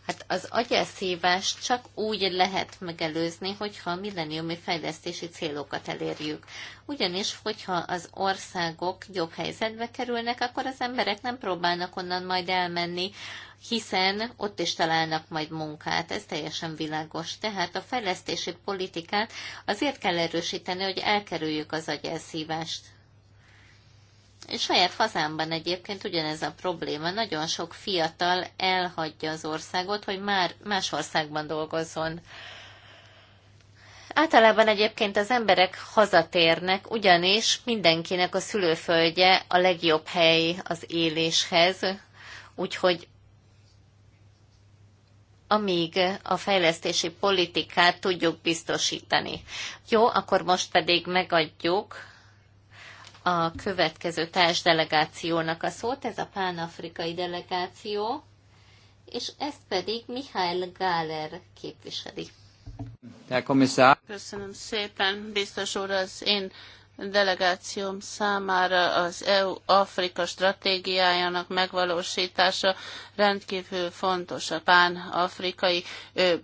Hát az agyelszívás csak úgy lehet megelőzni, hogyha a milleniumi fejlesztési célokat elérjük. Ugyanis, hogyha az országok jobb helyzetbe kerülnek, akkor az emberek nem próbálnak onnan majd elmenni, hiszen ott is találnak majd munkát. Ez teljesen világos. Tehát a fejlesztési politikát azért kell erősíteni, hogy elkerüljük az agyelszívást saját hazámban egyébként ugyanez a probléma. Nagyon sok fiatal elhagyja az országot, hogy már más országban dolgozzon. Általában egyébként az emberek hazatérnek, ugyanis mindenkinek a szülőföldje a legjobb hely az éléshez, úgyhogy amíg a fejlesztési politikát tudjuk biztosítani. Jó, akkor most pedig megadjuk a következő társdelegációnak a szót, ez a pánafrikai delegáció, és ezt pedig Mihály Gáler képviseli. Köszönöm szépen, biztos úr, az én delegációm számára az EU-Afrika stratégiájának megvalósítása rendkívül fontos a pán-afrikai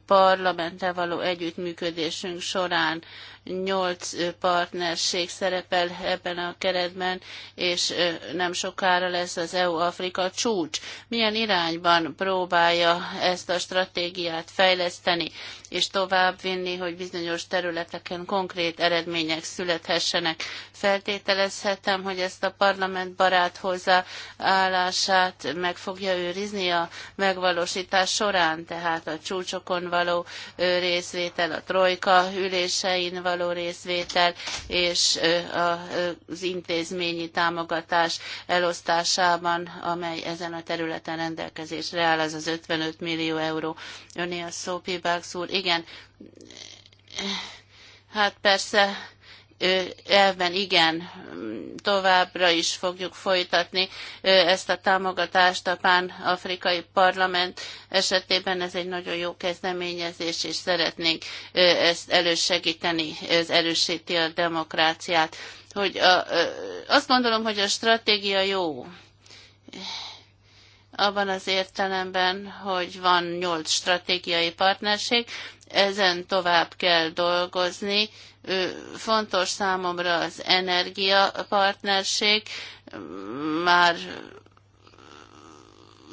parlamenttel való együttműködésünk során nyolc partnerség szerepel ebben a keretben, és nem sokára lesz az EU-Afrika csúcs. Milyen irányban próbálja ezt a stratégiát fejleszteni, és továbbvinni, hogy bizonyos területeken konkrét eredmények születhessenek. Feltételezhetem, hogy ezt a parlament barát hozzáállását meg fogja őrizni a megvalósítás során, tehát a csúcsokon való részvétel, a trojka ülésein való való részvétel és az intézményi támogatás elosztásában, amely ezen a területen rendelkezésre áll, az az 55 millió euró. Öné a szó, Pibax úr. Igen, hát persze elven igen, továbbra is fogjuk folytatni ezt a támogatást a Pán-Afrikai Parlament esetében. Ez egy nagyon jó kezdeményezés, és szeretnénk ezt elősegíteni, ez erősíti a demokráciát. Hogy a, azt gondolom, hogy a stratégia jó abban az értelemben, hogy van nyolc stratégiai partnerség, ezen tovább kell dolgozni, fontos számomra az energiapartnerség, már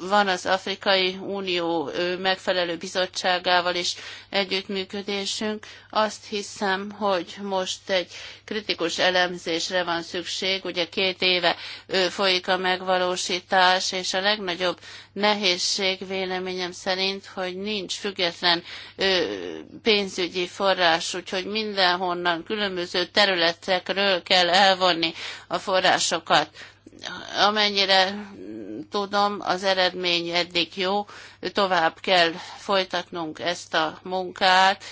van az Afrikai Unió megfelelő bizottságával is együttműködésünk. Azt hiszem, hogy most egy kritikus elemzésre van szükség. Ugye két éve folyik a megvalósítás, és a legnagyobb nehézség véleményem szerint, hogy nincs független pénzügyi forrás, úgyhogy mindenhonnan különböző területekről kell elvonni a forrásokat amennyire tudom, az eredmény eddig jó, tovább kell folytatnunk ezt a munkát,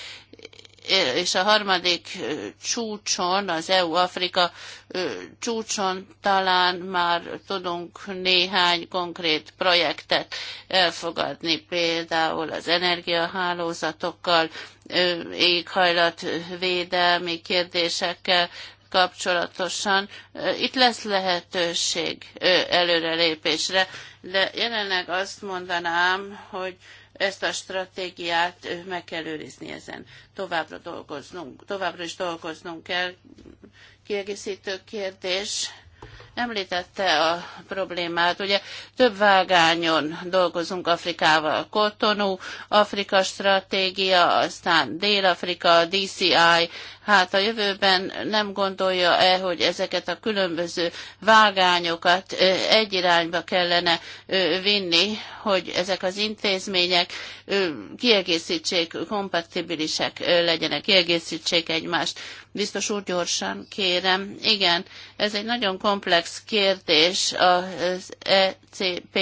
és a harmadik csúcson, az EU-Afrika csúcson talán már tudunk néhány konkrét projektet elfogadni, például az energiahálózatokkal, éghajlatvédelmi kérdésekkel, kapcsolatosan itt lesz lehetőség előrelépésre, de jelenleg azt mondanám, hogy ezt a stratégiát meg kell őrizni ezen. Továbbra, dolgoznunk, továbbra is dolgoznunk kell. Kiegészítő kérdés Említette a problémát, ugye több vágányon dolgozunk Afrikával, kotonu, Afrika stratégia, aztán Dél-Afrika, DCI, hát a jövőben nem gondolja-e, hogy ezeket a különböző vágányokat egy irányba kellene vinni, hogy ezek az intézmények kiegészítsék, kompatibilisek legyenek, kiegészítsék egymást. Biztos úr, gyorsan kérem. Igen, ez egy nagyon komplex kérdés az ECP,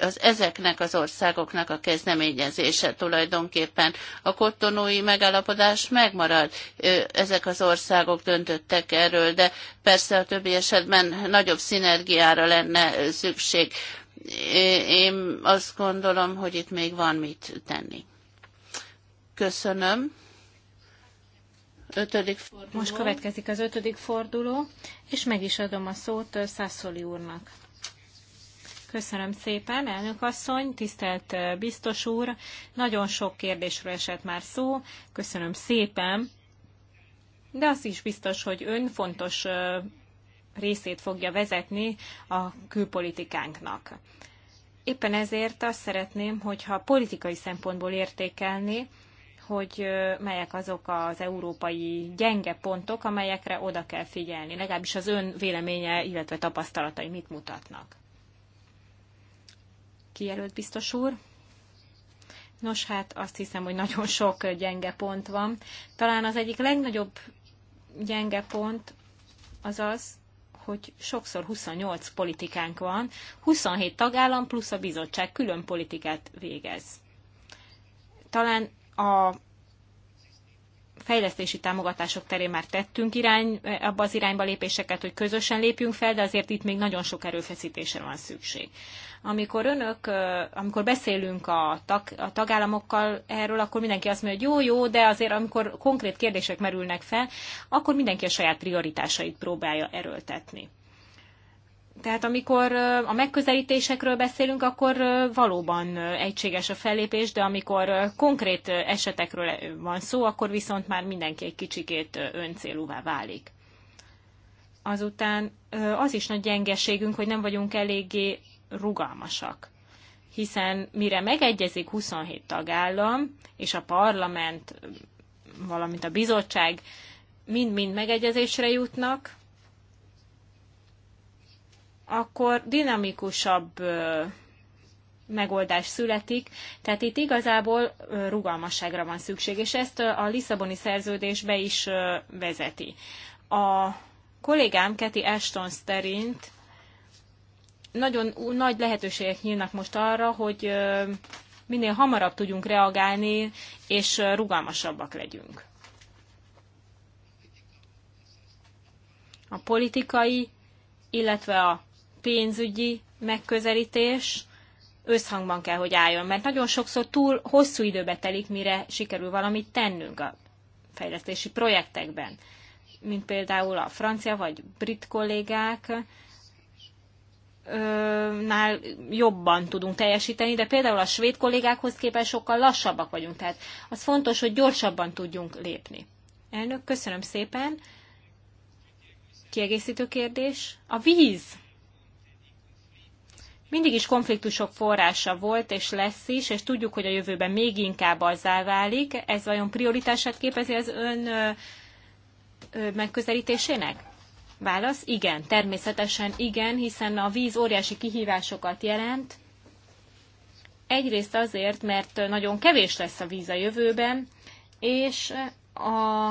az ezeknek az országoknak a kezdeményezése tulajdonképpen. A kottonói megállapodás megmarad, ezek az országok döntöttek erről, de persze a többi esetben nagyobb szinergiára lenne szükség. Én azt gondolom, hogy itt még van mit tenni. Köszönöm. Ötödik forduló. Most következik az ötödik forduló, és meg is adom a szót Szászoli úrnak. Köszönöm szépen, elnök asszony, tisztelt biztos úr. Nagyon sok kérdésről esett már szó. Köszönöm szépen. De az is biztos, hogy ön fontos részét fogja vezetni a külpolitikánknak. Éppen ezért azt szeretném, hogyha politikai szempontból értékelni hogy melyek azok az európai gyenge pontok, amelyekre oda kell figyelni. Legalábbis az ön véleménye, illetve tapasztalatai mit mutatnak? Kijelölt biztos úr? Nos, hát azt hiszem, hogy nagyon sok gyenge pont van. Talán az egyik legnagyobb gyenge pont az az, hogy sokszor 28 politikánk van, 27 tagállam plusz a bizottság külön politikát végez. Talán a fejlesztési támogatások terén már tettünk irány, abba az irányba lépéseket, hogy közösen lépjünk fel, de azért itt még nagyon sok erőfeszítésre van szükség. Amikor önök, amikor beszélünk a, tag, a tagállamokkal erről, akkor mindenki azt mondja, hogy jó, jó, de azért amikor konkrét kérdések merülnek fel, akkor mindenki a saját prioritásait próbálja erőltetni. Tehát amikor a megközelítésekről beszélünk, akkor valóban egységes a fellépés, de amikor konkrét esetekről van szó, akkor viszont már mindenki egy kicsikét öncélúvá válik. Azután az is nagy gyengeségünk, hogy nem vagyunk eléggé rugalmasak hiszen mire megegyezik 27 tagállam és a parlament, valamint a bizottság mind-mind megegyezésre jutnak, akkor dinamikusabb megoldás születik, tehát itt igazából rugalmasságra van szükség, és ezt a Lisszaboni szerződés be is vezeti. A kollégám Keti Ashton szerint nagyon nagy lehetőségek nyílnak most arra, hogy minél hamarabb tudjunk reagálni, és rugalmasabbak legyünk. A politikai, illetve a pénzügyi megközelítés összhangban kell, hogy álljon, mert nagyon sokszor túl hosszú időbe telik, mire sikerül valamit tennünk a fejlesztési projektekben, mint például a francia vagy brit kollégák, nál jobban tudunk teljesíteni, de például a svéd kollégákhoz képest sokkal lassabbak vagyunk, tehát az fontos, hogy gyorsabban tudjunk lépni. Elnök, köszönöm szépen. Kiegészítő kérdés? A víz mindig is konfliktusok forrása volt, és lesz is, és tudjuk, hogy a jövőben még inkább azzá válik. Ez vajon prioritását képezi az ön ö, ö, megközelítésének? Válasz, igen, természetesen igen, hiszen a víz óriási kihívásokat jelent. Egyrészt azért, mert nagyon kevés lesz a víz a jövőben, és a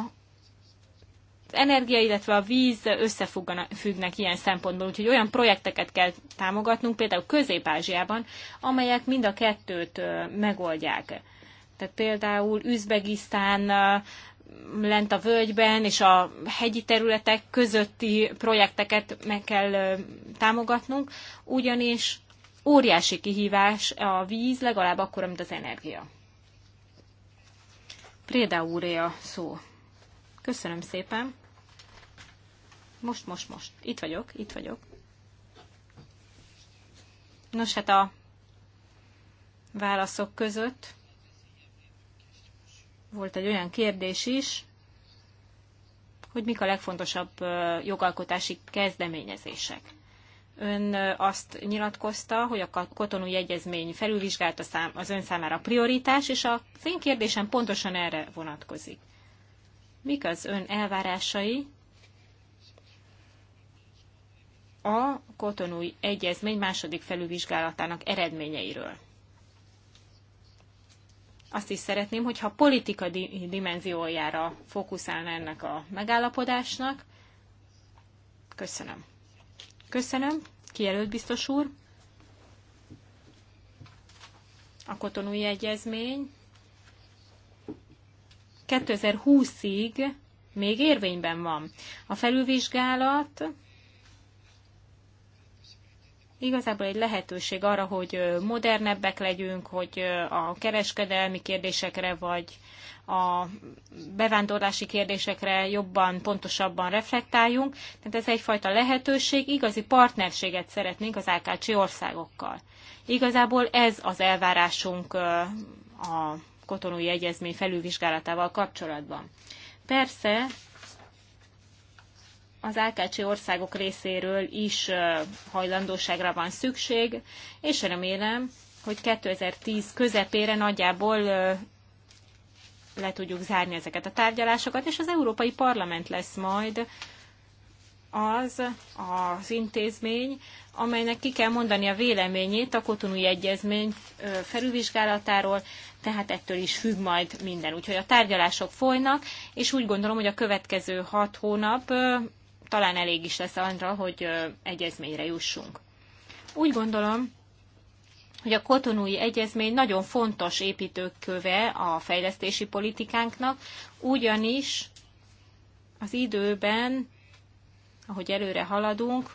energia, illetve a víz összefüggnek ilyen szempontból, úgyhogy olyan projekteket kell támogatnunk, például Közép-Ázsiában, amelyek mind a kettőt megoldják. Tehát például Üzbegisztán lent a völgyben és a hegyi területek közötti projekteket meg kell támogatnunk, ugyanis óriási kihívás a víz legalább akkor, mint az energia. Préda úré a szó. Köszönöm szépen. Most, most, most. Itt vagyok, itt vagyok. Nos, hát a válaszok között volt egy olyan kérdés is, hogy mik a legfontosabb jogalkotási kezdeményezések. Ön azt nyilatkozta, hogy a kotonúi egyezmény felülvizsgált az ön számára a prioritás, és az én kérdésem pontosan erre vonatkozik. Mik az ön elvárásai a kotonúi egyezmény második felülvizsgálatának eredményeiről. Azt is szeretném, hogyha politika dimenziójára fókuszálna ennek a megállapodásnak. Köszönöm. Köszönöm, kijelölt biztos úr. A kotonúi egyezmény 2020-ig még érvényben van. A felülvizsgálat igazából egy lehetőség arra, hogy modernebbek legyünk, hogy a kereskedelmi kérdésekre vagy a bevándorlási kérdésekre jobban, pontosabban reflektáljunk. Tehát ez egyfajta lehetőség, igazi partnerséget szeretnénk az AKC országokkal. Igazából ez az elvárásunk a kotonói egyezmény felülvizsgálatával kapcsolatban. Persze az AKC országok részéről is hajlandóságra van szükség, és remélem, hogy 2010 közepére nagyjából le tudjuk zárni ezeket a tárgyalásokat, és az Európai Parlament lesz majd az az intézmény, amelynek ki kell mondani a véleményét a kotonúi egyezmény felülvizsgálatáról, tehát ettől is függ majd minden. Úgyhogy a tárgyalások folynak, és úgy gondolom, hogy a következő hat hónap talán elég is lesz arra, hogy egyezményre jussunk. Úgy gondolom, hogy a kotonúi egyezmény nagyon fontos építőköve a fejlesztési politikánknak, ugyanis az időben, ahogy előre haladunk,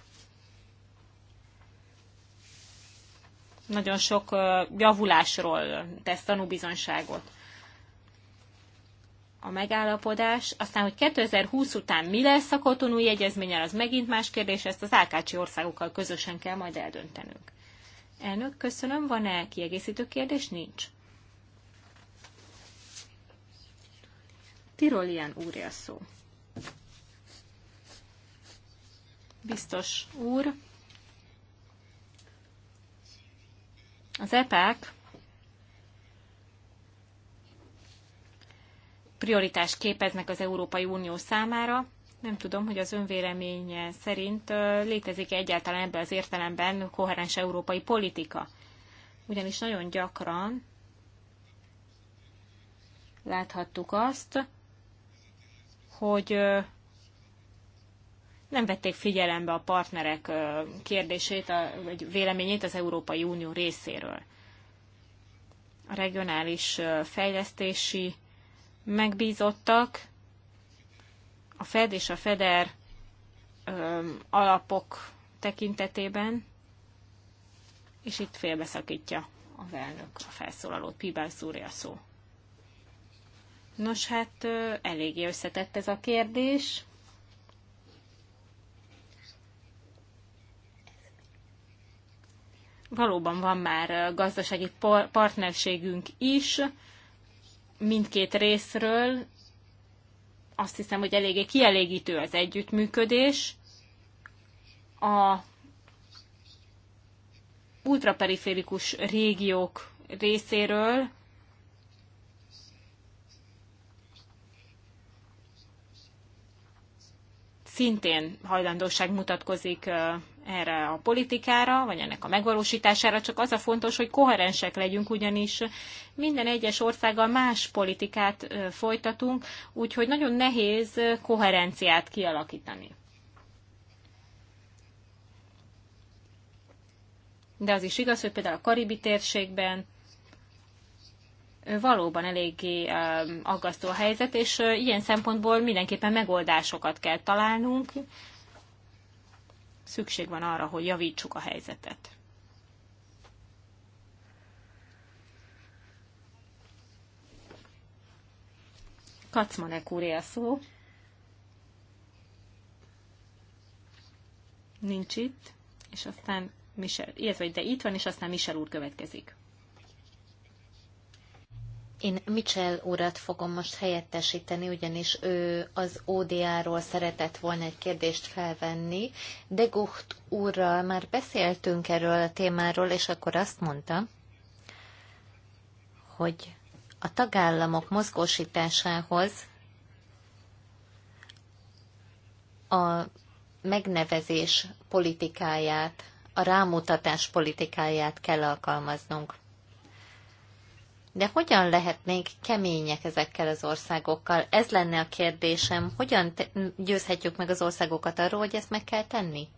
nagyon sok javulásról tesz tanúbizonságot a megállapodás, aztán, hogy 2020 után mi lesz a kotonúi egyezménnyel, az megint más kérdés, ezt az Ákácsi országokkal közösen kell majd eldöntenünk. Elnök, köszönöm, van-e kiegészítő kérdés? Nincs. Tirolian úr, a szó. Biztos úr. Az EPÁK e prioritást képeznek az Európai Unió számára. Nem tudom, hogy az önvéleménye szerint létezik -e egyáltalán ebben az értelemben koherens európai politika. Ugyanis nagyon gyakran láthattuk azt, hogy nem vették figyelembe a partnerek kérdését, vagy véleményét az Európai Unió részéről. A regionális fejlesztési megbízottak, a Fed és a Feder öm, alapok tekintetében, és itt félbeszakítja a elnök a felszólalót, Pibán szúrja szó. Nos, hát eléggé összetett ez a kérdés. Valóban van már gazdasági partnerségünk is, mindkét részről. Azt hiszem, hogy eléggé kielégítő az együttműködés. A ultraperiférikus régiók részéről szintén hajlandóság mutatkozik erre a politikára, vagy ennek a megvalósítására, csak az a fontos, hogy koherensek legyünk, ugyanis minden egyes országgal más politikát folytatunk, úgyhogy nagyon nehéz koherenciát kialakítani. De az is igaz, hogy például a Karibi térségben valóban eléggé aggasztó a helyzet, és ilyen szempontból mindenképpen megoldásokat kell találnunk. Szükség van arra, hogy javítsuk a helyzetet. Kacmanek úré a szó. Nincs itt, és aztán Michel, illetve de itt van, és aztán Michel úr következik. Én Mitchell urat fogom most helyettesíteni, ugyanis ő az ODA-ról szeretett volna egy kérdést felvenni. De Gucht úrral már beszéltünk erről a témáról, és akkor azt mondta, hogy a tagállamok mozgósításához a megnevezés politikáját, a rámutatás politikáját kell alkalmaznunk. De hogyan lehetnénk kemények ezekkel az országokkal? Ez lenne a kérdésem. Hogyan győzhetjük meg az országokat arról, hogy ezt meg kell tenni?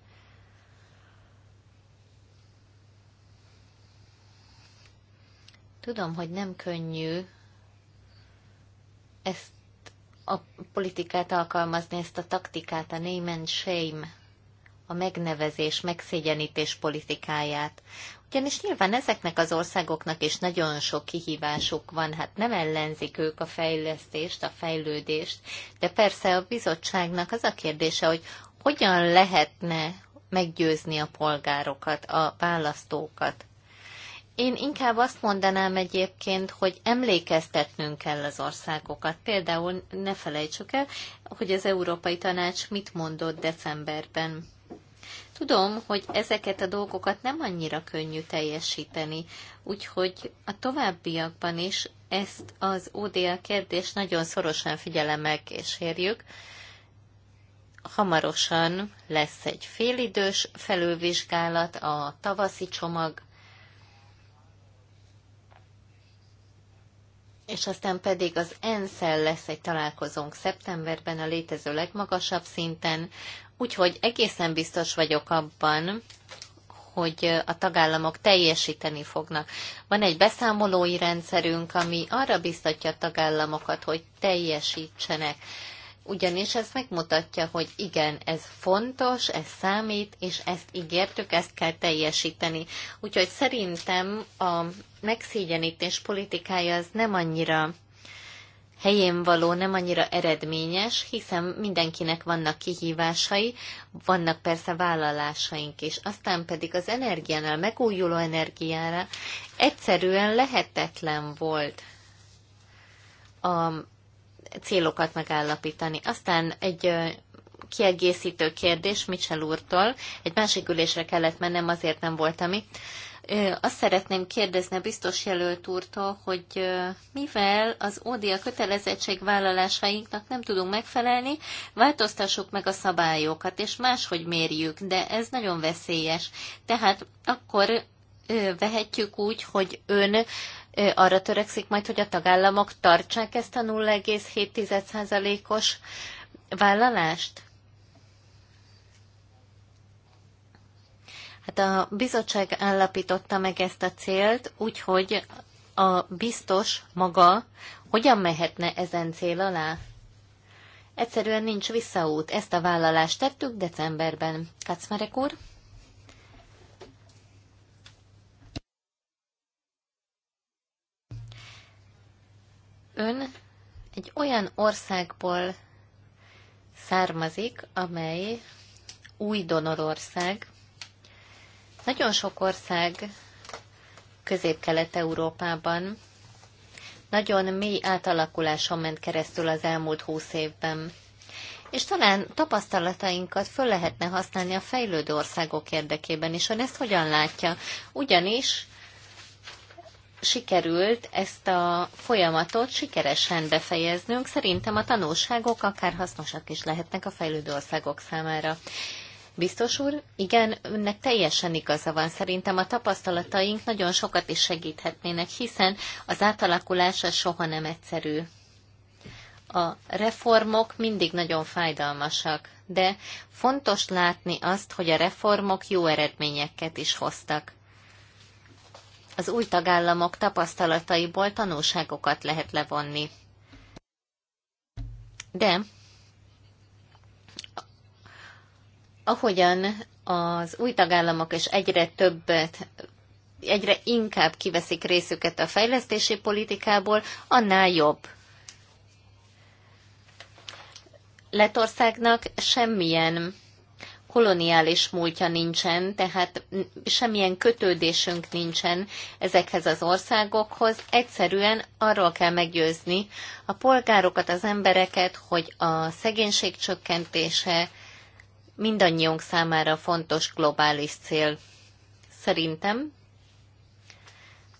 Tudom, hogy nem könnyű ezt a politikát alkalmazni, ezt a taktikát, a name and shame, a megnevezés, megszégyenítés politikáját. Ugyanis nyilván ezeknek az országoknak is nagyon sok kihívásuk van, hát nem ellenzik ők a fejlesztést, a fejlődést, de persze a bizottságnak az a kérdése, hogy hogyan lehetne meggyőzni a polgárokat, a választókat. Én inkább azt mondanám egyébként, hogy emlékeztetnünk kell az országokat. Például ne felejtsük el, hogy az Európai Tanács mit mondott decemberben Tudom, hogy ezeket a dolgokat nem annyira könnyű teljesíteni, úgyhogy a továbbiakban is ezt az ODA kérdést nagyon szorosan figyelemmel kísérjük. Hamarosan lesz egy félidős felülvizsgálat, a tavaszi csomag és aztán pedig az ENSZ-el lesz egy találkozónk szeptemberben a létező legmagasabb szinten, Úgyhogy egészen biztos vagyok abban, hogy a tagállamok teljesíteni fognak. Van egy beszámolói rendszerünk, ami arra biztatja a tagállamokat, hogy teljesítsenek. Ugyanis ez megmutatja, hogy igen, ez fontos, ez számít, és ezt ígértük, ezt kell teljesíteni. Úgyhogy szerintem a megszégyenítés politikája az nem annyira helyén való, nem annyira eredményes, hiszen mindenkinek vannak kihívásai, vannak persze vállalásaink is. Aztán pedig az energiánál, megújuló energiára egyszerűen lehetetlen volt a célokat megállapítani. Aztán egy kiegészítő kérdés Michel úrtól. Egy másik ülésre kellett mennem, azért nem voltam itt. Azt szeretném kérdezni a biztos jelölt úrtól, hogy mivel az kötelezettség vállalásainknak nem tudunk megfelelni, változtassuk meg a szabályokat, és máshogy mérjük, de ez nagyon veszélyes. Tehát akkor vehetjük úgy, hogy ön arra törekszik majd, hogy a tagállamok tartsák ezt a 0,7%-os vállalást? Hát a bizottság állapította meg ezt a célt, úgyhogy a biztos maga hogyan mehetne ezen cél alá? Egyszerűen nincs visszaút. Ezt a vállalást tettük decemberben. Kacmarek úr? Ön egy olyan országból származik, amely új donorország, nagyon sok ország közép-kelet-európában nagyon mély átalakuláson ment keresztül az elmúlt húsz évben. És talán tapasztalatainkat föl lehetne használni a fejlődő országok érdekében is. Ön ezt hogyan látja? Ugyanis sikerült ezt a folyamatot sikeresen befejeznünk. Szerintem a tanulságok akár hasznosak is lehetnek a fejlődő országok számára. Biztos úr, igen, önnek teljesen igaza van. Szerintem a tapasztalataink nagyon sokat is segíthetnének, hiszen az átalakulása soha nem egyszerű. A reformok mindig nagyon fájdalmasak, de fontos látni azt, hogy a reformok jó eredményeket is hoztak. Az új tagállamok tapasztalataiból tanulságokat lehet levonni. De ahogyan az új tagállamok és egyre többet egyre inkább kiveszik részüket a fejlesztési politikából, annál jobb. Letországnak semmilyen koloniális múltja nincsen, tehát semmilyen kötődésünk nincsen ezekhez az országokhoz. Egyszerűen arról kell meggyőzni a polgárokat, az embereket, hogy a szegénység csökkentése, mindannyiunk számára fontos globális cél. Szerintem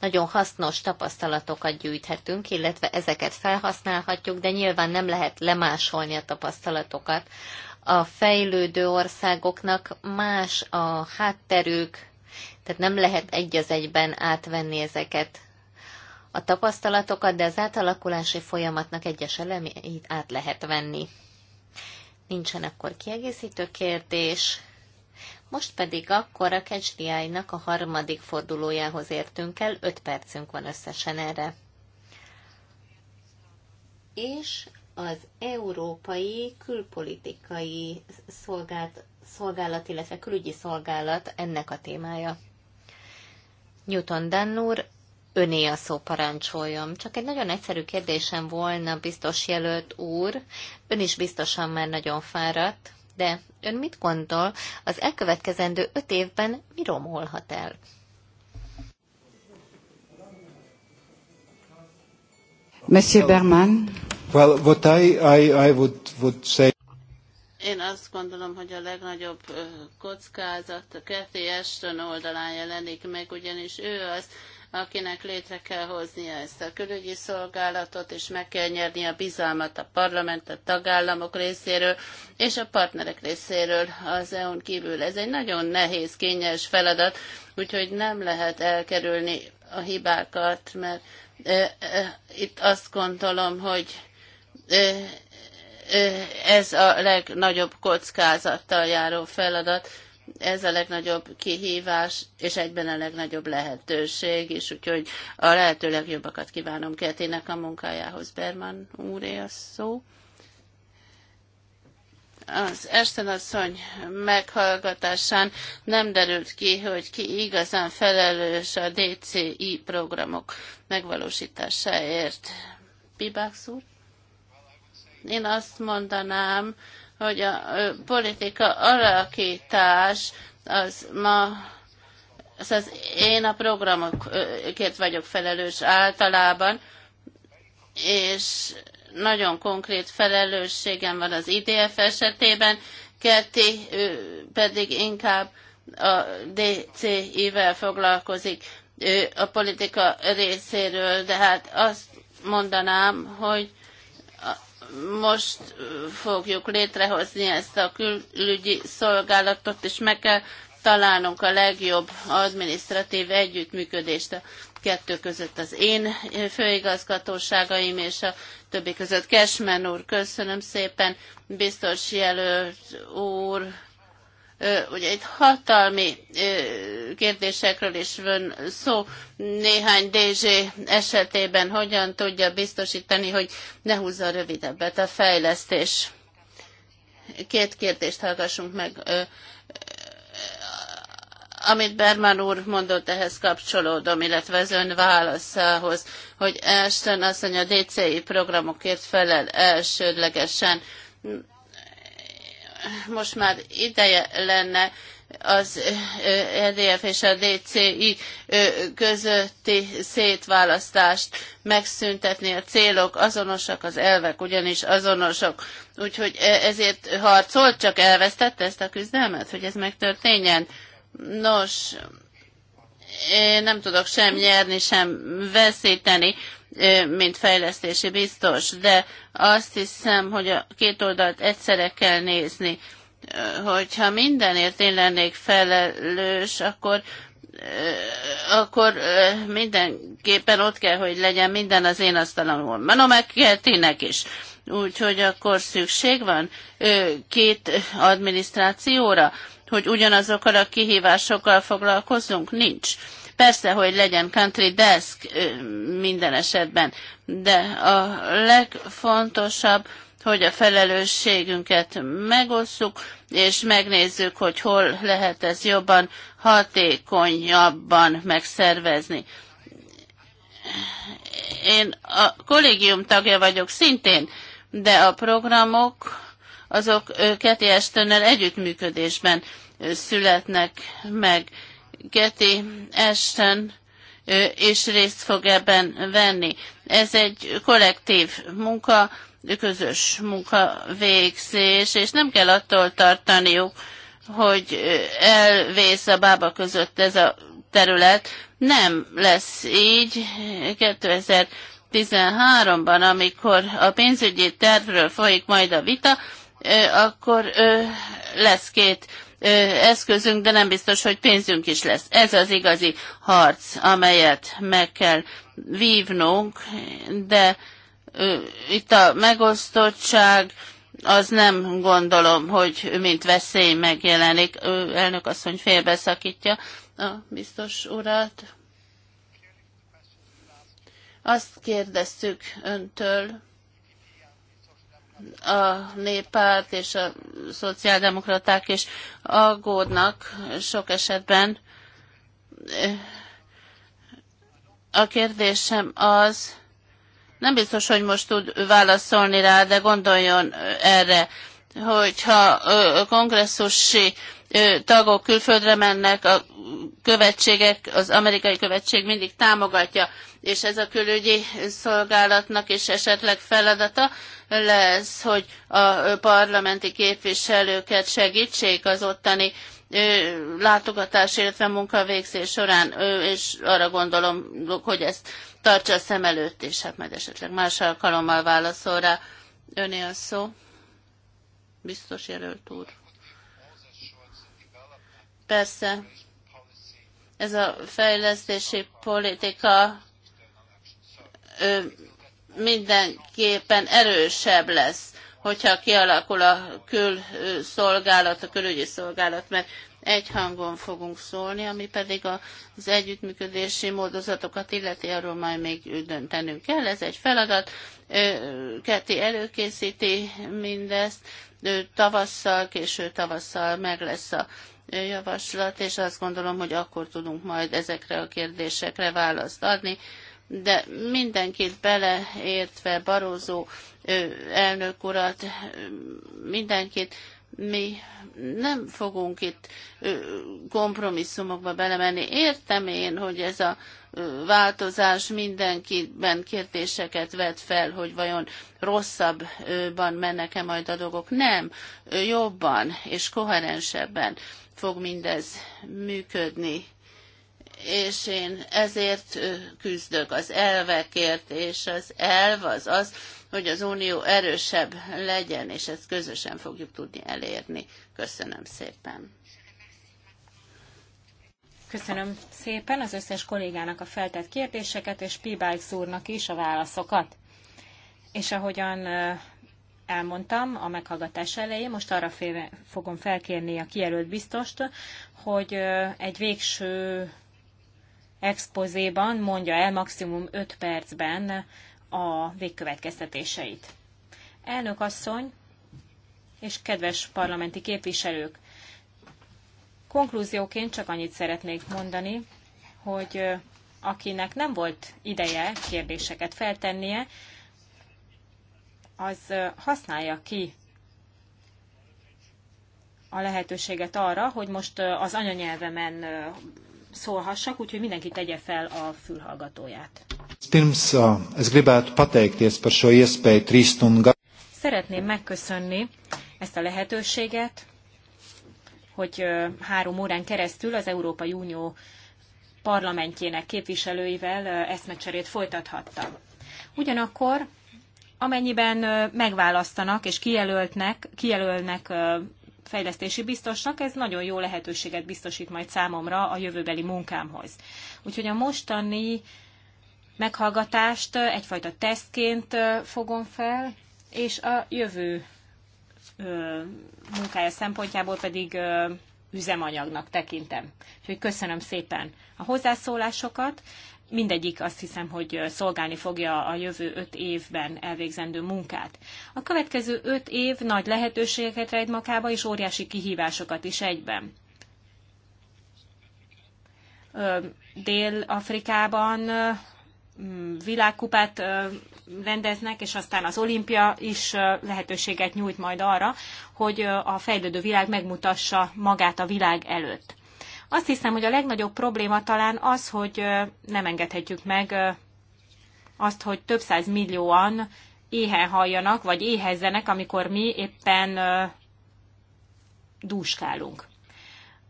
nagyon hasznos tapasztalatokat gyűjthetünk, illetve ezeket felhasználhatjuk, de nyilván nem lehet lemásolni a tapasztalatokat. A fejlődő országoknak más a hátterük, tehát nem lehet egy az egyben átvenni ezeket a tapasztalatokat, de az átalakulási folyamatnak egyes elemeit át lehet venni. Nincsen akkor kiegészítő kérdés. Most pedig akkor a KCDI-nak a harmadik fordulójához értünk el, 5 percünk van összesen erre. És az Európai Külpolitikai Szolgált, Szolgálat, illetve Külügyi Szolgálat ennek a témája. Newton Dannur öné a szó parancsoljon. Csak egy nagyon egyszerű kérdésem volna, biztos jelölt úr. Ön is biztosan már nagyon fáradt, de ön mit gondol, az elkövetkezendő öt évben mi romolhat el? Monsieur Berman. Well, what I, I, I would, would say... Én azt gondolom, hogy a legnagyobb kockázat a Kathy Ashton oldalán jelenik meg, ugyanis ő az, akinek létre kell hoznia ezt a külügyi szolgálatot, és meg kell nyerni a bizalmat a parlament, a tagállamok részéről, és a partnerek részéről az EU-n kívül. Ez egy nagyon nehéz, kényes feladat, úgyhogy nem lehet elkerülni a hibákat, mert e, e, itt azt gondolom, hogy e, ez a legnagyobb kockázattal járó feladat, ez a legnagyobb kihívás, és egyben a legnagyobb lehetőség is, úgyhogy a lehető legjobbakat kívánom Ketinek a munkájához. Berman úré a szó. Az Esten asszony meghallgatásán nem derült ki, hogy ki igazán felelős a DCI programok megvalósításáért. Pibák Én azt mondanám, hogy a politika alakítás az ma az, az én a programokért vagyok felelős általában, és nagyon konkrét felelősségem van az IDF esetében, Kerti pedig inkább a DCI-vel foglalkozik a politika részéről, de hát azt mondanám, hogy most fogjuk létrehozni ezt a külügyi szolgálatot, és meg kell találnunk a legjobb adminisztratív együttműködést a kettő között az én főigazgatóságaim és a többi között. Kesmen úr, köszönöm szépen, biztos jelölt úr, ugye itt hatalmi kérdésekről is van szó, néhány DZ esetében hogyan tudja biztosítani, hogy ne húzza rövidebbet a fejlesztés. Két kérdést hallgassunk meg. Amit Berman úr mondott, ehhez kapcsolódom, illetve az ön válaszához, hogy Ashton mondja, a DCI programokért felel elsődlegesen most már ideje lenne az EDF és a DCI közötti szétválasztást megszüntetni. A célok azonosak, az elvek ugyanis azonosak. Úgyhogy ezért harcolt, csak elvesztette ezt a küzdelmet, hogy ez megtörténjen. Nos, én nem tudok sem nyerni, sem veszíteni mint fejlesztési biztos, de azt hiszem, hogy a két oldalt egyszerre kell nézni. Hogyha mindenért én lennék felelős, akkor akkor mindenképpen ott kell, hogy legyen minden az én asztalomon. Manom meg kell tinek is. Úgyhogy akkor szükség van két adminisztrációra, hogy ugyanazokkal a kihívásokkal foglalkozunk? Nincs. Persze, hogy legyen country desk minden esetben, de a legfontosabb, hogy a felelősségünket megosszuk, és megnézzük, hogy hol lehet ez jobban, hatékonyabban megszervezni. Én a kollégium tagja vagyok szintén, de a programok azok Keti Estonnel együttműködésben születnek meg Geti Ashton és részt fog ebben venni. Ez egy kollektív munka, közös munkavégzés, és nem kell attól tartaniuk, hogy elvész a bába között ez a terület. Nem lesz így 2013-ban, amikor a pénzügyi tervről folyik majd a vita, akkor lesz két eszközünk, de nem biztos, hogy pénzünk is lesz. Ez az igazi harc, amelyet meg kell vívnunk, de itt a megosztottság, az nem gondolom, hogy mint veszély megjelenik. Ő, elnök asszony félbeszakítja a biztos urat. Azt kérdeztük öntől, a néppárt és a szociáldemokraták is aggódnak sok esetben. A kérdésem az, nem biztos, hogy most tud válaszolni rá, de gondoljon erre, hogyha kongresszusi tagok külföldre mennek, a követségek, az amerikai követség mindig támogatja, és ez a külügyi szolgálatnak is esetleg feladata lesz, hogy a parlamenti képviselőket segítsék az ottani látogatás, illetve munkavégzés során, és arra gondolom, hogy ezt tartsa a szem előtt, és hát majd esetleg más alkalommal válaszol rá. Öné a szó. Biztos jelölt úr. Persze, ez a fejlesztési politika mindenképpen erősebb lesz, hogyha kialakul a külszolgálat, a külügyi szolgálat, mert egy hangon fogunk szólni, ami pedig az együttműködési módozatokat illeti, arról majd még döntenünk kell. Ez egy feladat. Keti előkészíti mindezt, tavasszal, késő tavasszal meg lesz a javaslat, és azt gondolom, hogy akkor tudunk majd ezekre a kérdésekre választ adni. De mindenkit beleértve Barózó elnök urat, mindenkit mi nem fogunk itt kompromisszumokba belemenni. Értem én, hogy ez a változás mindenkiben kérdéseket vet fel, hogy vajon rosszabban mennek-e majd a dolgok. Nem, jobban és koherensebben fog mindez működni. És én ezért küzdök az elvekért, és az elv az az, hogy az Unió erősebb legyen, és ezt közösen fogjuk tudni elérni. Köszönöm szépen. Köszönöm szépen az összes kollégának a feltett kérdéseket, és P. úrnak is a válaszokat. És ahogyan elmondtam a meghallgatás elején, most arra fél, fogom felkérni a kijelölt biztost, hogy egy végső expozéban mondja el maximum 5 percben a végkövetkeztetéseit. Elnök asszony és kedves parlamenti képviselők, konklúzióként csak annyit szeretnék mondani, hogy akinek nem volt ideje kérdéseket feltennie, az használja ki a lehetőséget arra, hogy most az anyanyelvemen szólhassak, úgyhogy mindenki tegye fel a fülhallgatóját. Szeretném megköszönni ezt a lehetőséget, hogy három órán keresztül az Európai Unió parlamentjének képviselőivel eszmecserét folytathattam. Ugyanakkor amennyiben megválasztanak és kijelöltnek, kijelölnek fejlesztési biztosnak, ez nagyon jó lehetőséget biztosít majd számomra a jövőbeli munkámhoz. Úgyhogy a mostani meghallgatást egyfajta tesztként fogom fel, és a jövő munkája szempontjából pedig üzemanyagnak tekintem. Úgyhogy köszönöm szépen a hozzászólásokat, mindegyik azt hiszem, hogy szolgálni fogja a jövő öt évben elvégzendő munkát. A következő öt év nagy lehetőségeket rejt magába, és óriási kihívásokat is egyben. Dél-Afrikában világkupát rendeznek, és aztán az olimpia is lehetőséget nyújt majd arra, hogy a fejlődő világ megmutassa magát a világ előtt. Azt hiszem, hogy a legnagyobb probléma talán az, hogy nem engedhetjük meg azt, hogy több száz millióan éhen halljanak, vagy éhezzenek, amikor mi éppen dúskálunk.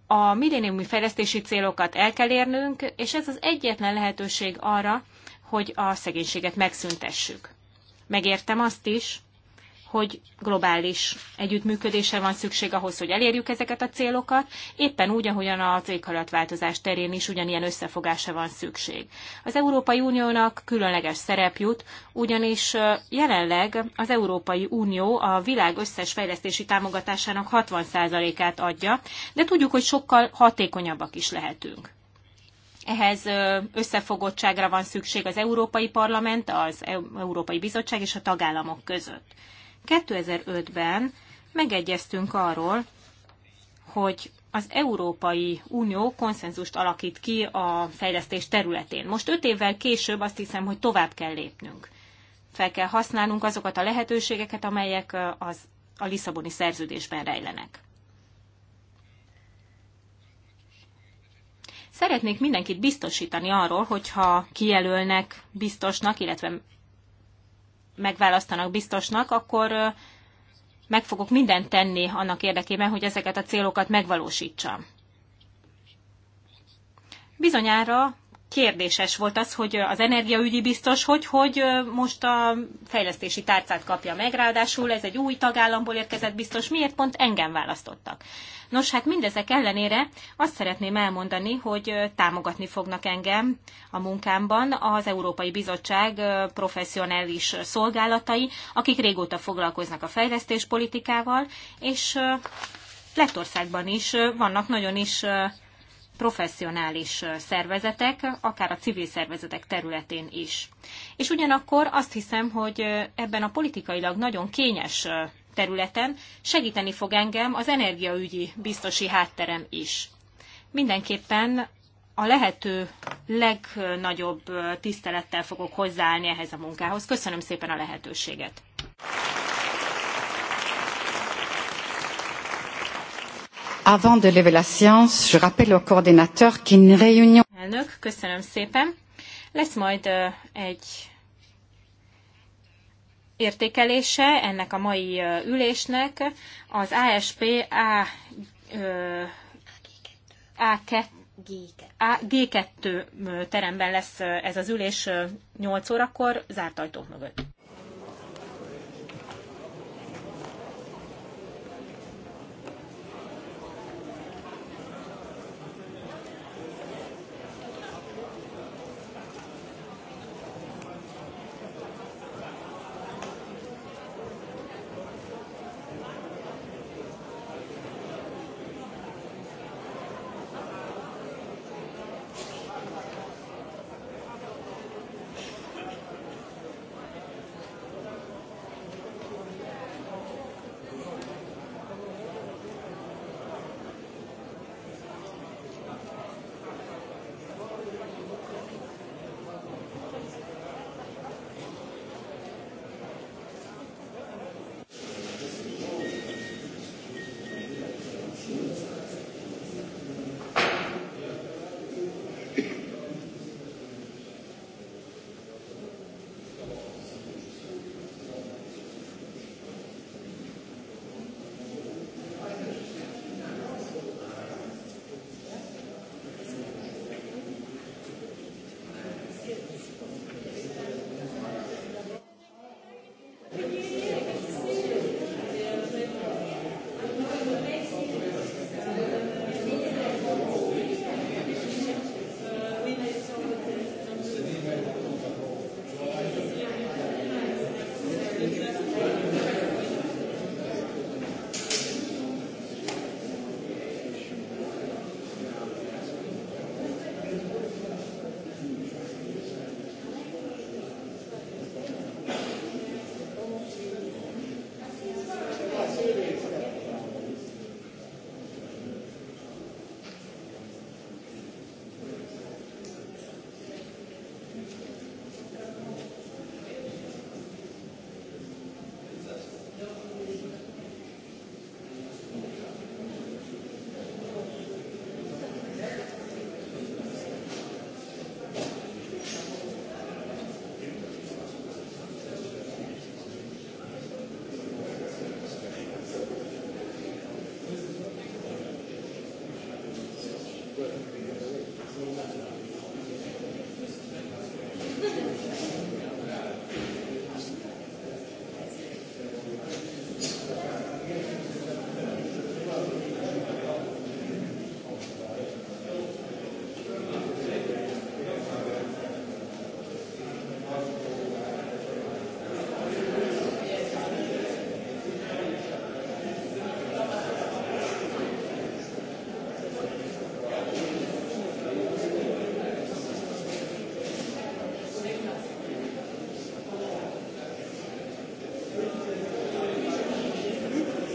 A milléniumi fejlesztési célokat el kell érnünk, és ez az egyetlen lehetőség arra, hogy a szegénységet megszüntessük. Megértem azt is, hogy globális együttműködésre van szükség ahhoz, hogy elérjük ezeket a célokat, éppen úgy, ahogyan az éghajlatváltozás terén is ugyanilyen összefogásra van szükség. Az Európai Uniónak különleges szerep jut, ugyanis jelenleg az Európai Unió a világ összes fejlesztési támogatásának 60%-át adja, de tudjuk, hogy sokkal hatékonyabbak is lehetünk. Ehhez összefogottságra van szükség az Európai Parlament, az Európai Bizottság és a tagállamok között. 2005-ben megegyeztünk arról, hogy az Európai Unió konszenzust alakít ki a fejlesztés területén. Most öt évvel később azt hiszem, hogy tovább kell lépnünk. Fel kell használnunk azokat a lehetőségeket, amelyek uh, az, a Lisszaboni szerződésben rejlenek. Szeretnék mindenkit biztosítani arról, hogyha kijelölnek biztosnak, illetve megválasztanak biztosnak, akkor meg fogok mindent tenni annak érdekében, hogy ezeket a célokat megvalósítsam. Bizonyára kérdéses volt az, hogy az energiaügyi biztos, hogy, hogy most a fejlesztési tárcát kapja meg, ráadásul ez egy új tagállamból érkezett biztos, miért pont engem választottak. Nos, hát mindezek ellenére azt szeretném elmondani, hogy támogatni fognak engem a munkámban az Európai Bizottság professzionális szolgálatai, akik régóta foglalkoznak a fejlesztéspolitikával, és Lettországban is vannak nagyon is professzionális szervezetek, akár a civil szervezetek területén is. És ugyanakkor azt hiszem, hogy ebben a politikailag nagyon kényes területen segíteni fog engem az energiaügyi biztosi hátterem is. Mindenképpen a lehető legnagyobb tisztelettel fogok hozzáállni ehhez a munkához. Köszönöm szépen a lehetőséget! Avant de lever la séance, je rappelle au coordinateur qu'une réunion... Elnök, köszönöm szépen. Lesz majd uh, egy értékelése ennek a mai uh, ülésnek. Az ASP A, uh, A2 A2, G2 teremben lesz ez az ülés 8 órakor zárt ajtók mögött.